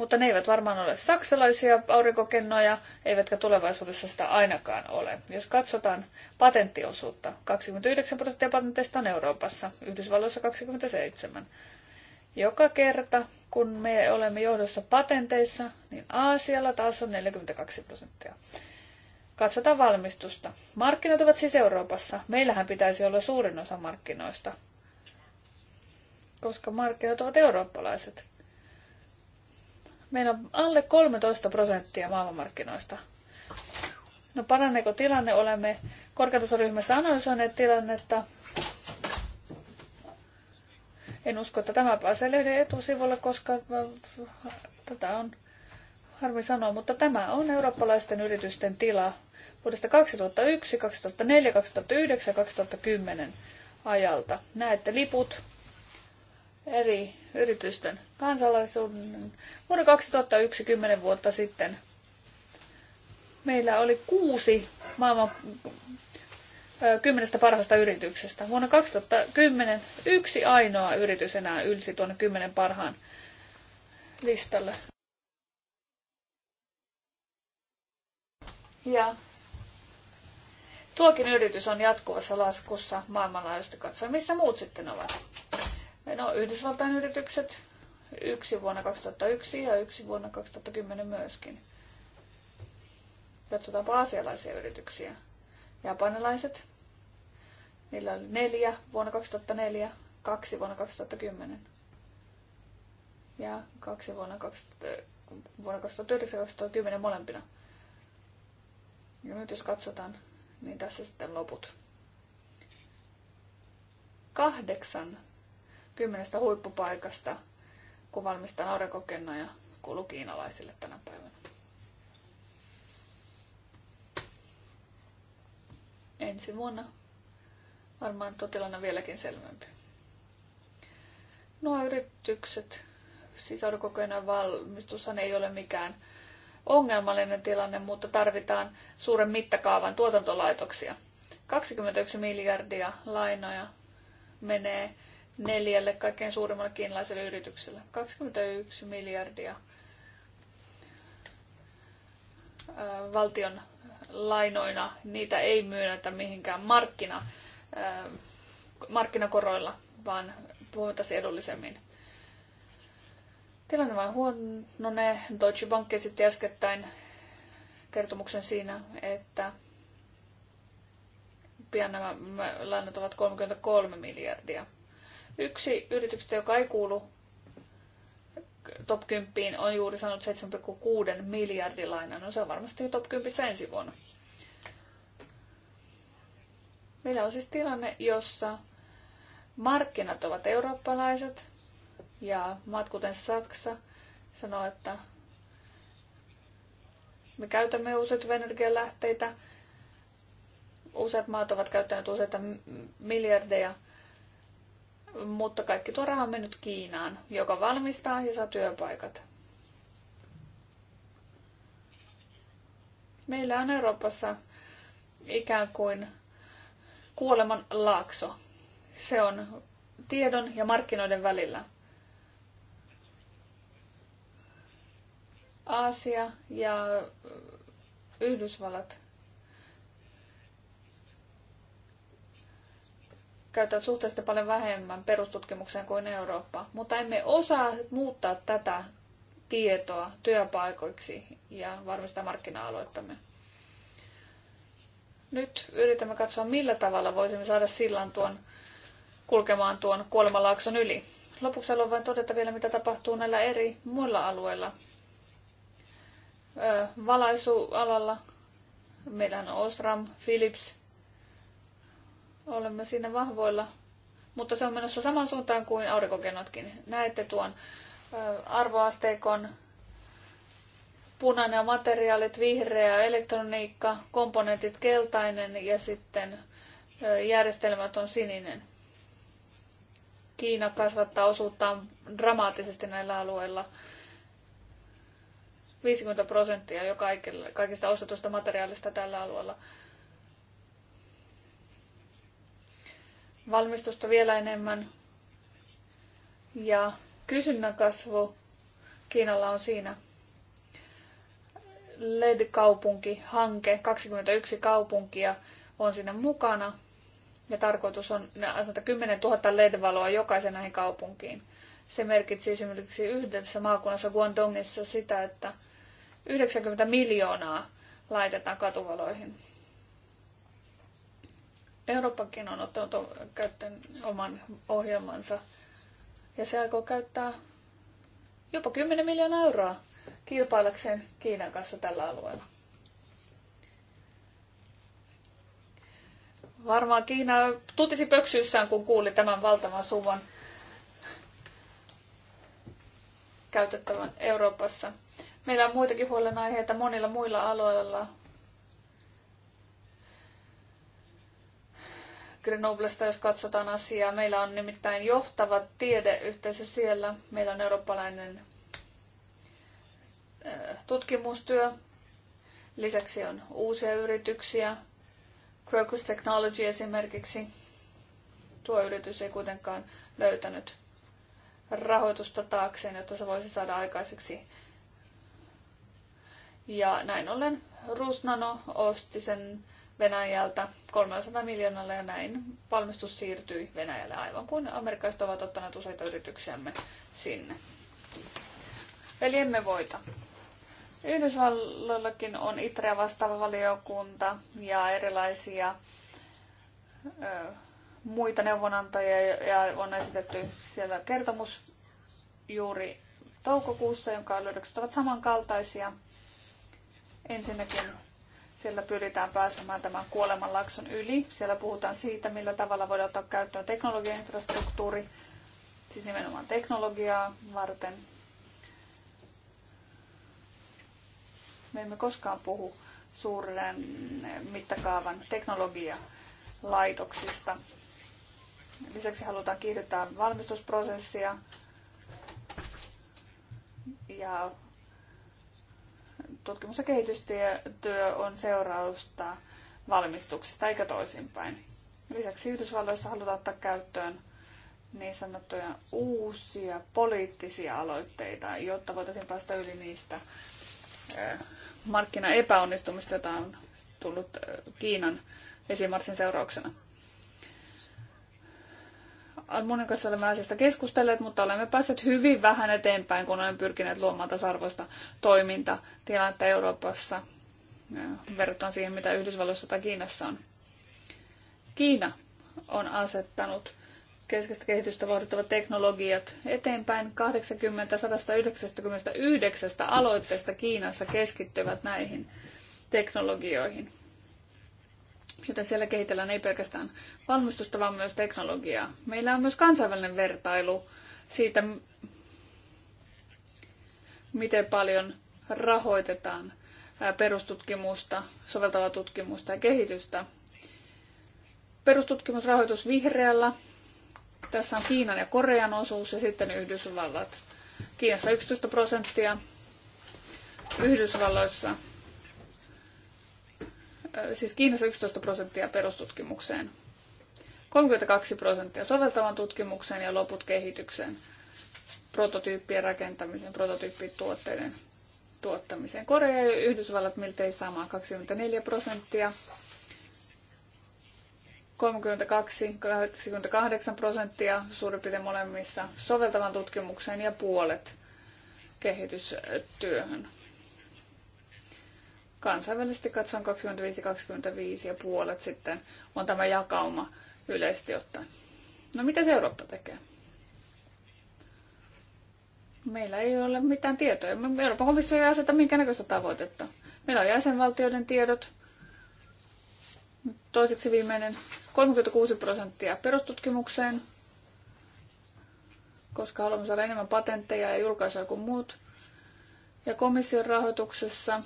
mutta ne eivät varmaan ole saksalaisia aurinkokennoja, eivätkä tulevaisuudessa sitä ainakaan ole. Jos katsotaan patenttiosuutta, 29 prosenttia patenteista on Euroopassa, Yhdysvalloissa 27. Joka kerta, kun me olemme johdossa patenteissa, niin Aasialla taas on 42 prosenttia. Katsotaan valmistusta. Markkinat ovat siis Euroopassa. Meillähän pitäisi olla suurin osa markkinoista, koska markkinat ovat eurooppalaiset. Meillä on alle 13 prosenttia maailmanmarkkinoista. No paraneeko tilanne? Olemme korkeatasoryhmässä analysoineet tilannetta. En usko, että tämä pääsee lehden etusivulle, koska äh, tätä on harmi sanoa, mutta tämä on eurooppalaisten yritysten tila vuodesta 2001, 2004, 2009 ja 2010 ajalta. Näette liput eri yritysten kansalaisuuden. Vuonna 2010 vuotta sitten, meillä oli kuusi maailman kymmenestä parhaasta yrityksestä. Vuonna 2010 yksi ainoa yritys enää ylsi tuonne kymmenen parhaan listalle. Ja tuokin yritys on jatkuvassa laskussa maailmanlaajuisesti katsoen. Missä muut sitten ovat? No, Yhdysvaltain yritykset, yksi vuonna 2001 ja yksi vuonna 2010 myöskin. Katsotaanpa asialaisia yrityksiä. Japanilaiset, niillä oli neljä vuonna 2004, kaksi vuonna 2010 ja kaksi vuonna, 20, vuonna 2009 ja 2010 molempina. Ja nyt jos katsotaan, niin tässä sitten loput. Kahdeksan kymmenestä huippupaikasta, kun valmistan aurinkokennoja kuuluu kiinalaisille tänä päivänä. Ensi vuonna varmaan totilana vieläkin selvempi. Nuo yritykset, siis aurinkokennojen valmistushan ei ole mikään ongelmallinen tilanne, mutta tarvitaan suuren mittakaavan tuotantolaitoksia. 21 miljardia lainoja menee neljälle kaikkein suurimmalle kiinalaiselle yritykselle. 21 miljardia valtion lainoina, niitä ei myönnetä mihinkään markkina, markkinakoroilla, vaan puhutaan edullisemmin. Tilanne vain huononee. Deutsche Bank esitti äskettäin kertomuksen siinä, että pian nämä lainat ovat 33 miljardia. Yksi yrityksistä, joka ei kuulu top 10 on juuri saanut 7,6 miljardin lainan. No se on varmasti top 10 ensi vuonna. Meillä on siis tilanne, jossa markkinat ovat eurooppalaiset ja maat kuten Saksa sanoo, että me käytämme uusiutuvia energialähteitä. Useat maat ovat käyttäneet useita miljardeja – mutta kaikki tuo raha on mennyt Kiinaan, joka valmistaa ja saa työpaikat. Meillä on Euroopassa ikään kuin kuoleman laakso. Se on tiedon ja markkinoiden välillä. Aasia ja Yhdysvallat käytetään suhteellisesti paljon vähemmän perustutkimukseen kuin Eurooppa, mutta emme osaa muuttaa tätä tietoa työpaikoiksi ja varmistaa markkina-aloittamme. Nyt yritämme katsoa, millä tavalla voisimme saada sillan tuon kulkemaan tuon kuolemanlaakson yli. Lopuksi haluan vain todeta vielä, mitä tapahtuu näillä eri muilla alueilla. valaisualalla meillä on Osram, Philips, Olemme siinä vahvoilla, mutta se on menossa saman suuntaan kuin aurinkokennotkin. Näette tuon arvoasteikon punainen materiaalit, vihreä elektroniikka, komponentit keltainen ja sitten järjestelmät on sininen. Kiina kasvattaa osuuttaan dramaattisesti näillä alueilla. 50 prosenttia jo kaikista ostetusta materiaalista tällä alueella. valmistusta vielä enemmän. Ja kysynnän kasvu Kiinalla on siinä LED-kaupunki-hanke, 21 kaupunkia on siinä mukana. Ja tarkoitus on asentaa 10 000 LED-valoa jokaisen näihin kaupunkiin. Se merkitsi esimerkiksi yhdessä maakunnassa Guangdongissa sitä, että 90 miljoonaa laitetaan katuvaloihin. Eurooppakin on ottanut käyttöön oman ohjelmansa ja se aikoo käyttää jopa 10 miljoonaa euroa kilpailakseen Kiinan kanssa tällä alueella. Varmaan Kiina tutisi pöksyissään, kun kuuli tämän valtavan summan käytettävän Euroopassa. Meillä on muitakin huolenaiheita monilla muilla aloilla, Grenoblesta, jos katsotaan asiaa. Meillä on nimittäin johtava tiedeyhteisö siellä. Meillä on eurooppalainen äh, tutkimustyö. Lisäksi on uusia yrityksiä. Quercus Technology esimerkiksi. Tuo yritys ei kuitenkaan löytänyt rahoitusta taakseen, jotta se voisi saada aikaiseksi. Ja näin ollen Rusnano osti sen Venäjältä 300 miljoonalla ja näin valmistus siirtyi Venäjälle aivan kuin amerikkalaiset ovat ottaneet useita yrityksiämme sinne. Eli emme voita. Yhdysvalloillakin on Itreä vastaava valiokunta ja erilaisia ö, muita neuvonantajia ja on esitetty siellä kertomus juuri toukokuussa, jonka löydökset ovat samankaltaisia. Ensinnäkin siellä pyritään pääsemään tämän kuolemanlakson yli. Siellä puhutaan siitä, millä tavalla voidaan ottaa käyttöön teknologiainfrastruktuuri, siis nimenomaan teknologiaa varten. Me emme koskaan puhu suuren mittakaavan teknologialaitoksista. Lisäksi halutaan kiihdyttää valmistusprosessia ja tutkimus- ja kehitystyö on seurausta valmistuksesta eikä toisinpäin. Lisäksi Yhdysvalloissa halutaan ottaa käyttöön niin sanottuja uusia poliittisia aloitteita, jotta voitaisiin päästä yli niistä markkinaepäonnistumista, joita on tullut Kiinan esimarsin seurauksena monen kanssa olemme asiasta keskustelleet, mutta olemme päässeet hyvin vähän eteenpäin, kun olemme pyrkineet luomaan tasa-arvoista toimintatilannetta Euroopassa verrattuna siihen, mitä Yhdysvalloissa tai Kiinassa on. Kiina on asettanut keskeistä kehitystä vauhdittavat teknologiat eteenpäin. 80-199 aloitteesta Kiinassa keskittyvät näihin teknologioihin. Joten siellä kehitellään ei pelkästään valmistusta, vaan myös teknologiaa. Meillä on myös kansainvälinen vertailu siitä, miten paljon rahoitetaan perustutkimusta, soveltavaa tutkimusta ja kehitystä. Perustutkimusrahoitus vihreällä. Tässä on Kiinan ja Korean osuus ja sitten Yhdysvallat. Kiinassa 11 prosenttia, Yhdysvalloissa, siis Kiinassa 11 prosenttia perustutkimukseen. 32 prosenttia soveltavan tutkimukseen ja loput kehitykseen, prototyyppien rakentamiseen, prototyyppituotteiden tuottamiseen. Korea ja Yhdysvallat miltei sama, 24 prosenttia, 32-88 prosenttia suurin piirtein molemmissa soveltavan tutkimukseen ja puolet kehitystyöhön. Kansainvälisesti katsoen 25-25 ja puolet sitten on tämä jakauma yleisesti ottaen. No mitä se Eurooppa tekee? Meillä ei ole mitään tietoja. Euroopan komissio ei aseta minkäännäköistä tavoitetta. Meillä on jäsenvaltioiden tiedot. Toiseksi viimeinen 36 prosenttia perustutkimukseen, koska haluamme saada enemmän patentteja ja julkaisuja kuin muut. Ja komission rahoituksessa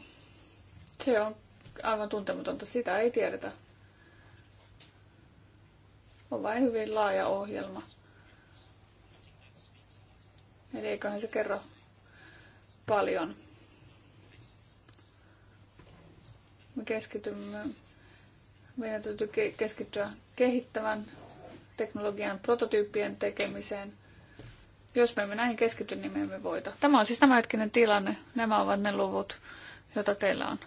se on aivan tuntematonta, sitä ei tiedetä on vain hyvin laaja ohjelma. Eli eiköhän se kerro paljon. Me keskitymme, meidän täytyy keskittyä kehittävän teknologian prototyyppien tekemiseen. Jos me emme näihin keskity, niin me emme voita. Tämä on siis tämänhetkinen tilanne. Nämä ovat ne luvut, joita teillä on.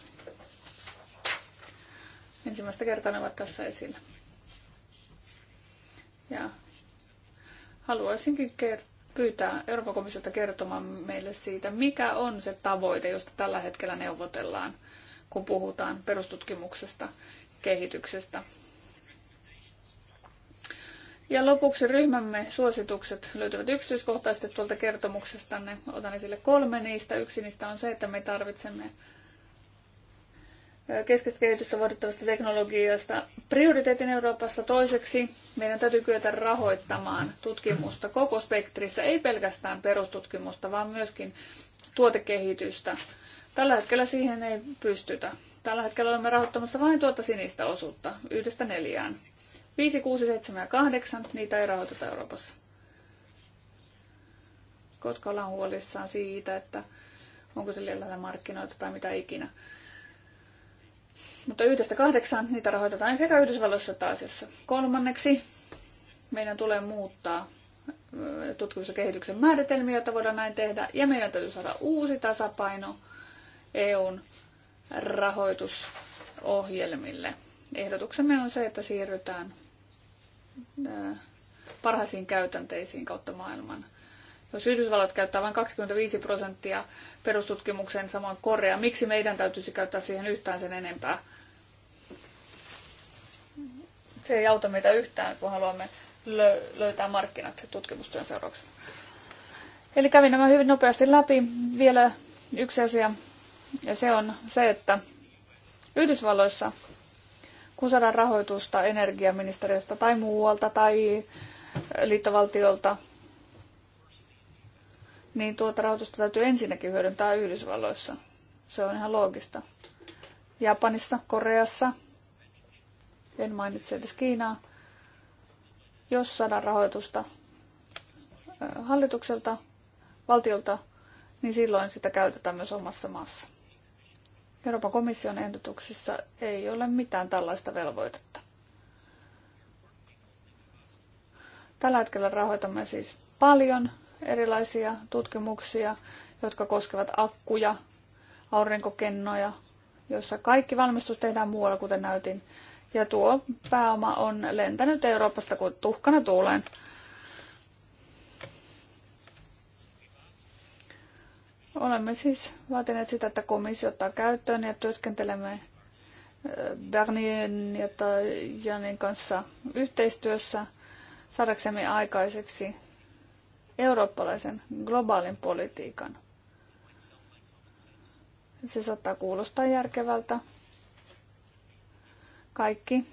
Ensimmäistä kertaa ne ovat tässä esillä. Ja haluaisinkin pyytää Euroopan komissiota kertomaan meille siitä, mikä on se tavoite, josta tällä hetkellä neuvotellaan, kun puhutaan perustutkimuksesta, kehityksestä. Ja lopuksi ryhmämme suositukset löytyvät yksityiskohtaisesti tuolta kertomuksesta. Otan esille kolme niistä. Yksi niistä on se, että me tarvitsemme keskeistä kehitystä vaadittavasta teknologiasta. Prioriteetin Euroopassa toiseksi meidän täytyy kyetä rahoittamaan tutkimusta koko spektrissä, ei pelkästään perustutkimusta, vaan myöskin tuotekehitystä. Tällä hetkellä siihen ei pystytä. Tällä hetkellä olemme rahoittamassa vain tuota sinistä osuutta, yhdestä neljään. 5, 6, 7 ja 8, niitä ei rahoiteta Euroopassa. Koska ollaan huolissaan siitä, että onko se liian markkinoita tai mitä ikinä. Mutta yhdestä kahdeksaan niitä rahoitetaan sekä Yhdysvalloissa että Aasiassa. Kolmanneksi meidän tulee muuttaa tutkimus- ja kehityksen määritelmiä, jotta voidaan näin tehdä. Ja meidän täytyy saada uusi tasapaino EUn rahoitusohjelmille. Ehdotuksemme on se, että siirrytään parhaisiin käytänteisiin kautta maailman. Jos Yhdysvallat käyttää vain 25 prosenttia perustutkimukseen samoin Korea, miksi meidän täytyisi käyttää siihen yhtään sen enempää? Se ei auta meitä yhtään, kun haluamme löytää markkinat tutkimustyön seurauksena. Eli kävin nämä hyvin nopeasti läpi. Vielä yksi asia, ja se on se, että Yhdysvalloissa, kun saadaan rahoitusta energiaministeriöstä tai muualta tai liittovaltiolta, niin tuota rahoitusta täytyy ensinnäkin hyödyntää Yhdysvalloissa. Se on ihan loogista. Japanissa, Koreassa, en mainitse edes Kiinaa, jos saadaan rahoitusta hallitukselta, valtiolta, niin silloin sitä käytetään myös omassa maassa. Euroopan komission ehdotuksissa ei ole mitään tällaista velvoitetta. Tällä hetkellä rahoitamme siis paljon erilaisia tutkimuksia, jotka koskevat akkuja, aurinkokennoja, joissa kaikki valmistus tehdään muualla, kuten näytin, ja tuo pääoma on lentänyt Euroopasta kuin tuhkana tuuleen. Olemme siis vaatineet sitä, että komissio ottaa käyttöön ja työskentelemme äh, Bernien ja Janin kanssa yhteistyössä saadaksemme aikaiseksi eurooppalaisen globaalin politiikan. Se saattaa kuulostaa järkevältä, kaikki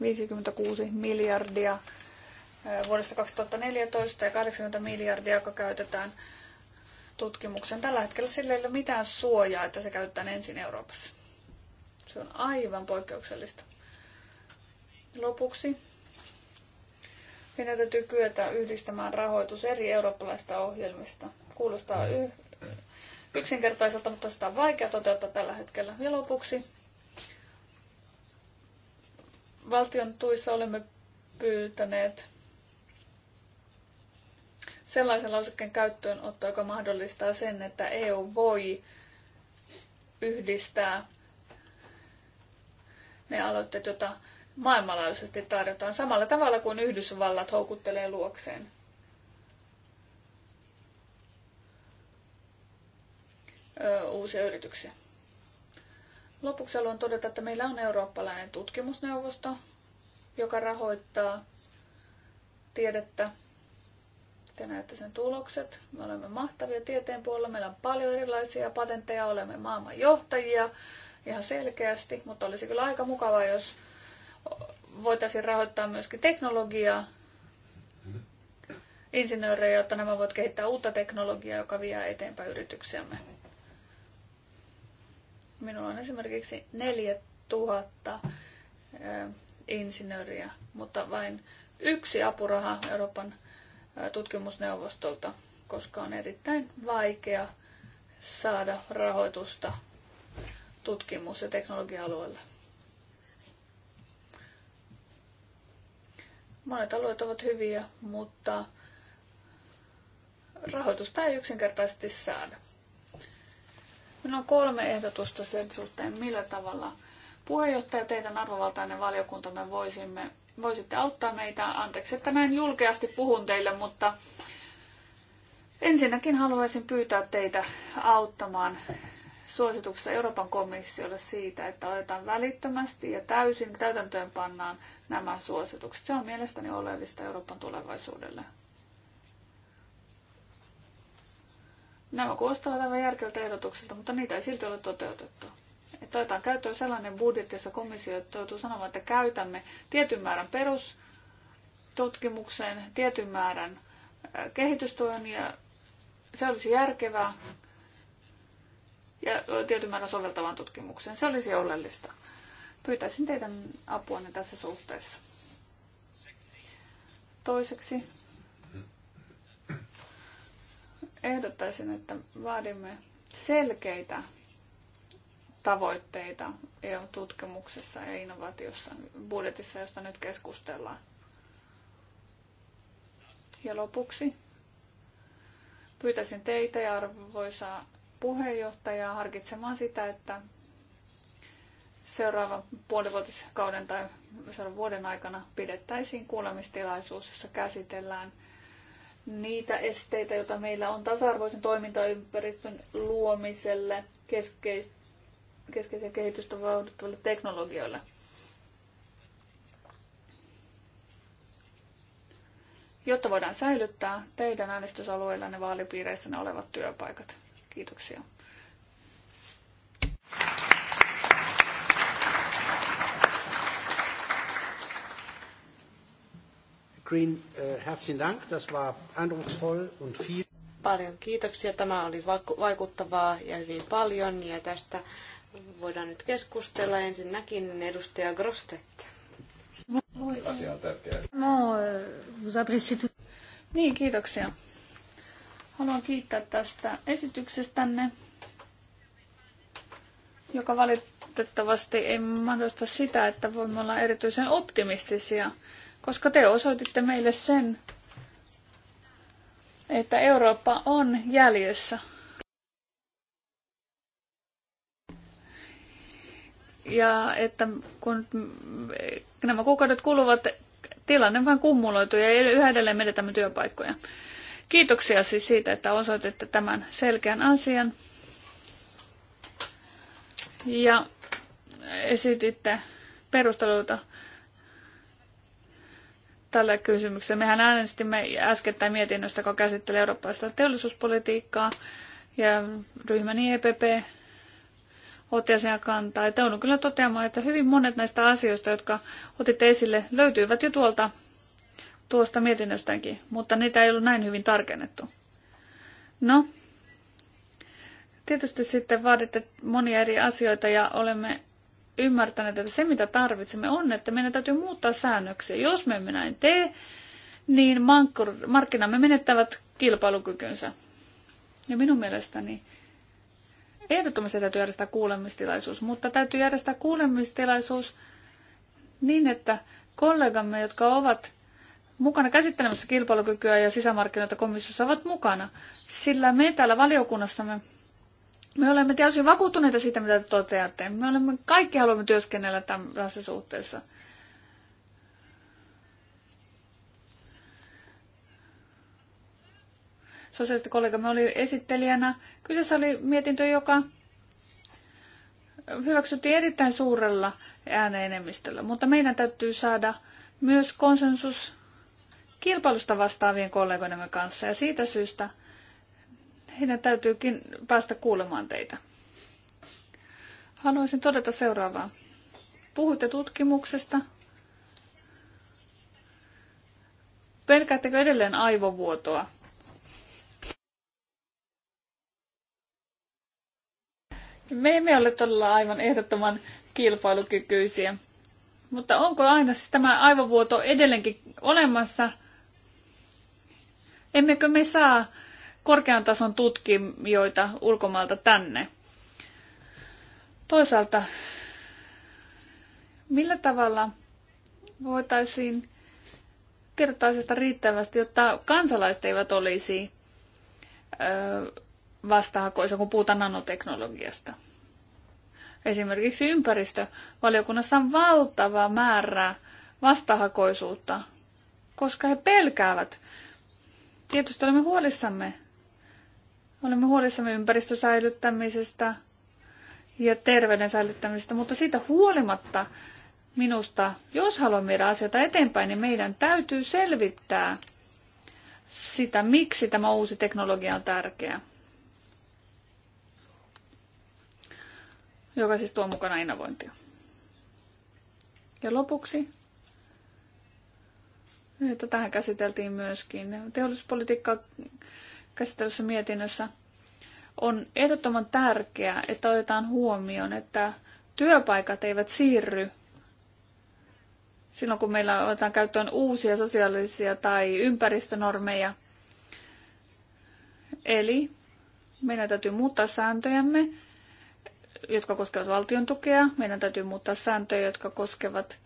56 miljardia vuodesta 2014 ja 80 miljardia, joka käytetään tutkimuksen. Tällä hetkellä sillä ei ole mitään suojaa, että se käytetään ensin Euroopassa. Se on aivan poikkeuksellista. Lopuksi meidän täytyy kyetä yhdistämään rahoitus eri eurooppalaista ohjelmista. Kuulostaa yksinkertaiselta, mutta sitä on vaikea toteuttaa tällä hetkellä. Ja lopuksi valtion tuissa olemme pyytäneet sellaisen lausekkeen käyttöönottoa, joka mahdollistaa sen, että EU voi yhdistää ne aloitteet, joita maailmanlaajuisesti tarjotaan samalla tavalla kuin Yhdysvallat houkuttelee luokseen. uusia yrityksiä. Lopuksi haluan todeta, että meillä on eurooppalainen tutkimusneuvosto, joka rahoittaa tiedettä. Te näette sen tulokset. Me olemme mahtavia tieteen puolella. Meillä on paljon erilaisia patentteja. Olemme maailman johtajia ihan selkeästi, mutta olisi kyllä aika mukavaa, jos voitaisiin rahoittaa myöskin teknologiaa, mm-hmm. insinöörejä, jotta nämä voivat kehittää uutta teknologiaa, joka vie eteenpäin yrityksiämme. Minulla on esimerkiksi 4000 insinööriä, mutta vain yksi apuraha Euroopan tutkimusneuvostolta, koska on erittäin vaikea saada rahoitusta tutkimus- ja teknologia alueella Monet alueet ovat hyviä, mutta rahoitusta ei yksinkertaisesti saada. Minulla on kolme ehdotusta sen suhteen, millä tavalla puheenjohtaja teidän arvovaltainen me voisimme, voisitte auttaa meitä. Anteeksi, että näin julkeasti puhun teille, mutta ensinnäkin haluaisin pyytää teitä auttamaan suosituksessa Euroopan komissiolle siitä, että otetaan välittömästi ja täysin täytäntöön pannaan nämä suositukset. Se on mielestäni oleellista Euroopan tulevaisuudelle. Nämä kuulostavat aivan järkeltä ehdotukselta, mutta niitä ei silti ole toteutettu. Että otetaan käyttöön sellainen budjetti, jossa komissio joutuu sanomaan, että käytämme tietyn määrän perustutkimukseen, tietyn määrän kehitystuen ja se olisi järkevää ja tietyn määrän soveltavan tutkimukseen. Se olisi oleellista. Pyytäisin teidän apuanne tässä suhteessa. Toiseksi ehdottaisin, että vaadimme selkeitä tavoitteita EU-tutkimuksessa ja innovaatiossa budjetissa, josta nyt keskustellaan. Ja lopuksi pyytäisin teitä ja arvoisaa puheenjohtajaa harkitsemaan sitä, että seuraavan puolivuotiskauden tai seuraavan vuoden aikana pidettäisiin kuulemistilaisuus, jossa käsitellään – niitä esteitä, joita meillä on tasa-arvoisen toimintaympäristön luomiselle keskeis- keskeisiä kehitystä vauhdittaville teknologioille. jotta voidaan säilyttää teidän äänestysalueillanne vaalipiireissänne olevat työpaikat. Kiitoksia. Green, äh, herzlichen Dank. Das war eindrucksvoll und viel. Paljon kiitoksia. Tämä oli vaikuttavaa ja hyvin paljon. Ja tästä voidaan nyt keskustella ensinnäkin edustaja Grostet. Asia on No, Niin, kiitoksia. Haluan kiittää tästä esityksestänne, joka valitettavasti ei mahdollista sitä, että voimme olla erityisen optimistisia – koska te osoititte meille sen, että Eurooppa on jäljessä. Ja että kun nämä kuukaudet kuluvat, tilanne vain kumuloituu ja yhä edelleen menetämme työpaikkoja. Kiitoksia siis siitä, että osoititte tämän selkeän asian. Ja esititte perusteluita tälle kysymykselle. Mehän äänestimme äskettäin mietinnöstä, joka käsittelee eurooppalaista teollisuuspolitiikkaa ja ryhmäni EPP otti asiaan kantaa. Ja joudun kyllä toteamaan, että hyvin monet näistä asioista, jotka otitte esille, löytyivät jo tuolta tuosta mietinnöstäkin, mutta niitä ei ollut näin hyvin tarkennettu. No, tietysti sitten vaaditte monia eri asioita ja olemme ymmärtäneet, että se mitä tarvitsemme on, että meidän täytyy muuttaa säännöksiä. Jos me emme näin tee, niin markkinamme menettävät kilpailukykynsä. Ja minun mielestäni ehdottomasti täytyy järjestää kuulemistilaisuus, mutta täytyy järjestää kuulemistilaisuus niin, että kollegamme, jotka ovat mukana käsittelemässä kilpailukykyä ja sisämarkkinoita komissiossa, ovat mukana. Sillä me täällä valiokunnassamme me olemme täysin vakuuttuneita siitä, mitä te toteatte. Me olemme, kaikki haluamme työskennellä tässä suhteessa. sosiaalista kollegamme oli esittelijänä. Kyseessä oli mietintö, joka hyväksyttiin erittäin suurella ääneenemmistöllä. mutta meidän täytyy saada myös konsensus kilpailusta vastaavien kollegoidemme kanssa. Ja siitä syystä heidän täytyykin päästä kuulemaan teitä. Haluaisin todeta seuraavaa. Puhuitte tutkimuksesta. Pelkäättekö edelleen aivovuotoa? Me emme ole todella aivan ehdottoman kilpailukykyisiä. Mutta onko aina siis tämä aivovuoto edelleenkin olemassa? Emmekö me saa korkean tason tutkijoita ulkomailta tänne. Toisaalta, millä tavalla voitaisiin kertoa asiasta riittävästi, jotta kansalaiset eivät olisi vastahakoisia, kun puhutaan nanoteknologiasta. Esimerkiksi ympäristövaliokunnassa on valtava määrä vastahakoisuutta, koska he pelkäävät. Tietysti olemme huolissamme Olemme huolissamme ympäristön säilyttämisestä ja terveyden säilyttämisestä, mutta siitä huolimatta minusta, jos haluamme viedä asioita eteenpäin, niin meidän täytyy selvittää sitä, miksi tämä uusi teknologia on tärkeä. joka siis tuo mukana innovointia. Ja lopuksi, että tähän käsiteltiin myöskin teollisuuspolitiikkaa käsittelyssä mietinnössä, on ehdottoman tärkeää, että otetaan huomioon, että työpaikat eivät siirry silloin, kun meillä otetaan käyttöön uusia sosiaalisia tai ympäristönormeja. Eli meidän täytyy muuttaa sääntöjämme, jotka koskevat valtion tukea. Meidän täytyy muuttaa sääntöjä, jotka koskevat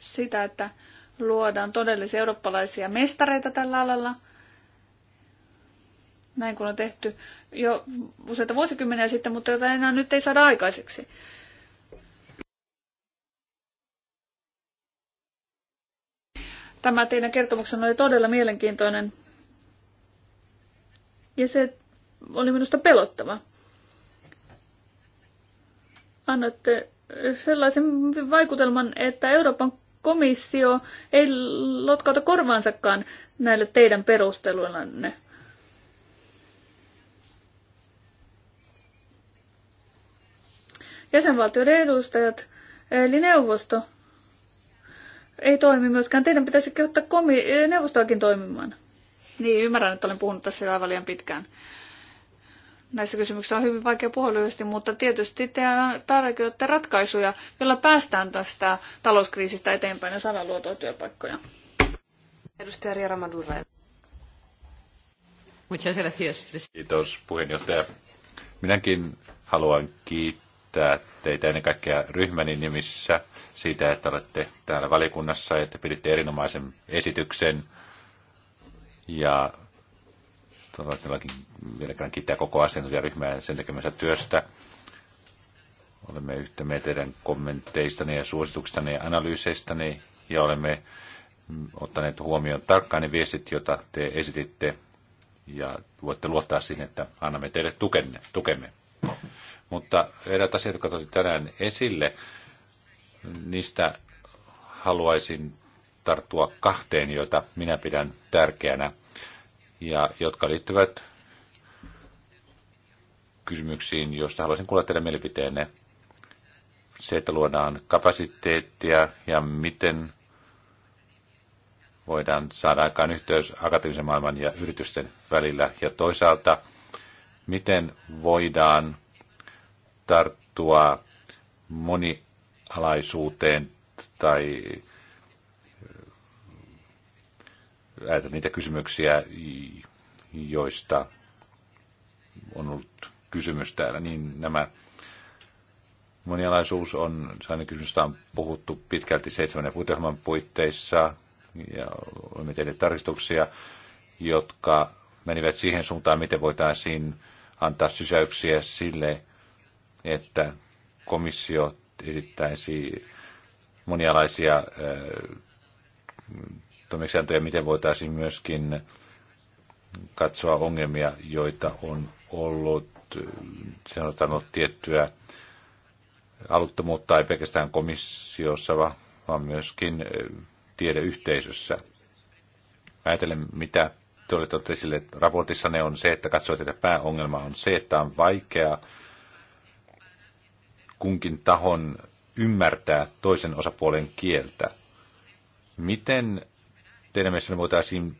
sitä, että luodaan todellisia eurooppalaisia mestareita tällä alalla näin kun on tehty jo useita vuosikymmeniä sitten, mutta jota enää nyt ei saada aikaiseksi. Tämä teidän kertomuksen oli todella mielenkiintoinen ja se oli minusta pelottava. Annoitte sellaisen vaikutelman, että Euroopan komissio ei lotkauta korvaansakaan näille teidän perusteluillanne. jäsenvaltioiden edustajat, eli neuvosto, ei toimi myöskään. Teidän pitäisi kehottaa komi- neuvostoakin toimimaan. Niin, ymmärrän, että olen puhunut tässä jo aivan liian pitkään. Näissä kysymyksissä on hyvin vaikea puhua lyhyesti, mutta tietysti te tarjoatte ratkaisuja, joilla päästään tästä talouskriisistä eteenpäin ja saadaan luotua työpaikkoja. Edustaja Riera Madurain. Kiitos puheenjohtaja. Minäkin haluan kiittää kiittää teitä ennen kaikkea ryhmäni nimissä siitä, että olette täällä valikunnassa ja että piditte erinomaisen esityksen. Ja todellakin vielä kerran kiittää koko asiantuntijaryhmää sen tekemänsä työstä. Olemme yhtä mieltä teidän kommentteistanne ja suosituksistanne ja analyyseistanne ja olemme ottaneet huomioon tarkkaan ne viestit, joita te esititte ja voitte luottaa siihen, että annamme teille tukenne, tukemme. Mutta eräät asiat, jotka tuli tänään esille, niistä haluaisin tarttua kahteen, joita minä pidän tärkeänä ja jotka liittyvät kysymyksiin, joista haluaisin kuulla teidän mielipiteenne. Se, että luodaan kapasiteettia ja miten voidaan saada aikaan yhteys akateemisen maailman ja yritysten välillä. Ja toisaalta, miten voidaan tarttua monialaisuuteen tai äh, ajatella niitä kysymyksiä, joista on ollut kysymys täällä, niin nämä monialaisuus on, sellainen kysymys, on puhuttu pitkälti seitsemän puiteohjelman puitteissa, ja olemme tehneet tarkistuksia, jotka menivät siihen suuntaan, miten voitaisiin antaa sysäyksiä sille, että komissio esittäisi monialaisia toimeksiantoja, miten voitaisiin myöskin katsoa ongelmia, joita on ollut, sanotaan ollut tiettyä aluttomuutta ei pelkästään komissiossa, vaan myöskin tiedeyhteisössä. Ajattelen, mitä te olette esille raportissanne on se, että katsoit, että pääongelma on se, että on vaikea kunkin tahon ymmärtää toisen osapuolen kieltä. Miten teidän mielestänne voitaisiin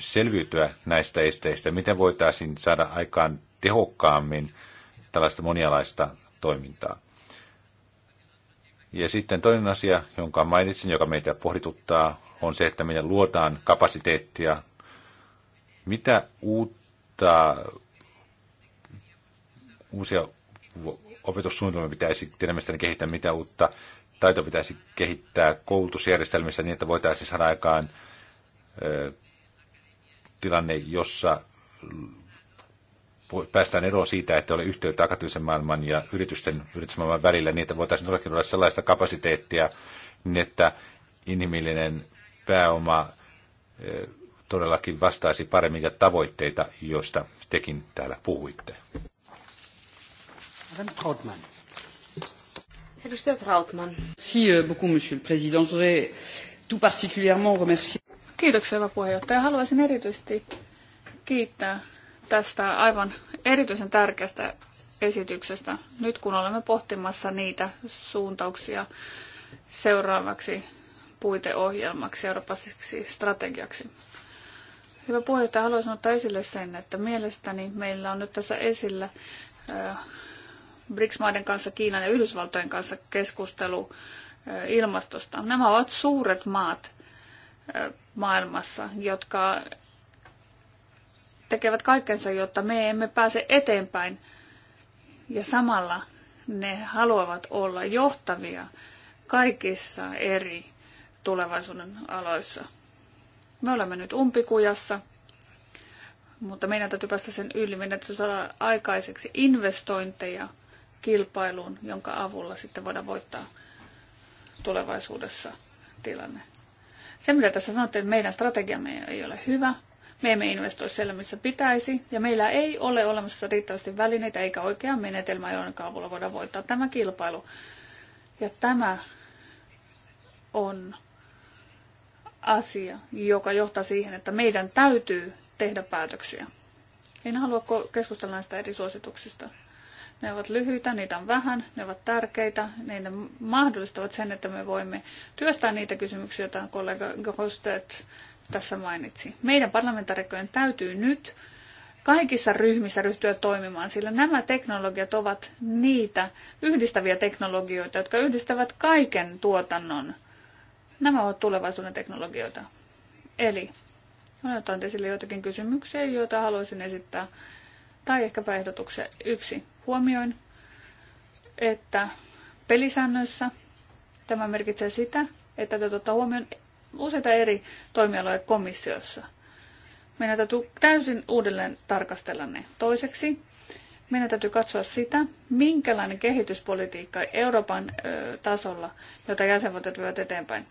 selviytyä näistä esteistä? Miten voitaisiin saada aikaan tehokkaammin tällaista monialaista toimintaa? Ja sitten toinen asia, jonka mainitsin, joka meitä pohdituttaa, on se, että meidän luotaan kapasiteettia. Mitä uutta, uusia opetussuunnitelma pitäisi tiedämistäni kehittää, mitä uutta taito pitäisi kehittää koulutusjärjestelmissä niin, että voitaisiin saada aikaan tilanne, jossa päästään eroon siitä, että ole yhteyttä akateemisen maailman ja yritysten yritysmaailman välillä, niin että voitaisiin todellakin olla sellaista kapasiteettia, niin että inhimillinen pääoma todellakin vastaisi paremmin ja tavoitteita, joista tekin täällä puhuitte. Madame Trautmann. Edustaja Trautmann. Euh, beaucoup, monsieur le président. Je voudrais tout particulièrement remercier... Kiitoksia, hyvä puheenjohtaja. Haluaisin erityisesti kiittää tästä aivan erityisen tärkeästä esityksestä, nyt kun olemme pohtimassa niitä suuntauksia seuraavaksi puiteohjelmaksi, eurooppalaiseksi strategiaksi. Hyvä puheenjohtaja, haluaisin ottaa esille sen, että mielestäni meillä on nyt tässä esillä äh, BRICS-maiden kanssa, Kiinan ja Yhdysvaltojen kanssa keskustelu eh, ilmastosta. Nämä ovat suuret maat eh, maailmassa, jotka tekevät kaikkensa, jotta me emme pääse eteenpäin. Ja samalla ne haluavat olla johtavia kaikissa eri tulevaisuuden aloissa. Me olemme nyt umpikujassa, mutta meidän täytyy päästä sen yli. Meidän täytyy saada aikaiseksi investointeja – kilpailuun, jonka avulla sitten voidaan voittaa tulevaisuudessa tilanne. Se, mitä tässä sanotte, että meidän strategiamme ei ole hyvä, me emme investoi siellä, missä pitäisi, ja meillä ei ole olemassa riittävästi välineitä eikä oikeaa menetelmää, jonka avulla voidaan voittaa tämä kilpailu. Ja tämä on asia, joka johtaa siihen, että meidän täytyy tehdä päätöksiä. En halua keskustella näistä eri suosituksista. Ne ovat lyhyitä, niitä on vähän, ne ovat tärkeitä, ne mahdollistavat sen, että me voimme työstää niitä kysymyksiä, joita kollega Grostet tässä mainitsi. Meidän parlamentaarikkojen täytyy nyt kaikissa ryhmissä ryhtyä toimimaan, sillä nämä teknologiat ovat niitä yhdistäviä teknologioita, jotka yhdistävät kaiken tuotannon. Nämä ovat tulevaisuuden teknologioita. Eli olen ottanut esille joitakin kysymyksiä, joita haluaisin esittää tai ehkäpä ehdotuksen yksi huomioin, että pelisäännöissä tämä merkitsee sitä, että te ottaa huomioon useita eri toimialoja komissiossa. Meidän täytyy täysin uudelleen tarkastella ne. Toiseksi meidän täytyy katsoa sitä, minkälainen kehityspolitiikka Euroopan ö, tasolla, jota jäsenvaltiot vievät eteenpäin.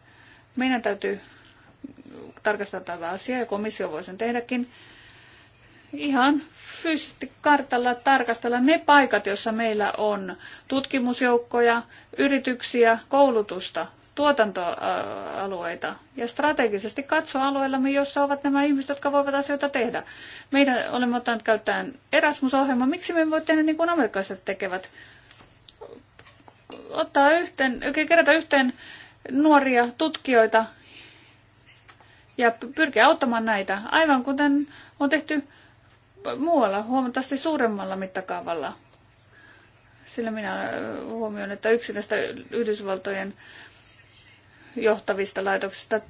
Meidän täytyy tarkastaa tätä asiaa, ja komissio voi sen tehdäkin, ihan fyysisesti kartalla tarkastella ne paikat, joissa meillä on tutkimusjoukkoja, yrityksiä, koulutusta, tuotantoalueita ja strategisesti katsoa alueilla, joissa ovat nämä ihmiset, jotka voivat asioita tehdä. Meidän olemme ottaneet käyttäen Erasmus-ohjelma. Miksi me emme tehdä niin kuin amerikkalaiset tekevät? Ottaa yhteen, kerätä yhteen nuoria tutkijoita ja pyrkiä auttamaan näitä, aivan kuten on tehty muualla huomattavasti suuremmalla mittakaavalla. Sillä minä huomioin, että yksi näistä Yhdysvaltojen johtavista laitoksista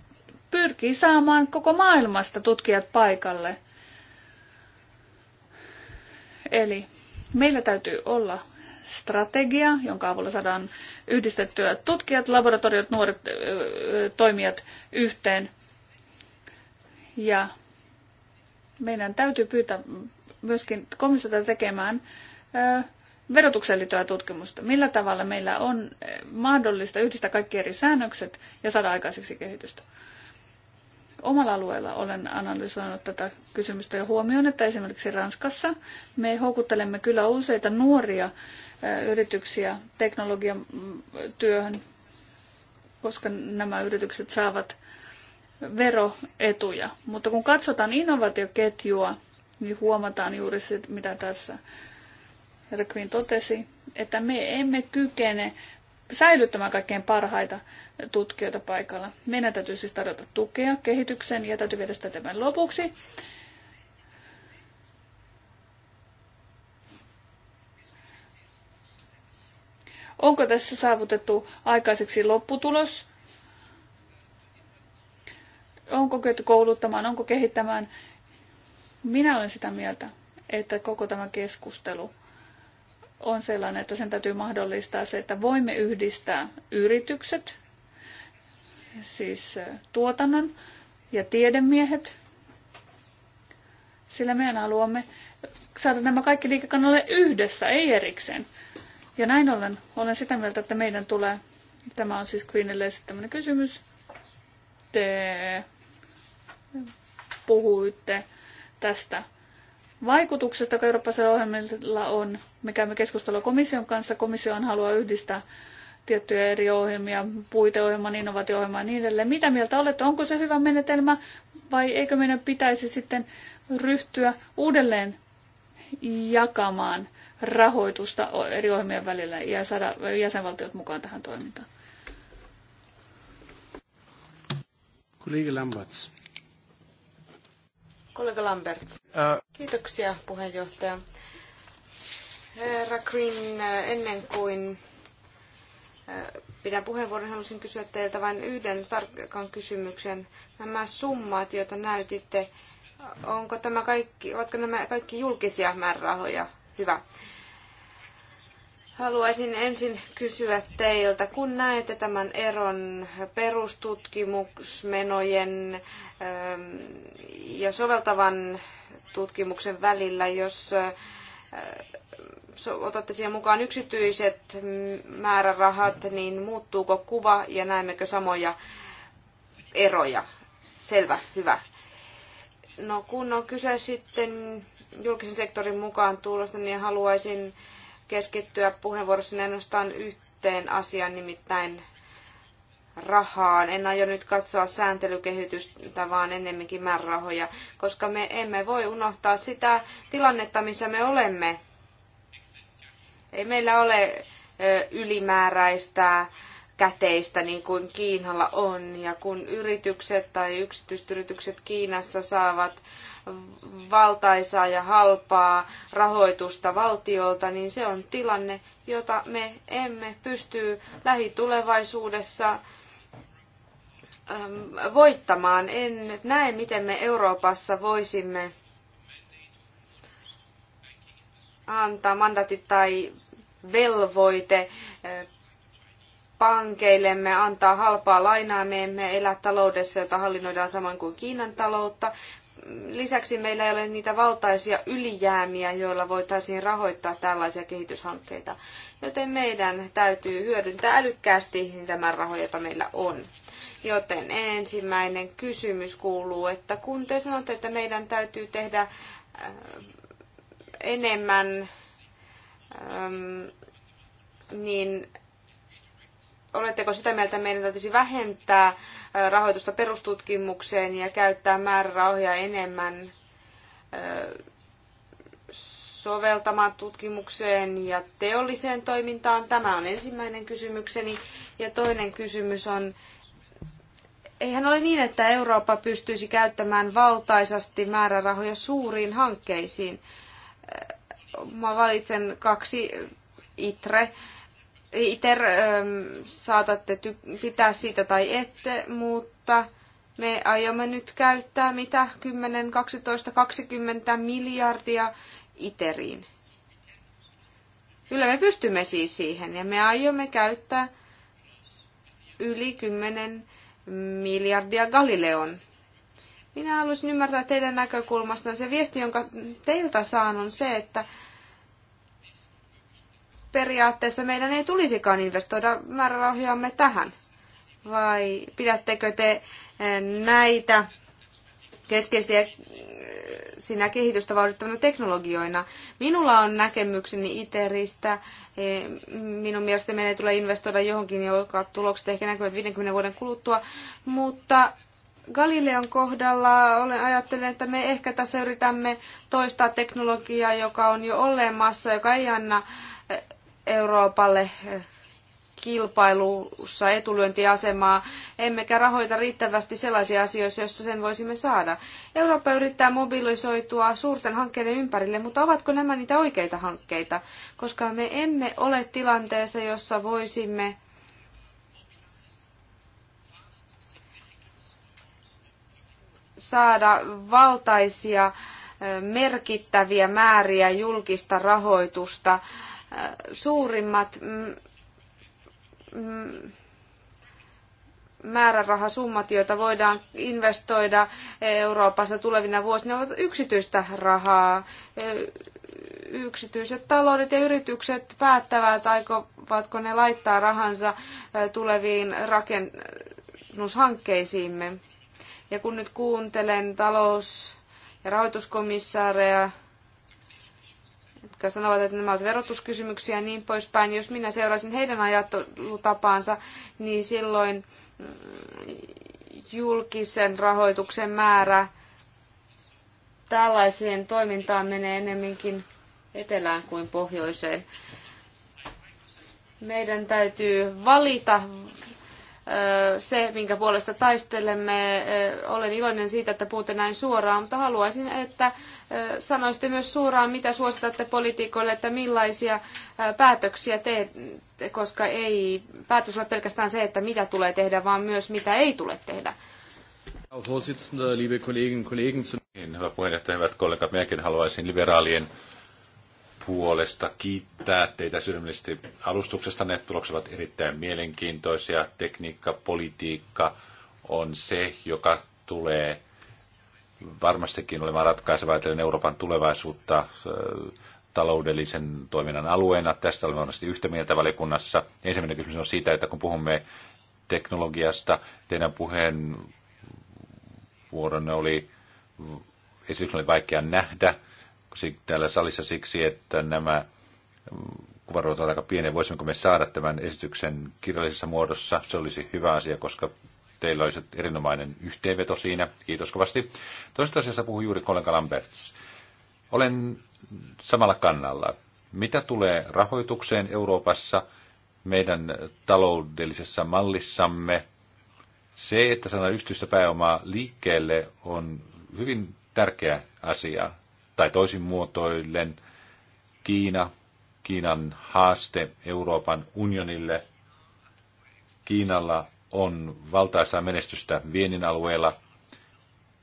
pyrkii saamaan koko maailmasta tutkijat paikalle. Eli meillä täytyy olla strategia, jonka avulla saadaan yhdistettyä tutkijat, laboratoriot, nuoret toimijat yhteen. Ja meidän täytyy pyytää myöskin komissiota tekemään verotukseen liittyvää tutkimusta. Millä tavalla meillä on mahdollista yhdistää kaikki eri säännökset ja saada aikaiseksi kehitystä? Omalla alueella olen analysoinut tätä kysymystä ja huomioon, että esimerkiksi Ranskassa me houkuttelemme kyllä useita nuoria yrityksiä teknologian työhön, koska nämä yritykset saavat veroetuja. Mutta kun katsotaan innovaatioketjua, niin huomataan juuri se, mitä tässä herra totesi, että me emme kykene säilyttämään kaikkein parhaita tutkijoita paikalla. Meidän täytyy siis tarjota tukea kehitykseen ja täytyy viedä sitä tämän lopuksi. Onko tässä saavutettu aikaiseksi lopputulos, onko kyetty kouluttamaan, onko kehittämään. Minä olen sitä mieltä, että koko tämä keskustelu on sellainen, että sen täytyy mahdollistaa se, että voimme yhdistää yritykset, siis tuotannon ja tiedemiehet, sillä meidän haluamme saada nämä kaikki liikekannalle yhdessä, ei erikseen. Ja näin ollen olen sitä mieltä, että meidän tulee, tämä on siis Queenille esittäminen kysymys, puhuitte tästä vaikutuksesta, joka Euroopan ohjelmilla on. Me käymme keskustelua komission kanssa. Komissio haluaa yhdistää tiettyjä eri ohjelmia, puiteohjelman, innovaatio-ohjelman ja niin edelleen. Mitä mieltä olette? Onko se hyvä menetelmä vai eikö meidän pitäisi sitten ryhtyä uudelleen jakamaan rahoitusta eri ohjelmien välillä ja saada jäsenvaltiot mukaan tähän toimintaan? Kollega Lamberts. Kollega Lambert, äh. Kiitoksia puheenjohtaja. Herra Green, äh, ennen kuin äh, pidän puheenvuoron, halusin kysyä teiltä vain yhden tarkan kysymyksen. Nämä summat, joita näytitte, onko tämä kaikki, ovatko nämä kaikki julkisia määrärahoja? Hyvä. Haluaisin ensin kysyä teiltä, kun näette tämän eron perustutkimusmenojen ähm, ja soveltavan tutkimuksen välillä, jos äh, otatte siihen mukaan yksityiset määrärahat, niin muuttuuko kuva ja näemmekö samoja eroja? Selvä, hyvä. No kun on kyse sitten julkisen sektorin mukaan tulosta, niin haluaisin keskittyä puheenvuorossani ainoastaan yhteen asiaan, nimittäin rahaan. En aio nyt katsoa sääntelykehitystä, vaan ennemminkin määrärahoja, koska me emme voi unohtaa sitä tilannetta, missä me olemme. Ei meillä ole ylimääräistä käteistä niin kuin Kiinalla on. Ja kun yritykset tai yksityiset yritykset Kiinassa saavat valtaisaa ja halpaa rahoitusta valtiolta, niin se on tilanne, jota me emme pysty lähitulevaisuudessa ähm, voittamaan. En näe, miten me Euroopassa voisimme antaa mandatti tai velvoite äh, pankeillemme antaa halpaa lainaa. Me emme elä taloudessa, jota hallinnoidaan samoin kuin Kiinan taloutta lisäksi meillä ei ole niitä valtaisia ylijäämiä, joilla voitaisiin rahoittaa tällaisia kehityshankkeita. Joten meidän täytyy hyödyntää älykkäästi tämä rahoja, jota meillä on. Joten ensimmäinen kysymys kuuluu, että kun te sanotte, että meidän täytyy tehdä äh, enemmän, ähm, niin oletteko sitä mieltä, että meidän täytyisi vähentää rahoitusta perustutkimukseen ja käyttää määrärahoja enemmän soveltamaan tutkimukseen ja teolliseen toimintaan? Tämä on ensimmäinen kysymykseni. Ja toinen kysymys on, eihän ole niin, että Eurooppa pystyisi käyttämään valtaisasti määrärahoja suuriin hankkeisiin. Mä valitsen kaksi ITRE ITER ähm, saatatte pitää siitä tai ette, mutta me aiomme nyt käyttää mitä 10, 12, 20 miljardia ITERiin. Kyllä me pystymme siis siihen ja me aiomme käyttää yli 10 miljardia Galileon. Minä haluaisin ymmärtää teidän näkökulmasta. Se viesti, jonka teiltä saan, on se, että periaatteessa meidän ei tulisikaan investoida määrärahojamme tähän? Vai pidättekö te eh, näitä keskeisiä eh, sinä kehitystä vauhdittavana teknologioina. Minulla on näkemykseni ITERistä. Eh, minun mielestäni meidän tule investoida johonkin, joka tulokset ehkä näkyvät 50 vuoden kuluttua. Mutta Galileon kohdalla olen, ajattelen, että me ehkä tässä yritämme toistaa teknologiaa, joka on jo olemassa, joka ei anna Euroopalle kilpailussa etulyöntiasemaa, emmekä rahoita riittävästi sellaisia asioita, joissa sen voisimme saada. Eurooppa yrittää mobilisoitua suurten hankkeiden ympärille, mutta ovatko nämä niitä oikeita hankkeita? Koska me emme ole tilanteessa, jossa voisimme saada valtaisia merkittäviä määriä julkista rahoitusta suurimmat mm, mm, määrärahasummat, joita voidaan investoida Euroopassa tulevina vuosina, ovat yksityistä rahaa. Yksityiset taloudet ja yritykset päättävät, aikovatko ne laittaa rahansa tuleviin rakennushankkeisiimme. Ja kun nyt kuuntelen talous- ja rahoituskomissaareja, jotka sanovat, että nämä ovat verotuskysymyksiä ja niin poispäin. Jos minä seuraisin heidän ajattelutapaansa, niin silloin mm, julkisen rahoituksen määrä tällaiseen toimintaan menee enemminkin etelään kuin pohjoiseen. Meidän täytyy valita se, minkä puolesta taistelemme. Olen iloinen siitä, että puhutte näin suoraan, mutta haluaisin, että sanoisitte myös suoraan, mitä suositatte poliitikoille, että millaisia päätöksiä teette, koska ei päätös ole pelkästään se, että mitä tulee tehdä, vaan myös mitä ei tule tehdä. Niin, hyvä puheenjohtaja, hyvät kollegat, minäkin haluaisin liberaalien puolesta kiittää teitä sydämellisesti alustuksesta. Ne tulokset ovat erittäin mielenkiintoisia. Tekniikka, politiikka on se, joka tulee varmastikin olemaan ratkaiseva ajatellen Euroopan tulevaisuutta äh, taloudellisen toiminnan alueena. Tästä olemme varmasti yhtä mieltä valiokunnassa. Ensimmäinen kysymys on siitä, että kun puhumme teknologiasta, teidän puheen vuoronne oli, esityksen oli vaikea nähdä, täällä salissa siksi, että nämä kuvaruot ovat aika pieniä. Voisimmeko me saada tämän esityksen kirjallisessa muodossa? Se olisi hyvä asia, koska teillä olisi erinomainen yhteenveto siinä. Kiitos kovasti. Toista asiassa puhuu juuri kollega Lamberts. Olen samalla kannalla. Mitä tulee rahoitukseen Euroopassa, meidän taloudellisessa mallissamme, se, että saadaan yksityistä pääomaa liikkeelle, on hyvin tärkeä asia tai toisin muotoillen Kiina, Kiinan haaste Euroopan unionille. Kiinalla on valtaisaa menestystä viennin alueella.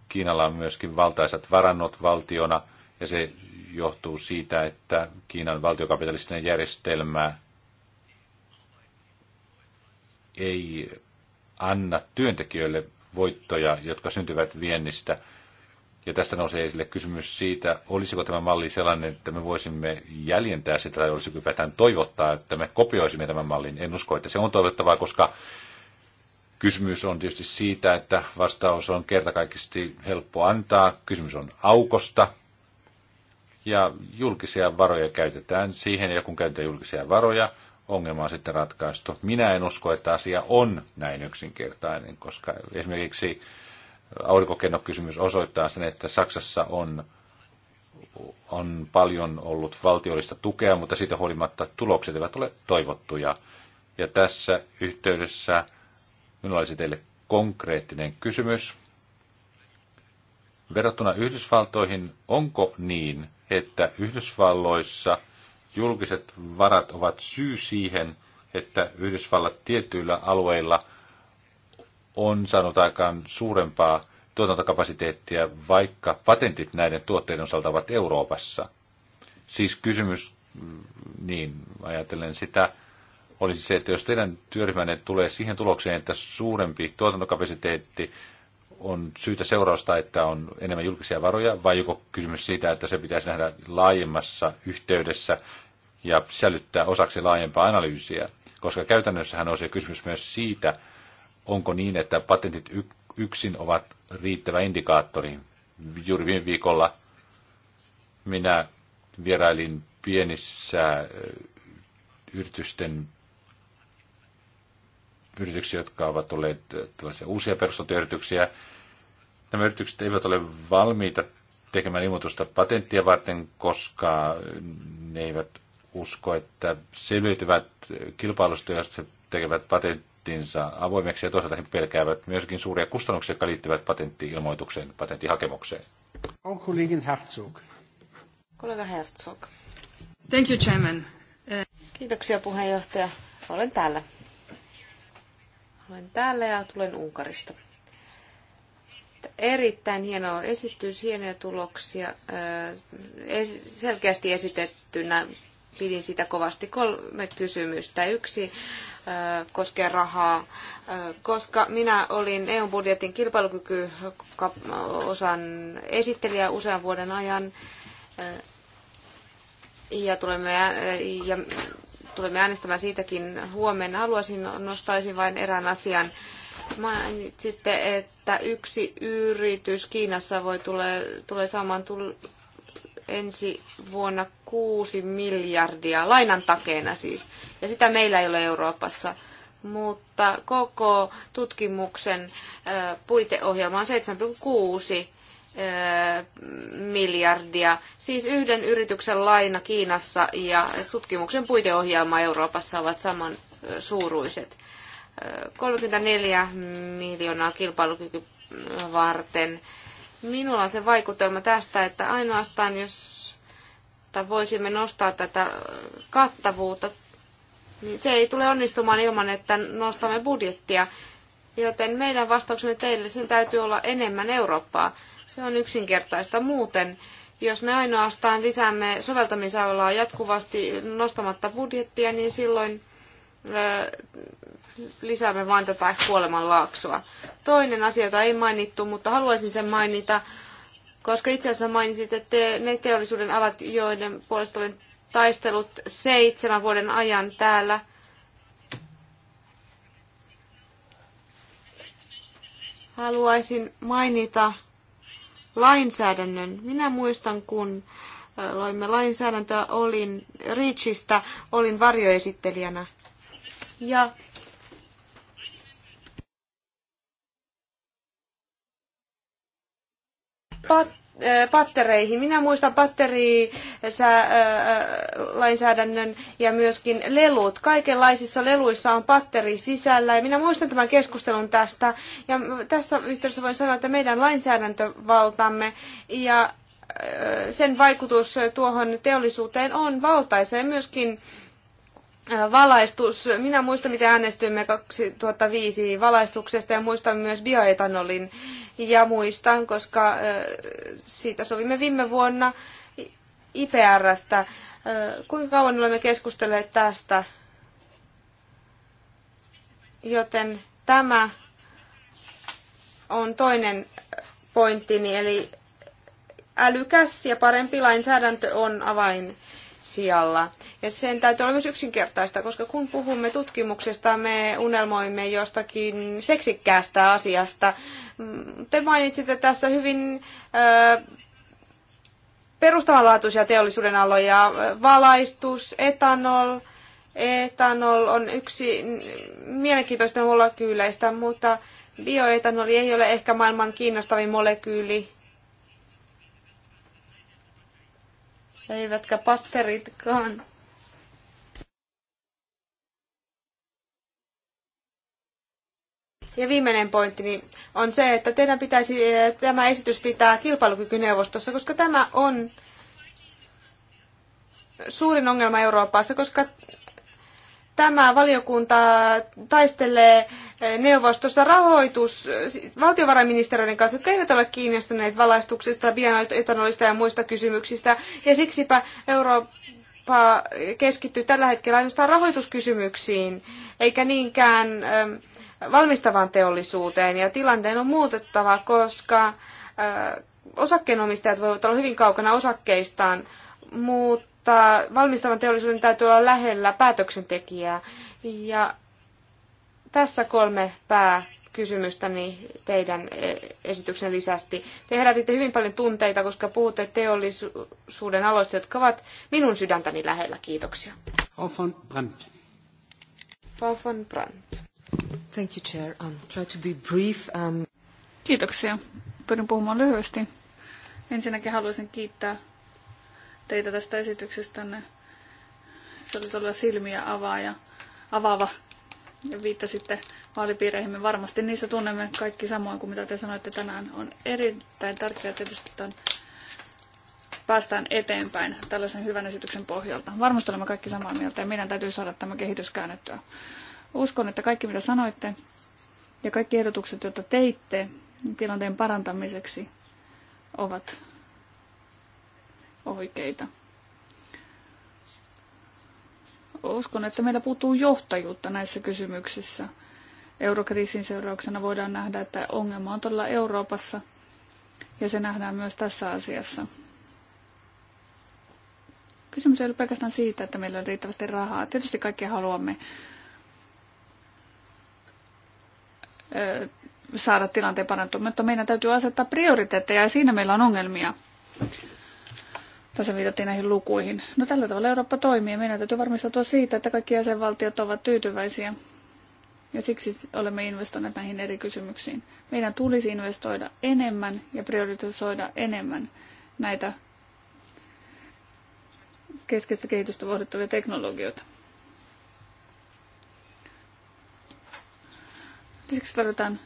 Kiinalla on myöskin valtaisat varannot valtiona, ja se johtuu siitä, että Kiinan valtiokapitalistinen järjestelmä ei anna työntekijöille voittoja, jotka syntyvät viennistä – ja tästä nousee esille kysymys siitä, olisiko tämä malli sellainen, että me voisimme jäljentää sitä, tai olisiko ylipäätään toivottaa, että me kopioisimme tämän mallin. En usko, että se on toivottavaa, koska kysymys on tietysti siitä, että vastaus on kertakaikkisesti helppo antaa. Kysymys on aukosta, ja julkisia varoja käytetään siihen, ja kun käytetään julkisia varoja, ongelma on sitten ratkaistu. Minä en usko, että asia on näin yksinkertainen, koska esimerkiksi aurinkokennokysymys osoittaa sen, että Saksassa on, on paljon ollut valtiollista tukea, mutta siitä huolimatta tulokset eivät ole toivottuja. Ja tässä yhteydessä minulla olisi teille konkreettinen kysymys. Verrattuna Yhdysvaltoihin, onko niin, että Yhdysvalloissa julkiset varat ovat syy siihen, että Yhdysvallat tietyillä alueilla – on saanut aikaan suurempaa tuotantokapasiteettia, vaikka patentit näiden tuotteiden osalta ovat Euroopassa. Siis kysymys, mm, niin ajatellen sitä, olisi se, että jos teidän työryhmänne tulee siihen tulokseen, että suurempi tuotantokapasiteetti on syytä seurausta, että on enemmän julkisia varoja, vai joko kysymys siitä, että se pitäisi nähdä laajemmassa yhteydessä ja sisällyttää osaksi laajempaa analyysiä? Koska käytännössähän on se kysymys myös siitä, onko niin, että patentit yksin ovat riittävä indikaattori? Juuri viime viikolla minä vierailin pienissä yritysten yrityksiä, jotka ovat olleet tällaisia uusia perustotyyrityksiä. Nämä yritykset eivät ole valmiita tekemään ilmoitusta patenttia varten, koska ne eivät usko, että selviytyvät kilpailusta, jos he tekevät patenttinsa avoimeksi ja toisaalta he pelkäävät myöskin suuria kustannuksia, jotka liittyvät patentti patenttihakemukseen. On kollegin Herzog. Kollega Herzog. Thank you, Chairman. Kiitoksia puheenjohtaja. Olen täällä. Olen täällä ja tulen Unkarista. Erittäin hieno esitys, hienoja tuloksia. Selkeästi esitettynä pidin sitä kovasti. Kolme kysymystä. Yksi koskee rahaa, koska minä olin EU-budjetin kilpailukykyosan esittelijä usean vuoden ajan ja tulemme, ja tulemme äänestämään siitäkin huomenna. Haluaisin nostaisin vain erään asian. Mainitsitte, että yksi yritys Kiinassa voi tule, tulee saamaan tul, ensi vuonna kuusi miljardia lainan takeena siis. Ja sitä meillä ei ole Euroopassa. Mutta koko tutkimuksen puiteohjelma on 7,6 miljardia. Siis yhden yrityksen laina Kiinassa ja tutkimuksen puiteohjelma Euroopassa ovat saman suuruiset. 34 miljoonaa kilpailukyky varten. Minulla on se vaikutelma tästä, että ainoastaan jos jotta voisimme nostaa tätä kattavuutta, niin se ei tule onnistumaan ilman, että nostamme budjettia. Joten meidän vastauksemme teille, sen täytyy olla enemmän Eurooppaa. Se on yksinkertaista muuten. Jos me ainoastaan lisäämme soveltamisalaa jatkuvasti nostamatta budjettia, niin silloin lisäämme vain tätä kuolemanlaaksoa. Toinen asia, jota ei mainittu, mutta haluaisin sen mainita, koska itse asiassa mainitsit, että ne teollisuuden alat, joiden puolesta olen taistellut seitsemän vuoden ajan täällä, haluaisin mainita lainsäädännön. Minä muistan, kun loimme lainsäädäntöä, olin Richistä, olin varjoesittelijänä. Ja pat- äh, pattereihin. Minä muistan patterilainsäädännön äh, äh, ja myöskin lelut. Kaikenlaisissa leluissa on patteri sisällä ja minä muistan tämän keskustelun tästä. Ja tässä yhteydessä voin sanoa, että meidän lainsäädäntövaltamme ja sen vaikutus tuohon teollisuuteen on valtaisen myöskin myöskin Valaistus. Minä muistan, miten äänestimme 2005 valaistuksesta ja muistan myös bioetanolin. Ja muistan, koska siitä sovimme viime vuonna IPRstä. Kuinka kauan olemme keskustelleet tästä? Joten tämä on toinen pointtini, eli älykäs ja parempi lainsäädäntö on avain sijalla. Ja sen täytyy olla myös yksinkertaista, koska kun puhumme tutkimuksesta, me unelmoimme jostakin seksikkäästä asiasta. Mm, te mainitsitte tässä hyvin ö, perustavanlaatuisia teollisuuden aloja, valaistus, etanol. Etanol on yksi mielenkiintoista molekyyleistä, mutta bioetanoli ei ole ehkä maailman kiinnostavin molekyyli eivätkä patteritkaan. Ja viimeinen pointti on se, että teidän pitäisi eh, tämä esitys pitää kilpailukykyneuvostossa, koska tämä on suurin ongelma Euroopassa, koska tämä valiokunta taistelee eh, neuvostossa rahoitus eh, valtiovarainministeriöiden kanssa, jotka eivät ole kiinnostuneet valaistuksesta, bioetanolista ja muista kysymyksistä. Ja siksipä Eurooppa keskittyy tällä hetkellä ainoastaan rahoituskysymyksiin, eikä niinkään eh, valmistavaan teollisuuteen. Ja tilanteen on muutettava, koska osakkeenomistajat voivat olla hyvin kaukana osakkeistaan, mutta mutta valmistavan teollisuuden täytyy olla lähellä päätöksentekijää. Ja tässä kolme pääkysymystäni teidän e, esityksen lisästi. Te herätitte hyvin paljon tunteita, koska puhutte teollisuuden aloista, jotka ovat minun sydäntäni lähellä. Kiitoksia. von Brandt. von Brandt. Thank you, Chair. Um, try to be brief. Um... Kiitoksia. Pyrin puhumaan lyhyesti. Ensinnäkin haluaisin kiittää teitä tästä esityksestänne. Se oli todella silmiä avaaja, avaava ja viittasitte Me Varmasti niissä tunnemme kaikki samoin kuin mitä te sanoitte tänään. On erittäin tärkeää tietysti, että päästään eteenpäin tällaisen hyvän esityksen pohjalta. Varmasti olemme kaikki samaa mieltä ja meidän täytyy saada tämä kehitys käännettyä. Uskon, että kaikki mitä sanoitte ja kaikki ehdotukset, joita teitte tilanteen parantamiseksi, ovat oikeita. Uskon, että meillä puuttuu johtajuutta näissä kysymyksissä. Eurokriisin seurauksena voidaan nähdä, että ongelma on todella Euroopassa ja se nähdään myös tässä asiassa. Kysymys ei ole pelkästään siitä, että meillä on riittävästi rahaa. Tietysti kaikki haluamme saada tilanteen parantumaan, mutta meidän täytyy asettaa prioriteetteja ja siinä meillä on ongelmia. Tässä viitattiin näihin lukuihin. No tällä tavalla Eurooppa toimii. ja Meidän täytyy varmistautua siitä, että kaikki jäsenvaltiot ovat tyytyväisiä. Ja siksi olemme investoineet näihin eri kysymyksiin. Meidän tulisi investoida enemmän ja priorisoida enemmän näitä keskeistä kehitystä vauhdittavia teknologioita. Lisäksi tarvitaan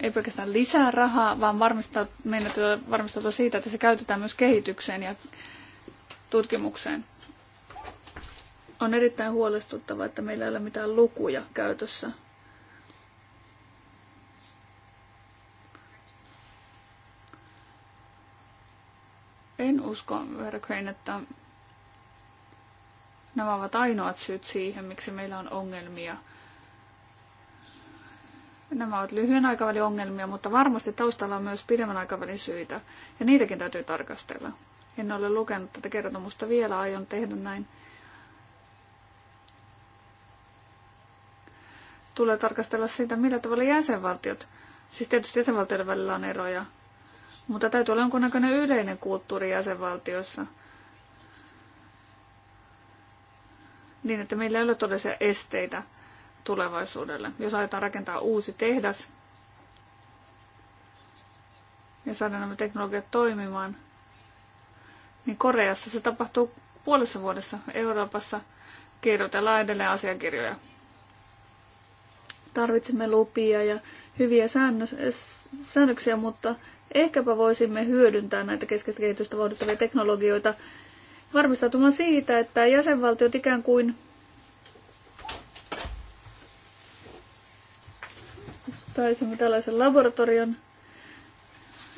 ei pelkästään lisää rahaa, vaan varmistaa, meidän varmistautua siitä, että se käytetään myös kehitykseen ja tutkimukseen. On erittäin huolestuttavaa, että meillä ei ole mitään lukuja käytössä. En usko, herra Crane, että nämä ovat ainoat syyt siihen, miksi meillä on ongelmia – Nämä ovat lyhyen aikavälin ongelmia, mutta varmasti taustalla on myös pidemmän aikavälin syitä, ja niitäkin täytyy tarkastella. En ole lukenut tätä kertomusta vielä, aion tehdä näin. Tulee tarkastella sitä, millä tavalla jäsenvaltiot, siis tietysti jäsenvaltioiden välillä on eroja, mutta täytyy olla jonkunnäköinen yleinen kulttuuri jäsenvaltioissa. Niin, että meillä ei ole todellisia esteitä tulevaisuudelle. Jos aletaan rakentaa uusi tehdas ja saada nämä teknologiat toimimaan, niin Koreassa se tapahtuu puolessa vuodessa. Euroopassa kirjoitellaan edelleen asiakirjoja. Tarvitsemme lupia ja hyviä säännöksiä, mutta ehkäpä voisimme hyödyntää näitä keskeistä kehitystä vauhdittavia teknologioita varmistautumaan siitä, että jäsenvaltiot ikään kuin saisimme tällaisen laboratorion,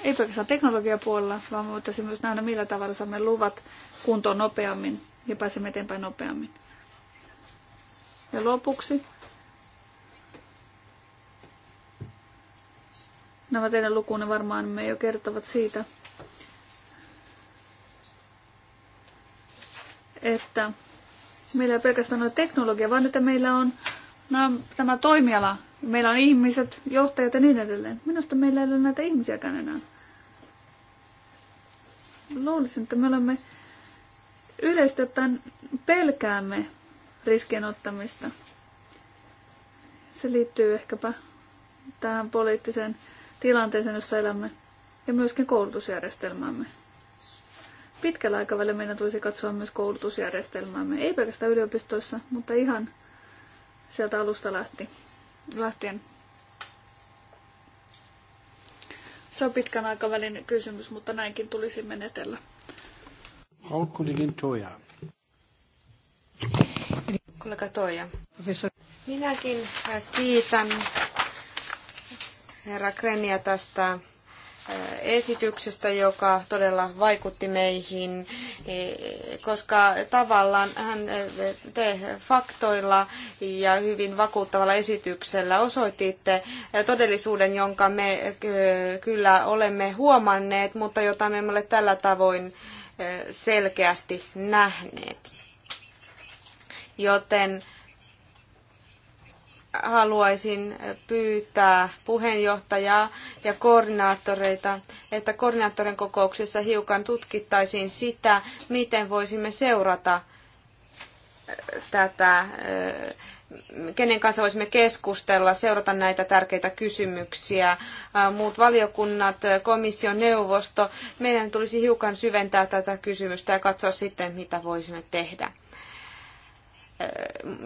ei pelkästään teknologiapuolella, vaan voitaisiin myös nähdä, millä tavalla saamme luvat kuntoon nopeammin ja pääsemme eteenpäin nopeammin. Ja lopuksi nämä teidän lukunne varmaan me jo kertovat siitä, että meillä ei pelkästään ole teknologia, vaan että meillä on nämä, tämä toimiala. Meillä on ihmiset, johtajat ja niin edelleen. Minusta meillä ei ole näitä ihmisiäkään enää luulisin, että me olemme yleisesti ottaen pelkäämme riskien ottamista. Se liittyy ehkäpä tähän poliittiseen tilanteeseen, jossa elämme, ja myöskin koulutusjärjestelmäämme. Pitkällä aikavälillä meidän tulisi katsoa myös koulutusjärjestelmäämme, ei pelkästään yliopistoissa, mutta ihan sieltä alusta lähti, lähtien. Se on pitkän aikavälin kysymys, mutta näinkin tulisi menetellä. Kollegin Toja. Kollega Toja. Minäkin kiitän herra Krenia tästä esityksestä, joka todella vaikutti meihin, koska tavallaan hän te faktoilla ja hyvin vakuuttavalla esityksellä osoititte todellisuuden, jonka me kyllä olemme huomanneet, mutta jota me emme ole tällä tavoin selkeästi nähneet. Joten haluaisin pyytää puheenjohtajaa ja koordinaattoreita, että koordinaattorin kokouksessa hiukan tutkittaisiin sitä, miten voisimme seurata äh, tätä, äh, kenen kanssa voisimme keskustella, seurata näitä tärkeitä kysymyksiä, äh, muut valiokunnat, komission neuvosto. Meidän tulisi hiukan syventää tätä kysymystä ja katsoa sitten, mitä voisimme tehdä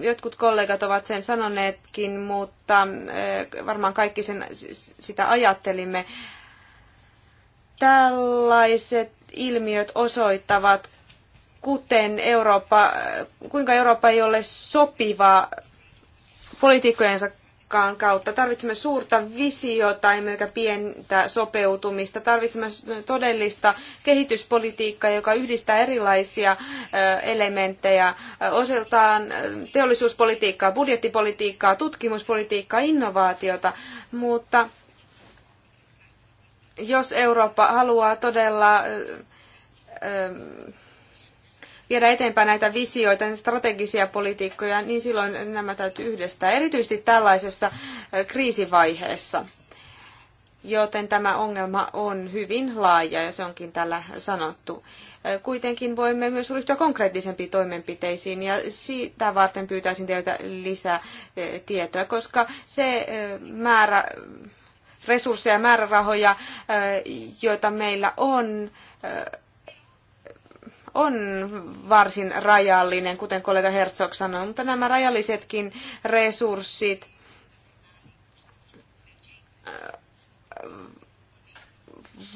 jotkut kollegat ovat sen sanoneetkin, mutta varmaan kaikki sen, sitä ajattelimme. Tällaiset ilmiöt osoittavat, kuten Eurooppa, kuinka Eurooppa ei ole sopiva politiikkojensa Kreikkaan kautta. Tarvitsemme suurta visiota, emmekä pientä sopeutumista. Tarvitsemme todellista kehityspolitiikkaa, joka yhdistää erilaisia elementtejä. Osaltaan teollisuuspolitiikkaa, budjettipolitiikkaa, tutkimuspolitiikkaa, innovaatiota, mutta jos Eurooppa haluaa todella viedä eteenpäin näitä visioita, strategisia politiikkoja, niin silloin nämä täytyy yhdistää, erityisesti tällaisessa kriisivaiheessa. Joten tämä ongelma on hyvin laaja ja se onkin tällä sanottu. Kuitenkin voimme myös ryhtyä konkreettisempiin toimenpiteisiin ja sitä varten pyytäisin teiltä lisää tietoa, koska se määrä resursseja ja määrärahoja, joita meillä on, on varsin rajallinen, kuten kollega Herzog sanoi, mutta nämä rajallisetkin resurssit äh,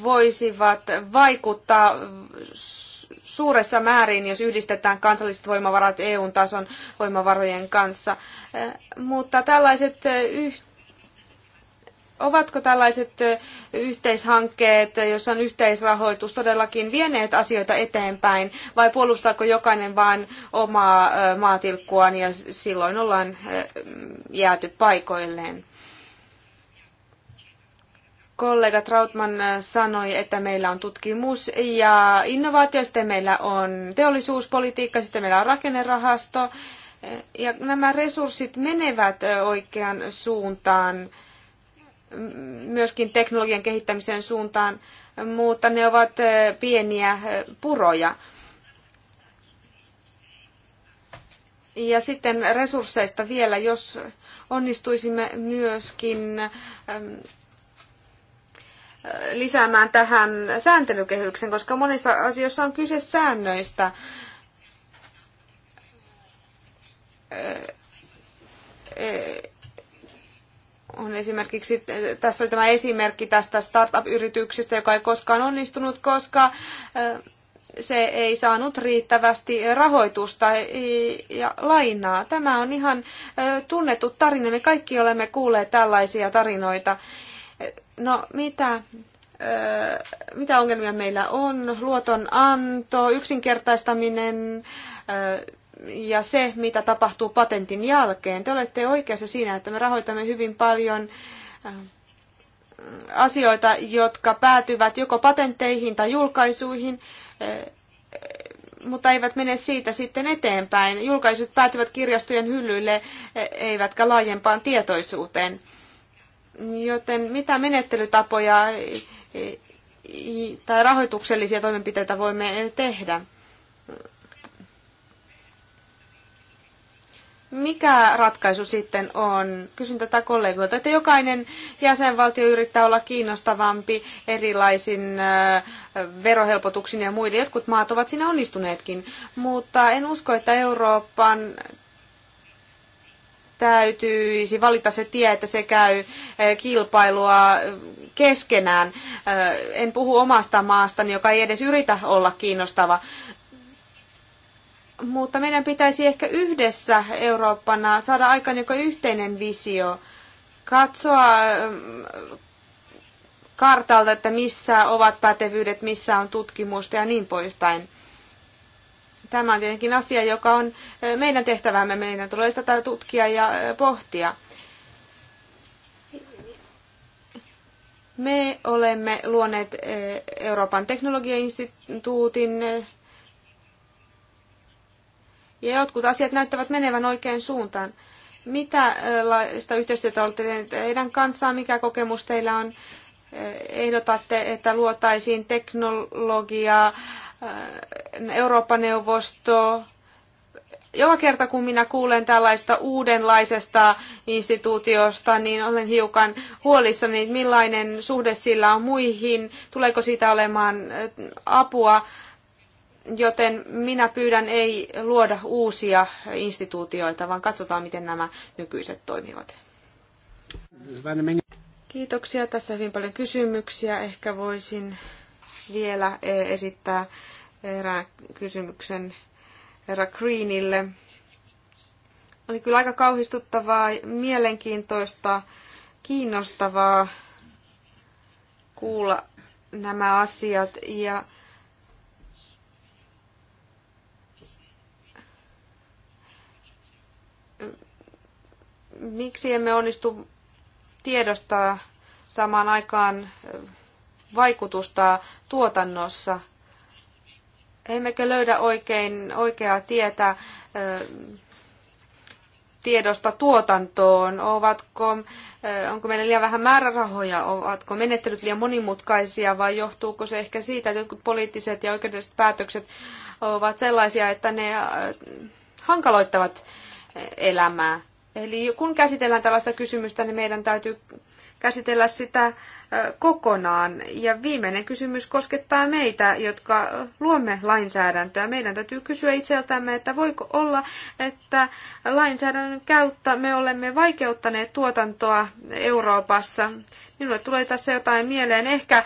voisivat vaikuttaa suuressa määrin, jos yhdistetään kansalliset voimavarat eu tason voimavarojen kanssa. Äh, mutta tällaiset yhteydet ovatko tällaiset yhteishankkeet, joissa on yhteisrahoitus, todellakin vieneet asioita eteenpäin vai puolustaako jokainen vain omaa maatilkkuaan ja silloin ollaan mm, jääty paikoilleen? Kollega Trautman sanoi, että meillä on tutkimus ja innovaatio, sitten meillä on teollisuuspolitiikka, sitten meillä on rakennerahasto. Ja nämä resurssit menevät oikeaan suuntaan myöskin teknologian kehittämisen suuntaan, mutta ne ovat pieniä puroja. Ja sitten resursseista vielä, jos onnistuisimme myöskin lisäämään tähän sääntelykehyksen, koska monissa asioissa on kyse säännöistä on esimerkiksi, tässä oli tämä esimerkki tästä startup-yrityksestä, joka ei koskaan onnistunut, koska se ei saanut riittävästi rahoitusta ja lainaa. Tämä on ihan tunnettu tarina. Me kaikki olemme kuulleet tällaisia tarinoita. No mitä, mitä ongelmia meillä on? Luotonanto, yksinkertaistaminen, ja se, mitä tapahtuu patentin jälkeen. Te olette oikeassa siinä, että me rahoitamme hyvin paljon äh, asioita, jotka päätyvät joko patentteihin tai julkaisuihin, äh, mutta eivät mene siitä sitten eteenpäin. Julkaisut päätyvät kirjastojen hyllyille, äh, eivätkä laajempaan tietoisuuteen. Joten mitä menettelytapoja tai rahoituksellisia toimenpiteitä voimme tehdä? mikä ratkaisu sitten on? Kysyn tätä kollegoilta, että jokainen jäsenvaltio yrittää olla kiinnostavampi erilaisin verohelpotuksin ja muille. Jotkut maat ovat siinä onnistuneetkin, mutta en usko, että Euroopan täytyisi valita se tie, että se käy kilpailua keskenään. En puhu omasta maastani, joka ei edes yritä olla kiinnostava, mutta meidän pitäisi ehkä yhdessä Eurooppana saada aikaan joko yhteinen visio, katsoa mm, kartalta, että missä ovat pätevyydet, missä on tutkimusta ja niin poispäin. Tämä on tietenkin asia, joka on meidän tehtävämme. Meidän tulee tätä tutkia ja pohtia. Me olemme luoneet Euroopan teknologiainstituutin ja jotkut asiat näyttävät menevän oikein suuntaan. Mitä äh, laista yhteistyötä olette tehneet heidän kanssaan? Mikä kokemus teillä on? Äh, ehdotatte, että luotaisiin teknologiaa, äh, Euroopan neuvosto. Joka kerta kun minä kuulen tällaista uudenlaisesta instituutiosta, niin olen hiukan huolissani, millainen suhde sillä on muihin, tuleeko siitä olemaan apua Joten minä pyydän ei luoda uusia instituutioita, vaan katsotaan, miten nämä nykyiset toimivat. Kiitoksia. Tässä hyvin paljon kysymyksiä. Ehkä voisin vielä e, esittää erään kysymyksen herra Greenille. Oli kyllä aika kauhistuttavaa, mielenkiintoista, kiinnostavaa kuulla nämä asiat. Ja miksi emme onnistu tiedostaa samaan aikaan vaikutusta tuotannossa? Emmekö löydä oikein, oikeaa tietä tiedosta tuotantoon? Ovatko, onko meillä liian vähän määrärahoja? Ovatko menettelyt liian monimutkaisia vai johtuuko se ehkä siitä, että jotkut poliittiset ja oikeudelliset päätökset ovat sellaisia, että ne hankaloittavat elämää? Eli kun käsitellään tällaista kysymystä, niin meidän täytyy käsitellä sitä kokonaan. Ja viimeinen kysymys koskettaa meitä, jotka luomme lainsäädäntöä. Meidän täytyy kysyä itseltämme, että voiko olla, että lainsäädännön käyttä me olemme vaikeuttaneet tuotantoa Euroopassa. Minulle tulee tässä jotain mieleen. Ehkä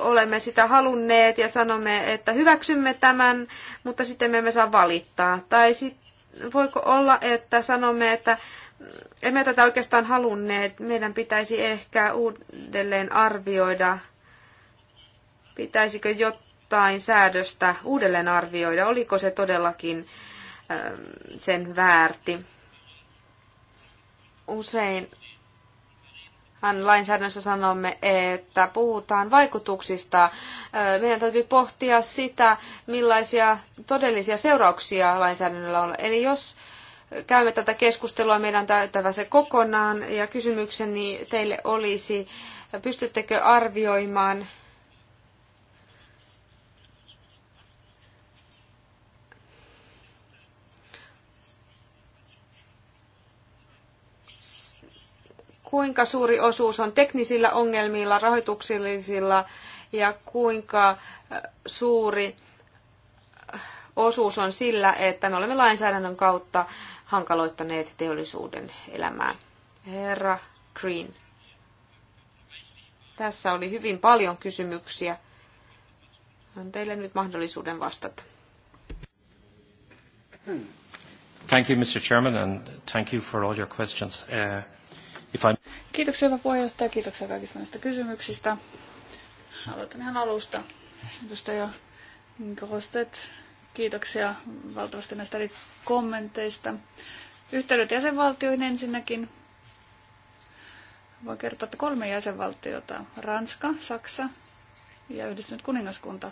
olemme sitä halunneet ja sanomme, että hyväksymme tämän, mutta sitten me emme saa valittaa. Tai sitten voiko olla, että sanomme, että emme tätä oikeastaan halunneet. Meidän pitäisi ehkä uudelleen arvioida, pitäisikö jotain säädöstä uudelleen arvioida, oliko se todellakin ähm, sen väärti. Usein hän lainsäädännössä sanomme, että puhutaan vaikutuksista. Meidän täytyy pohtia sitä, millaisia todellisia seurauksia lainsäädännöllä on. Eli jos käymme tätä keskustelua, meidän täytävä se kokonaan. Ja kysymykseni teille olisi, pystyttekö arvioimaan kuinka suuri osuus on teknisillä ongelmilla, rahoituksellisilla ja kuinka äh, suuri äh, osuus on sillä, että me olemme lainsäädännön kautta hankaloittaneet teollisuuden elämää. Herra Green. Tässä oli hyvin paljon kysymyksiä. Annan teille nyt mahdollisuuden vastata. Thank you, Mr. Chairman, and thank you for all your questions. Uh... If Kiitoksia hyvä puheenjohtaja, kiitoksia kaikista näistä kysymyksistä. Aloitan ihan alusta. Edustaja Grostet, kiitoksia valtavasti näistä eri kommenteista. Yhteydet jäsenvaltioihin ensinnäkin. Voin kertoa, että kolme jäsenvaltiota, Ranska, Saksa ja Yhdistynyt kuningaskunta.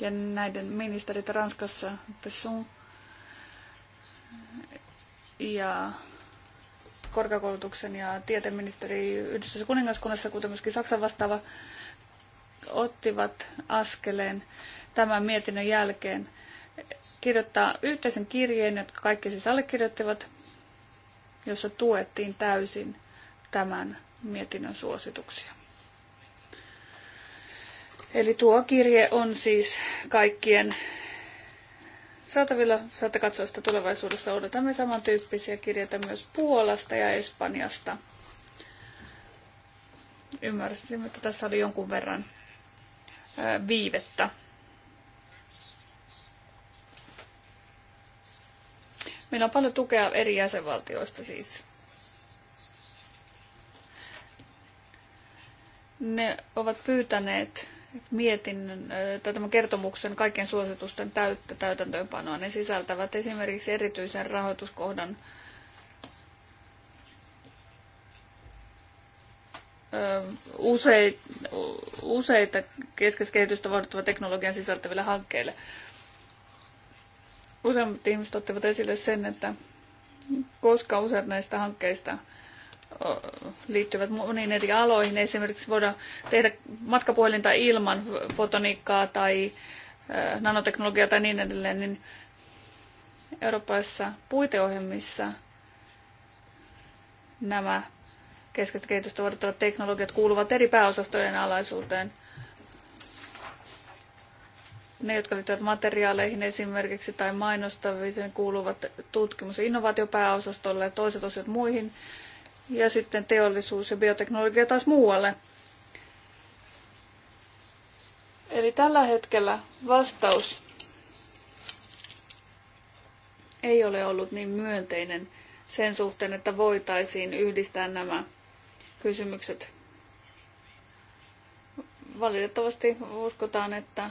Ja näiden ministerit Ranskassa, Pesson ja korkeakoulutuksen ja tieteministeri Yhdistyssä kuningaskunnassa, kuten myöskin Saksan vastaava, ottivat askeleen tämän mietinnön jälkeen kirjoittaa yhteisen kirjeen, jotka kaikki siis allekirjoittivat, jossa tuettiin täysin tämän mietinnön suosituksia. Eli tuo kirje on siis kaikkien saatavilla. Saatte katsoa sitä tulevaisuudessa. Odotamme samantyyppisiä kirjeitä myös Puolasta ja Espanjasta. Ymmärsin, että tässä oli jonkun verran viivettä. Meillä on paljon tukea eri jäsenvaltioista siis. Ne ovat pyytäneet mietinnön tai tämän kertomuksen kaikkien suositusten täyttä täytäntöönpanoa. Ne sisältävät esimerkiksi erityisen rahoituskohdan useita kehitystä vauhdittavaa teknologian sisältäville hankkeille. Useimmat ihmiset ottivat esille sen, että koska useat näistä hankkeista – liittyvät moniin eri aloihin. Esimerkiksi voidaan tehdä matkapuhelinta ilman fotoniikkaa tai nanoteknologiaa tai niin edelleen, niin Euroopassa puiteohjelmissa nämä keskeistä kehitystä vaadittavat teknologiat kuuluvat eri pääosastojen alaisuuteen. Ne, jotka liittyvät materiaaleihin esimerkiksi tai mainostamiseen, kuuluvat tutkimus- ja innovaatiopääosastolle ja toiset osiot muihin ja sitten teollisuus ja bioteknologia taas muualle. Eli tällä hetkellä vastaus ei ole ollut niin myönteinen sen suhteen, että voitaisiin yhdistää nämä kysymykset. Valitettavasti uskotaan, että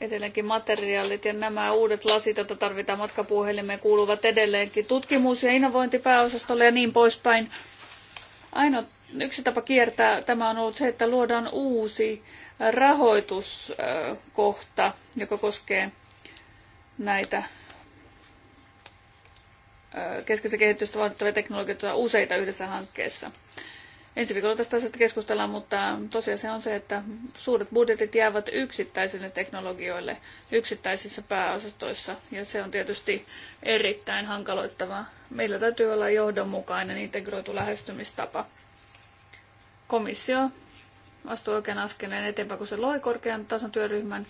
edelleenkin materiaalit ja nämä uudet lasit, joita tarvitaan matkapuhelimeen, kuuluvat edelleenkin tutkimus- ja innovointipääosastolle ja niin poispäin. Ainoa yksi tapa kiertää tämä on ollut se, että luodaan uusi rahoituskohta, joka koskee näitä keskeisen kehitystä vaadittavia teknologioita useita yhdessä hankkeessa. Ensi viikolla tästä asiasta keskustellaan, mutta tosiaan se on se, että suuret budjetit jäävät yksittäisille teknologioille yksittäisissä pääosastoissa, ja se on tietysti erittäin hankaloittavaa. Meillä täytyy olla johdonmukainen integroitu lähestymistapa. Komissio astui oikean askeleen eteenpäin, kun se loi korkean tason työryhmän,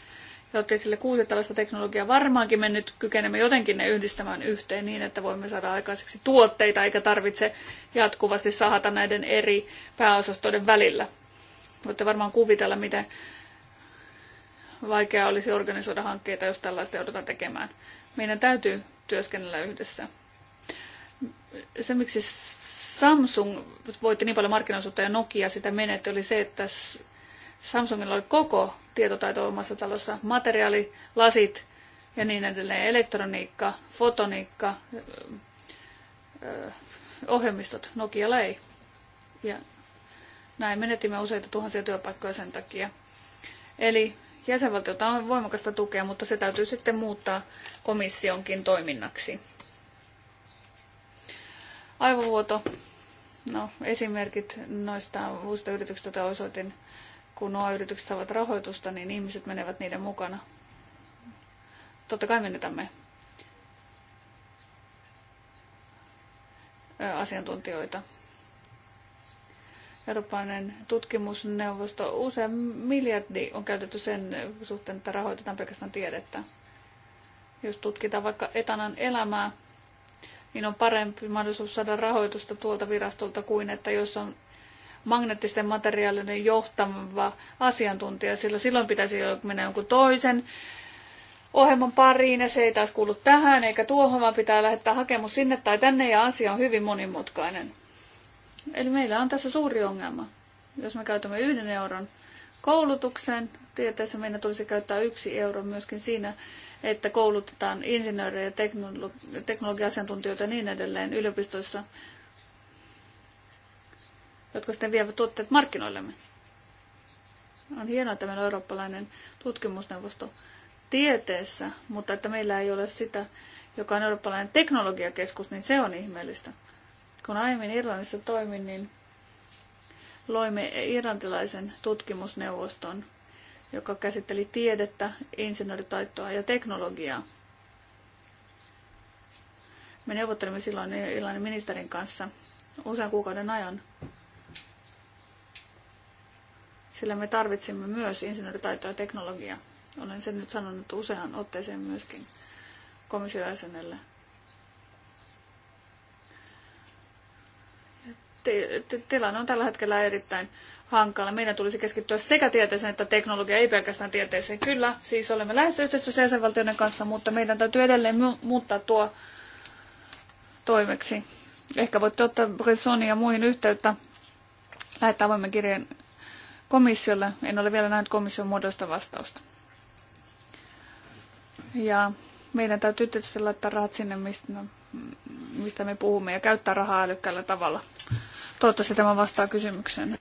Jotta sille kuusi tällaista teknologiaa. Varmaankin me nyt kykenemme jotenkin ne yhdistämään yhteen niin, että voimme saada aikaiseksi tuotteita, eikä tarvitse jatkuvasti sahata näiden eri pääosastoiden välillä. Voitte varmaan kuvitella, miten vaikeaa olisi organisoida hankkeita, jos tällaista joudutaan tekemään. Meidän täytyy työskennellä yhdessä. Se, miksi Samsung voitti niin paljon markkinaosuutta ja Nokia sitä menetti, oli se, että Samsungilla oli koko tietotaito omassa talossa, materiaali, lasit ja niin edelleen, elektroniikka, fotoniikka, ohjelmistot, Nokia, ei. Ja näin menetimme useita tuhansia työpaikkoja sen takia. Eli jäsenvaltiota on voimakasta tukea, mutta se täytyy sitten muuttaa komissionkin toiminnaksi. Aivovuoto. No, esimerkit noista uusista yrityksistä, joita osoitin, kun nuo yritykset saavat rahoitusta, niin ihmiset menevät niiden mukana. Totta kai menetämme asiantuntijoita. Eurooppainen tutkimusneuvosto, usein miljardi on käytetty sen suhteen, että rahoitetaan pelkästään tiedettä. Jos tutkitaan vaikka etanan elämää, niin on parempi mahdollisuus saada rahoitusta tuolta virastolta kuin, että jos on magneettisten materiaalien johtava asiantuntija, sillä silloin pitäisi mennä jonkun toisen ohjelman pariin ja se ei taas kuulu tähän eikä tuohon, vaan pitää lähettää hakemus sinne tai tänne ja asia on hyvin monimutkainen. Eli meillä on tässä suuri ongelma. Jos me käytämme yhden euron koulutukseen, tieteessä meidän tulisi käyttää yksi euro myöskin siinä, että koulutetaan insinöörejä, teknologiasiantuntijoita ja niin edelleen yliopistoissa jotka sitten vievät tuotteet markkinoillemme. On hienoa, että meillä on eurooppalainen tutkimusneuvosto tieteessä, mutta että meillä ei ole sitä, joka on eurooppalainen teknologiakeskus, niin se on ihmeellistä. Kun aiemmin Irlannissa toimin, niin loimme irlantilaisen tutkimusneuvoston, joka käsitteli tiedettä, insinööritaitoa ja teknologiaa. Me neuvottelimme silloin Irlannin ministerin kanssa usean kuukauden ajan sillä me tarvitsemme myös insinööritaitoa ja teknologiaa. Olen sen nyt sanonut useaan otteeseen myöskin komissiojäsenelle. Tilanne on tällä hetkellä erittäin hankala. Meidän tulisi keskittyä sekä tieteeseen että teknologiaan, ei pelkästään tieteeseen. Kyllä, siis olemme lähes yhteistyössä jäsenvaltioiden kanssa, mutta meidän täytyy edelleen muuttaa tuo toimeksi. Ehkä voitte ottaa Bressoniin ja muihin yhteyttä, lähettää avoimen kirjeen komissiolle. En ole vielä nähnyt komission muodosta vastausta. Ja meidän täytyy tietysti laittaa rahat sinne, mistä, mistä me puhumme, ja käyttää rahaa älykkäällä tavalla. Toivottavasti tämä vastaa kysymykseen.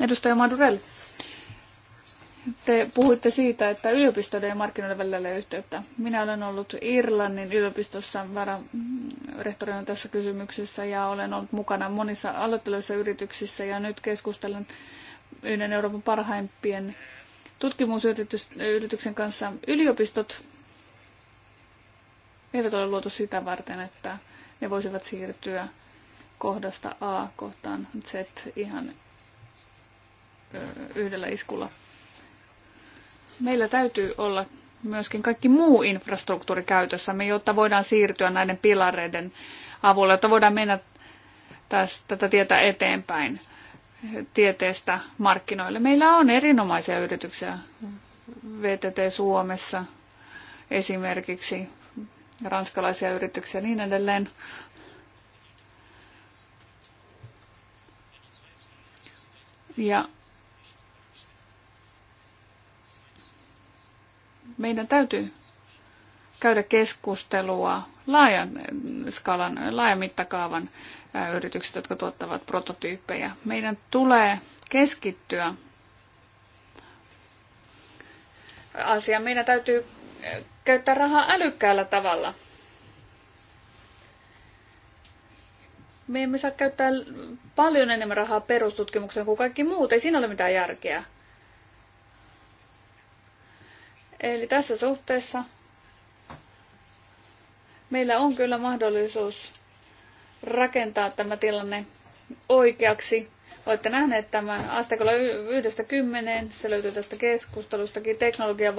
Edustaja Madurelli. Te puhuitte siitä, että yliopistoiden ja markkinoiden välillä ei yhteyttä. Minä olen ollut Irlannin yliopistossa vararehtorina tässä kysymyksessä ja olen ollut mukana monissa aloittelevissa yrityksissä ja nyt keskustelen yhden Euroopan parhaimpien tutkimusyrityksen kanssa. Yliopistot eivät ole luotu sitä varten, että ne voisivat siirtyä kohdasta A kohtaan Z ihan yhdellä iskulla meillä täytyy olla myöskin kaikki muu infrastruktuuri käytössämme, jotta voidaan siirtyä näiden pilareiden avulla, jotta voidaan mennä tästä, tätä tietä eteenpäin tieteestä markkinoille. Meillä on erinomaisia yrityksiä VTT Suomessa esimerkiksi, ranskalaisia yrityksiä ja niin edelleen. Ja meidän täytyy käydä keskustelua laajan skalan, laajan mittakaavan yritykset, jotka tuottavat prototyyppejä. Meidän tulee keskittyä asiaan. Meidän täytyy käyttää rahaa älykkäällä tavalla. Me emme saa käyttää paljon enemmän rahaa perustutkimukseen kuin kaikki muut. Ei siinä ole mitään järkeä. Eli tässä suhteessa meillä on kyllä mahdollisuus rakentaa tämä tilanne oikeaksi. Olette nähneet tämän asteikolla yhdestä kymmeneen, se löytyy tästä keskustelustakin. Teknologian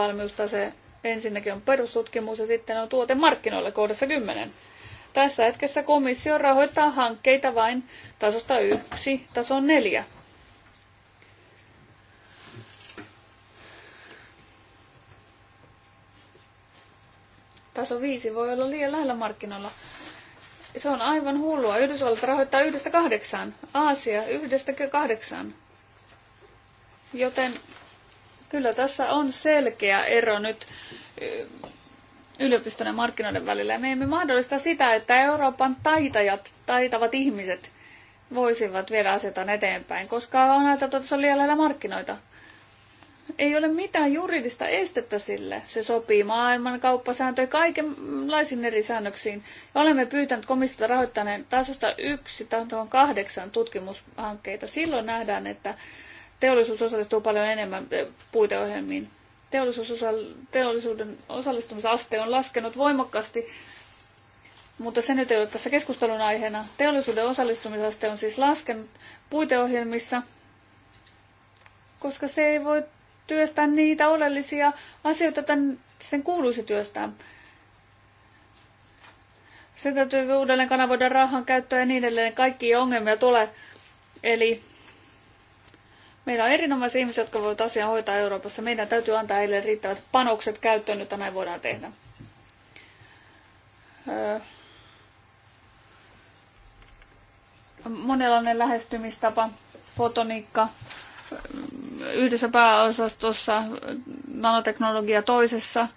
se ensinnäkin on perustutkimus ja sitten on tuote markkinoille kohdassa kymmenen. Tässä hetkessä komissio rahoittaa hankkeita vain tasosta 1 tason 4. taso 5 voi olla liian lähellä markkinoilla. Se on aivan hullua. Yhdysvallat rahoittaa yhdestä kahdeksaan. Aasia yhdestä kahdeksaan. Joten kyllä tässä on selkeä ero nyt yliopiston ja markkinoiden välillä. Me emme mahdollista sitä, että Euroopan taitajat, taitavat ihmiset voisivat viedä asioita eteenpäin, koska on ajateltu, että se on liian markkinoita ei ole mitään juridista estettä sille. Se sopii maailman kauppasääntöön kaikenlaisiin eri säännöksiin. Olemme pyytäneet komissiota rahoittaneen tasosta tai on kahdeksan tutkimushankkeita. Silloin nähdään, että teollisuus osallistuu paljon enemmän eh, puiteohjelmiin. teollisuuden osallistumisaste on laskenut voimakkaasti, mutta se nyt ei ole tässä keskustelun aiheena. Teollisuuden osallistumisaste on siis laskenut puiteohjelmissa, koska se ei voi työstää niitä oleellisia asioita, joita sen kuuluisi työstää. Se täytyy uudelleen kanavoida rahan käyttöä ja niin edelleen. Kaikki ongelmia tulee. Eli meillä on erinomaisia ihmisiä, jotka voivat asian hoitaa Euroopassa. Meidän täytyy antaa heille riittävät panokset käyttöön, jotta näin voidaan tehdä. Öö. monenlainen lähestymistapa, fotoniikka, yhdessä pääosastossa, nanoteknologia toisessa.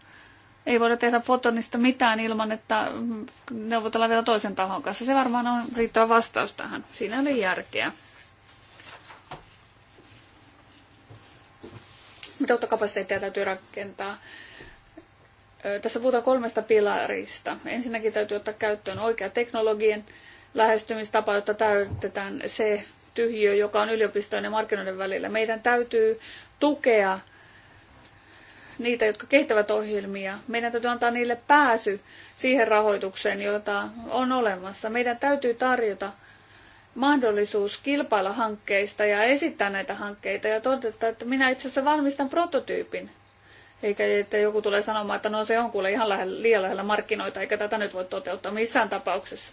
Ei voida tehdä fotonista mitään ilman, että neuvotellaan vielä toisen tahon kanssa. Se varmaan on riittävä vastaus tähän. Siinä oli järkeä. Mitä uutta kapasiteettia täytyy rakentaa. Tässä puhutaan kolmesta pilarista. Ensinnäkin täytyy ottaa käyttöön oikea teknologian lähestymistapa, jotta täytetään se tyhjiö, joka on yliopistojen ja markkinoiden välillä. Meidän täytyy tukea niitä, jotka kehittävät ohjelmia. Meidän täytyy antaa niille pääsy siihen rahoitukseen, jota on olemassa. Meidän täytyy tarjota mahdollisuus kilpailla hankkeista ja esittää näitä hankkeita ja todeta, että minä itse asiassa valmistan prototyypin. Eikä että joku tulee sanomaan, että no se on kuule ihan lähellä, liian lähellä markkinoita, eikä tätä nyt voi toteuttaa missään tapauksessa.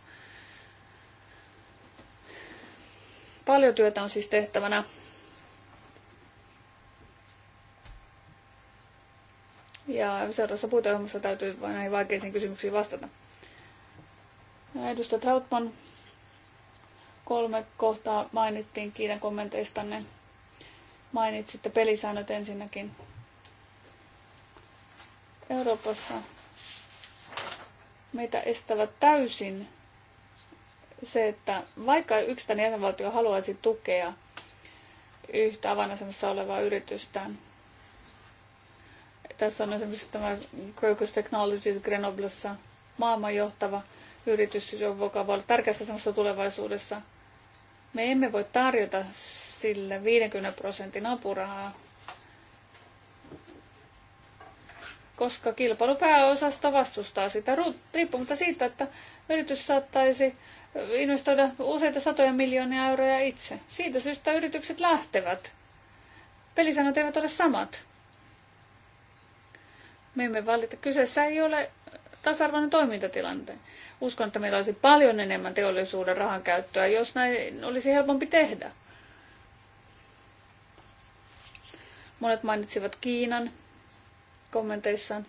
Paljon työtä on siis tehtävänä. Ja seuraavassa puuteohjelmassa täytyy vain näihin vaikeisiin kysymyksiin vastata. Edustaja Trautman, kolme kohtaa mainittiin. Kiitän kommenteistanne. Mainitsitte pelisäännöt ensinnäkin. Euroopassa meitä estävät täysin se, että vaikka tämän jäsenvaltio haluaisi tukea yhtä avainasemassa olevaa yritystään, tässä on esimerkiksi tämä Crocus Technologies Grenoblessa, maailman johtava yritys, joka voi olla tärkeässä asemassa tulevaisuudessa. Me emme voi tarjota sille 50 prosentin apurahaa, koska kilpailupääosasto vastustaa sitä riippumatta siitä, että yritys saattaisi investoida useita satoja miljoonia euroja itse. Siitä syystä yritykset lähtevät. Pelisäännöt eivät ole samat. Me emme valita. Kyseessä ei ole tasa-arvoinen toimintatilanne. Uskon, että meillä olisi paljon enemmän teollisuuden rahan käyttöä, jos näin olisi helpompi tehdä. Monet mainitsivat Kiinan kommenteissaan.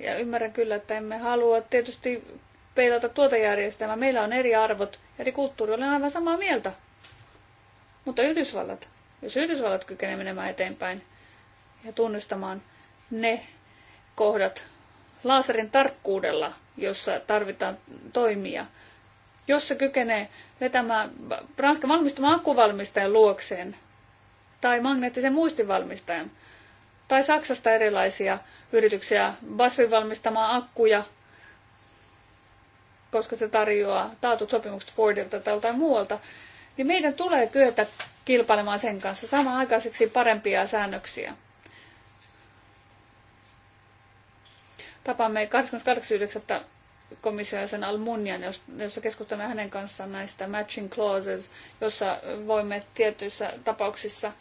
Ja ymmärrän kyllä, että emme halua tietysti peilata tuota järjestelmää. Meillä on eri arvot, eri kulttuuri, olen aivan samaa mieltä. Mutta Yhdysvallat, jos Yhdysvallat kykenee menemään eteenpäin ja tunnistamaan ne kohdat laaserin tarkkuudella, jossa tarvitaan toimia, jos se kykenee vetämään Ranskan valmistamaan akkuvalmistajan luokseen tai magneettisen muistivalmistajan, tai Saksasta erilaisia yrityksiä Basvin valmistamaan akkuja koska se tarjoaa taatut sopimukset Fordilta tai jotain muualta, niin meidän tulee kyetä kilpailemaan sen kanssa samaan aikaiseksi parempia säännöksiä. Tapaamme 28.9. sen Almunian, jossa keskustelemme hänen kanssaan näistä matching clauses, jossa voimme tietyissä tapauksissa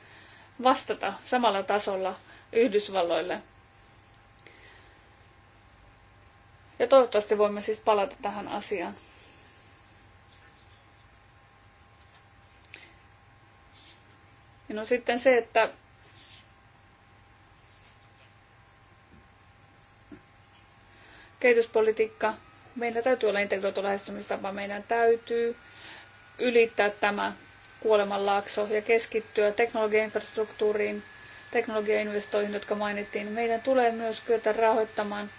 vastata samalla tasolla Yhdysvalloille – Ja toivottavasti voimme siis palata tähän asiaan. Ja no sitten se, että kehityspolitiikka, meillä täytyy olla integroitu lähestymistapa, meidän täytyy ylittää tämä kuolemanlaakso ja keskittyä teknologiainfrastruktuuriin, teknologiainvestoihin, jotka mainittiin. Meidän tulee myös kyetä rahoittamaan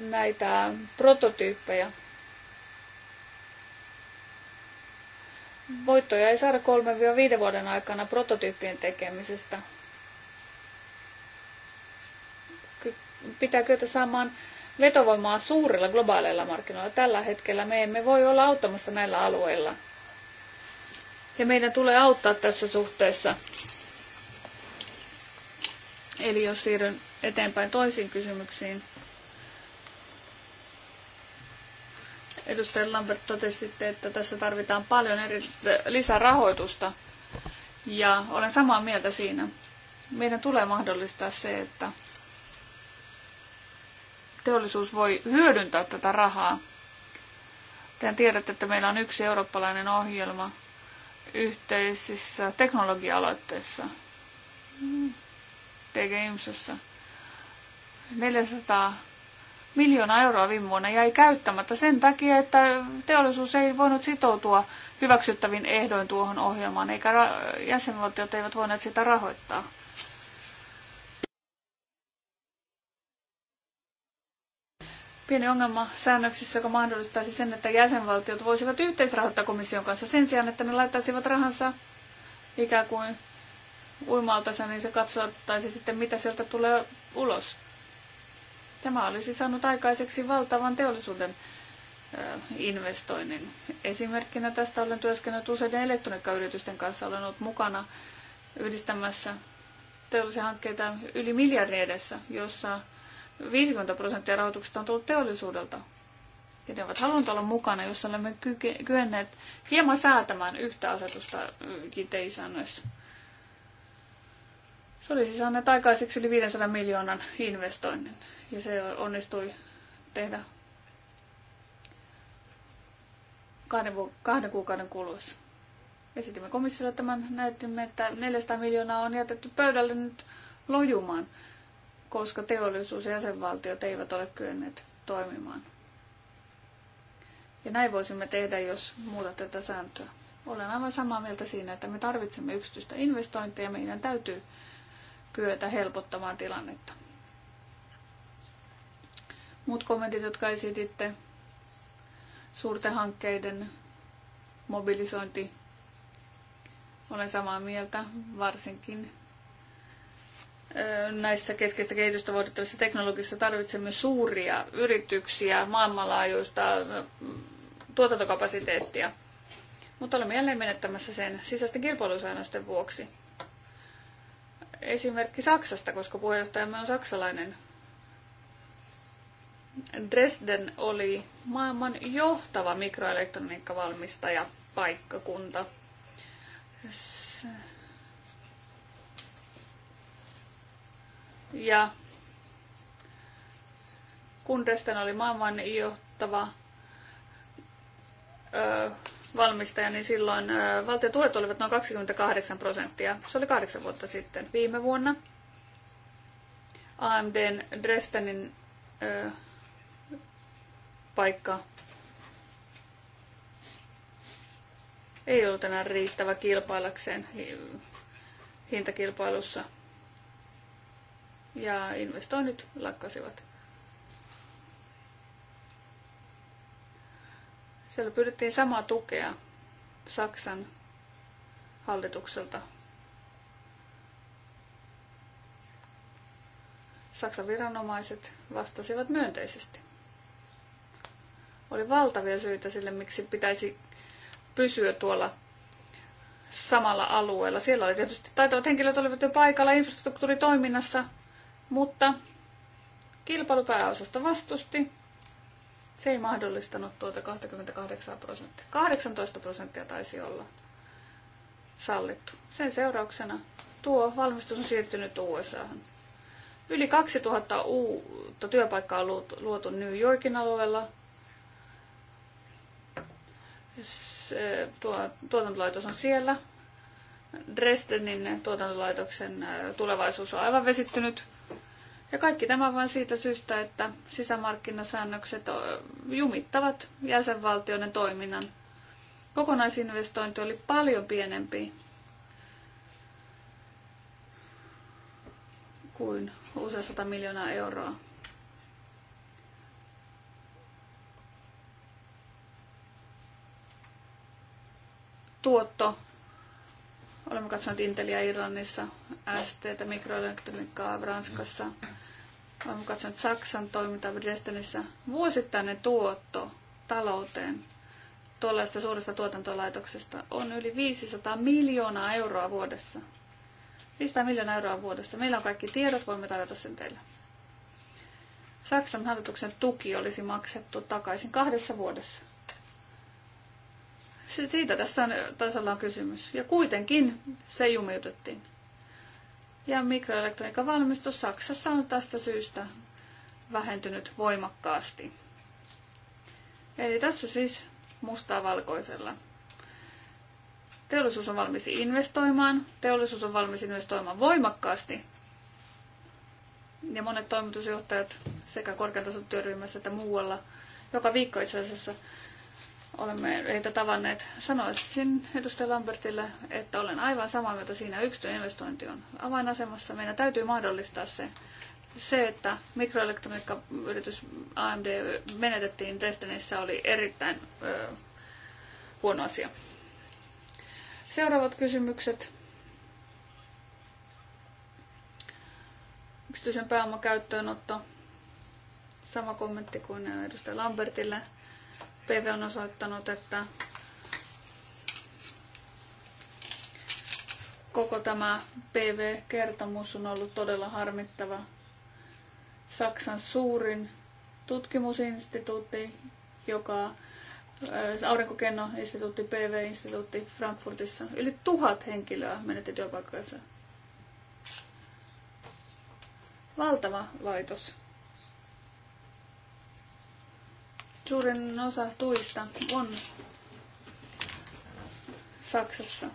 näitä prototyyppejä. Voittoja ei saada 3-5 vuoden aikana prototyyppien tekemisestä. Pitää kyetä saamaan vetovoimaa suurilla globaaleilla markkinoilla. Tällä hetkellä me emme voi olla auttamassa näillä alueilla. Ja meidän tulee auttaa tässä suhteessa. Eli jos siirryn eteenpäin toisiin kysymyksiin. Edustaja Lambert totesitte, että tässä tarvitaan paljon eri, lisärahoitusta. Ja olen samaa mieltä siinä. Meidän tulee mahdollistaa se, että teollisuus voi hyödyntää tätä rahaa. Tehän tiedätte, että meillä on yksi eurooppalainen ohjelma yhteisissä teknologia-aloitteissa, DG mm. 400 miljoona euroa viime vuonna jäi käyttämättä sen takia, että teollisuus ei voinut sitoutua hyväksyttävin ehdoin tuohon ohjelmaan, eikä jäsenvaltiot eivät voineet sitä rahoittaa. pieni ongelma säännöksissä, joka mahdollistaisi sen, että jäsenvaltiot voisivat yhteisrahoittaa komission kanssa sen sijaan, että ne laittaisivat rahansa ikään kuin uimaltansa, niin se katsottaisi sitten, mitä sieltä tulee ulos. Tämä olisi saanut aikaiseksi valtavan teollisuuden investoinnin. Esimerkkinä tästä olen työskennellyt useiden elektroniikkayritysten kanssa. Olen ollut mukana yhdistämässä teollisia hankkeita yli miljardin edessä, jossa 50 prosenttia rahoituksesta on tullut teollisuudelta. Ja ne ovat halunneet olla mukana, jos olemme kyenneet hieman säätämään yhtä asetusta kiteisäännöissä. Se olisi saaneet aikaiseksi yli 500 miljoonan investoinnin ja se onnistui tehdä kahden, vu- kahden kuukauden kuluessa. Esitimme komissiolle tämän, näytimme, että 400 miljoonaa on jätetty pöydälle nyt lojumaan, koska teollisuus ja jäsenvaltiot eivät ole kyenneet toimimaan. Ja näin voisimme tehdä, jos muuta tätä sääntöä. Olen aivan samaa mieltä siinä, että me tarvitsemme yksityistä investointia ja meidän täytyy kyetä helpottamaan tilannetta muut kommentit, jotka esititte, suurten hankkeiden mobilisointi, olen samaa mieltä, varsinkin näissä keskeistä kehitystä voidettavissa teknologisissa tarvitsemme suuria yrityksiä, maailmanlaajuista tuotantokapasiteettia, mutta olemme jälleen menettämässä sen sisäisten kilpailusäännösten vuoksi. Esimerkki Saksasta, koska puheenjohtajamme on saksalainen, Dresden oli maailman johtava mikroelektroniikkavalmistaja paikkakunta. Ja kun Dresden oli maailman johtava ö, valmistaja, niin silloin ö, tuet olivat noin 28 prosenttia. Se oli kahdeksan vuotta sitten. Viime vuonna AMDn Dresdenin ö, paikka ei ollut enää riittävä kilpailakseen hintakilpailussa. Ja investoinnit lakkasivat. Siellä pyydettiin samaa tukea Saksan hallitukselta. Saksan viranomaiset vastasivat myönteisesti. Oli valtavia syitä sille, miksi pitäisi pysyä tuolla samalla alueella. Siellä oli tietysti taitavat henkilöt olivat jo paikalla infrastruktuuritoiminnassa, mutta kilpailupääosasta vastusti. Se ei mahdollistanut tuota 28 prosenttia. 18 prosenttia taisi olla sallittu. Sen seurauksena tuo valmistus on siirtynyt USAhan. Yli 2000 uutta työpaikkaa on luotu New Yorkin alueella, tuo, tuotantolaitos on siellä. Dresdenin tuotantolaitoksen tulevaisuus on aivan vesittynyt. Ja kaikki tämä vain siitä syystä, että sisämarkkinasäännökset jumittavat jäsenvaltioiden toiminnan. Kokonaisinvestointi oli paljon pienempi kuin usein 100 miljoonaa euroa. tuotto. Olemme katsoneet Intelia Irlannissa, STtä, mikroelektroniikkaa Ranskassa. Olemme katsoneet Saksan toimintaa Dresdenissä. Vuosittainen tuotto talouteen tuollaista suuresta tuotantolaitoksesta on yli 500 miljoonaa euroa vuodessa. 500 miljoonaa euroa vuodessa. Meillä on kaikki tiedot, voimme tarjota sen teille. Saksan hallituksen tuki olisi maksettu takaisin kahdessa vuodessa. Siitä tässä on, toisella on kysymys. Ja kuitenkin se jumiutettiin. Ja mikroelektroniikan valmistus Saksassa on tästä syystä vähentynyt voimakkaasti. Eli tässä siis mustaa valkoisella. Teollisuus on valmis investoimaan, teollisuus on valmis investoimaan voimakkaasti. Ja monet toimitusjohtajat sekä korkeatason työryhmässä että muualla, joka viikko itse asiassa, olemme heitä tavanneet. Sanoisin edustaja Lambertille, että olen aivan samaa mieltä siinä, yksityinen investointi on avainasemassa. Meidän täytyy mahdollistaa se, se että mikroelektroniikkayritys AMD menetettiin Destinissä oli erittäin ö, huono asia. Seuraavat kysymykset. Yksityisen pääoman käyttöönotto. Sama kommentti kuin edustaja Lambertille PV on osoittanut, että koko tämä PV-kertomus on ollut todella harmittava. Saksan suurin tutkimusinstituutti, joka aurinkokennoinstituutti, PV-instituutti Frankfurtissa. Yli tuhat henkilöä menetti työpaikkansa. Valtava laitos. Suurin osa tuista on Saksassa.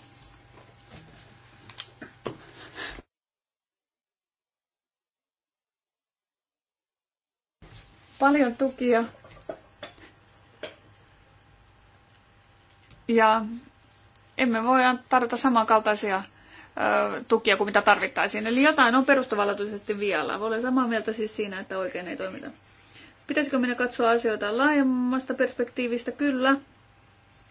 Paljon tukia. Ja emme voi tarjota samankaltaisia tukia kuin mitä tarvittaisiin. Eli jotain on perustavanlaatuisesti vielä. Olen samaa mieltä siis siinä, että oikein ei toimita. Pitäisikö minä katsoa asioita laajemmasta perspektiivistä? Kyllä.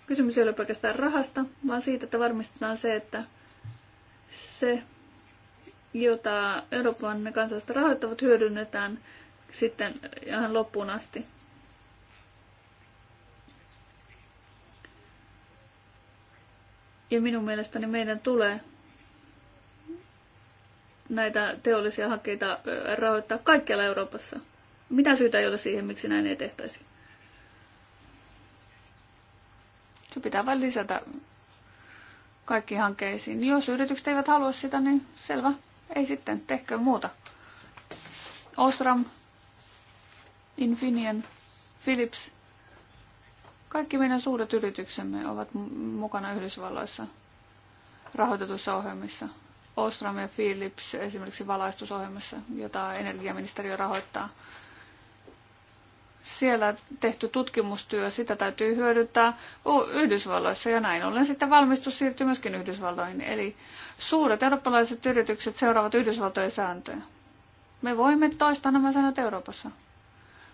Kysymys ei ole pelkästään rahasta, vaan siitä, että varmistetaan se, että se, jota Euroopan kansalaiset rahoittavat, hyödynnetään sitten ihan loppuun asti. Ja minun mielestäni meidän tulee näitä teollisia hankkeita rahoittaa kaikkialla Euroopassa – mitä syytä ei ole siihen, miksi näin ei tehtäisi? Se pitää vain lisätä kaikki hankkeisiin. Jos yritykset eivät halua sitä, niin selvä, ei sitten, tehkö muuta. Osram, Infineon, Philips, kaikki meidän suuret yrityksemme ovat mukana Yhdysvalloissa rahoitetuissa ohjelmissa. Osram ja Philips esimerkiksi valaistusohjelmassa, jota energiaministeriö rahoittaa siellä tehty tutkimustyö, sitä täytyy hyödyntää Yhdysvalloissa ja näin ollen sitten valmistus siirtyy myöskin Yhdysvaltoihin. Eli suuret eurooppalaiset yritykset seuraavat Yhdysvaltojen sääntöjä. Me voimme toistaa nämä sanat Euroopassa.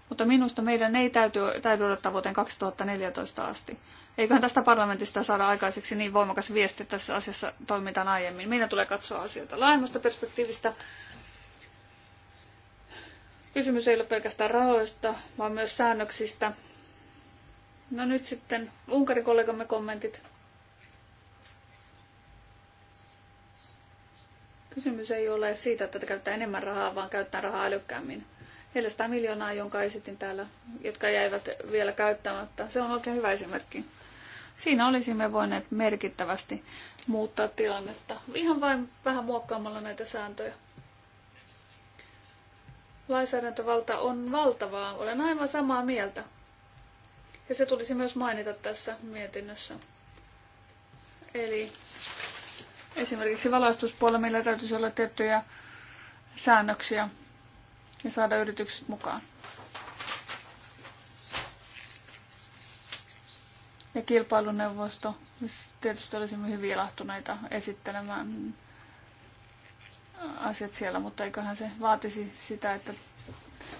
Mutta minusta meidän ei täytyy, täytyy odottaa vuoteen 2014 asti. Eiköhän tästä parlamentista saada aikaiseksi niin voimakas viesti että tässä asiassa toimitaan aiemmin. Meidän tulee katsoa asioita laajemmasta perspektiivistä Kysymys ei ole pelkästään rahoista, vaan myös säännöksistä. No nyt sitten Unkarin kollegamme kommentit. Kysymys ei ole siitä, että käyttää enemmän rahaa, vaan käyttää rahaa älykkäämmin. 400 miljoonaa, jonka esitin täällä, jotka jäivät vielä käyttämättä. Se on oikein hyvä esimerkki. Siinä olisimme voineet merkittävästi muuttaa tilannetta. Ihan vain vähän muokkaamalla näitä sääntöjä lainsäädäntövalta on valtavaa. Olen aivan samaa mieltä. Ja se tulisi myös mainita tässä mietinnössä. Eli esimerkiksi valaistuspuolella meillä täytyisi olla tiettyjä säännöksiä ja saada yritykset mukaan. Ja kilpailuneuvosto tietysti olisimme hyvin ilahtuneita esittelemään asiat siellä, mutta eiköhän se vaatisi sitä, että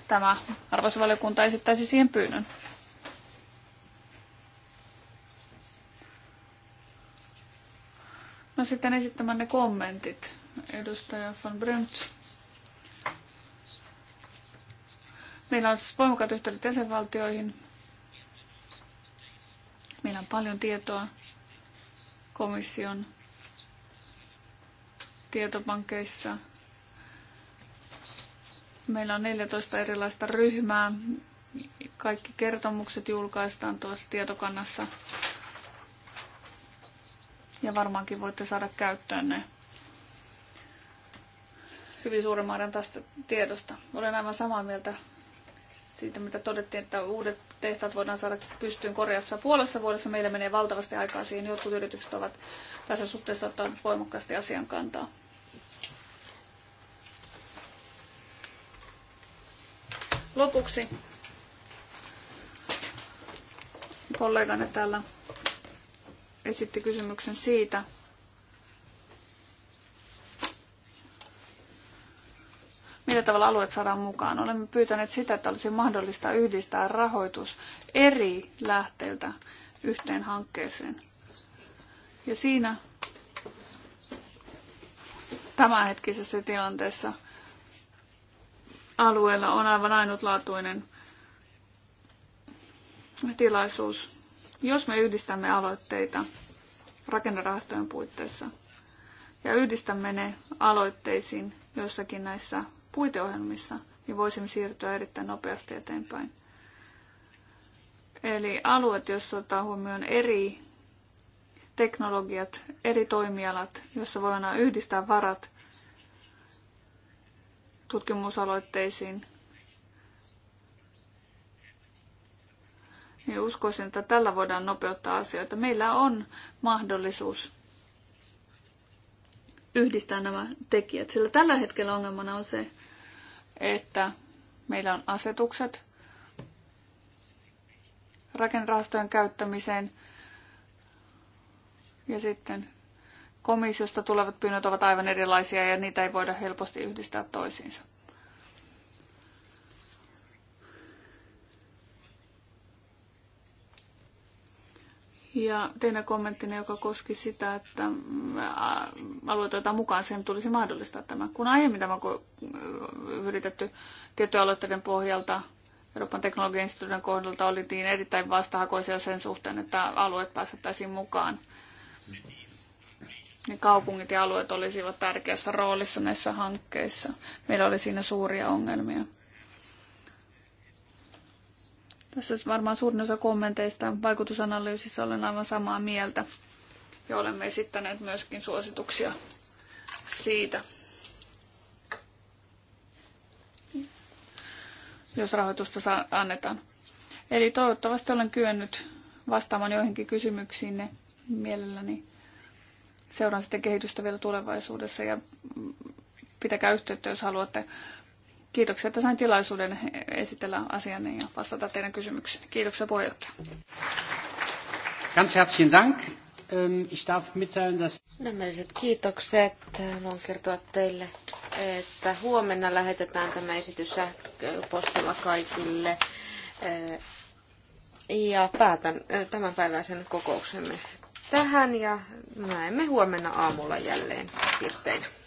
tämä arvoisa valiokunta esittäisi siihen pyynnön. No sitten ne kommentit, edustaja von Brömt. Meillä on siis voimakkaat yhteydet jäsenvaltioihin. Meillä on paljon tietoa komission tietopankeissa. Meillä on 14 erilaista ryhmää. Kaikki kertomukset julkaistaan tuossa tietokannassa. Ja varmaankin voitte saada käyttöön ne hyvin suuren määrän tästä tiedosta. Olen aivan samaa mieltä siitä, mitä todettiin, että uudet tehtaat voidaan saada pystyyn Koreassa puolessa vuodessa. Meillä menee valtavasti aikaa siihen. Jotkut yritykset ovat tässä suhteessa ottaneet voimakkaasti asian kantaa. Lopuksi kollegani täällä esitti kysymyksen siitä, millä tavalla alueet saadaan mukaan. Olemme pyytäneet sitä, että olisi mahdollista yhdistää rahoitus eri lähteiltä yhteen hankkeeseen. Ja siinä tämänhetkisessä tilanteessa alueella on aivan ainutlaatuinen tilaisuus, jos me yhdistämme aloitteita rakennerahastojen puitteissa ja yhdistämme ne aloitteisiin jossakin näissä puiteohjelmissa, niin voisimme siirtyä erittäin nopeasti eteenpäin. Eli alueet, joissa ottaa huomioon eri teknologiat, eri toimialat, joissa voidaan yhdistää varat tutkimusaloitteisiin, niin uskoisin, että tällä voidaan nopeuttaa asioita. Meillä on mahdollisuus yhdistää nämä tekijät, sillä tällä hetkellä ongelmana on se, että meillä on asetukset rakennerahastojen käyttämiseen ja sitten komissiosta tulevat pyynnöt ovat aivan erilaisia ja niitä ei voida helposti yhdistää toisiinsa. Ja teidän kommenttinne, joka koski sitä, että alueet otetaan mukaan, sen tulisi mahdollistaa tämä. Kun aiemmin tämä on yritetty tiettyjen aloitteiden pohjalta Euroopan teknologian instituutin kohdalta niin erittäin vastahakoisia sen suhteen, että alueet päästettäisiin mukaan. Ne kaupungit ja alueet olisivat tärkeässä roolissa näissä hankkeissa. Meillä oli siinä suuria ongelmia. Tässä varmaan suurin osa kommenteista vaikutusanalyysissä olen aivan samaa mieltä ja olemme esittäneet myöskin suosituksia siitä. jos rahoitusta annetaan. Eli toivottavasti olen kyennyt vastaamaan joihinkin kysymyksiinne mielelläni. Seuraan sitten kehitystä vielä tulevaisuudessa ja pitäkää yhteyttä, jos haluatte Kiitoksia, että sain tilaisuuden esitellä asianne ja vastata teidän kysymyksiin. Kiitoksia puheenjohtaja. Ganz herzlichen Dank. Ähm, ich darf mitteilen, dass... Nämälliset kiitokset. Haluan kertoa teille, että huomenna lähetetään tämä esitys sähköpostilla kaikille. Äh, ja päätän äh, tämän päiväisen kokouksemme tähän ja näemme huomenna aamulla jälleen pirteinä.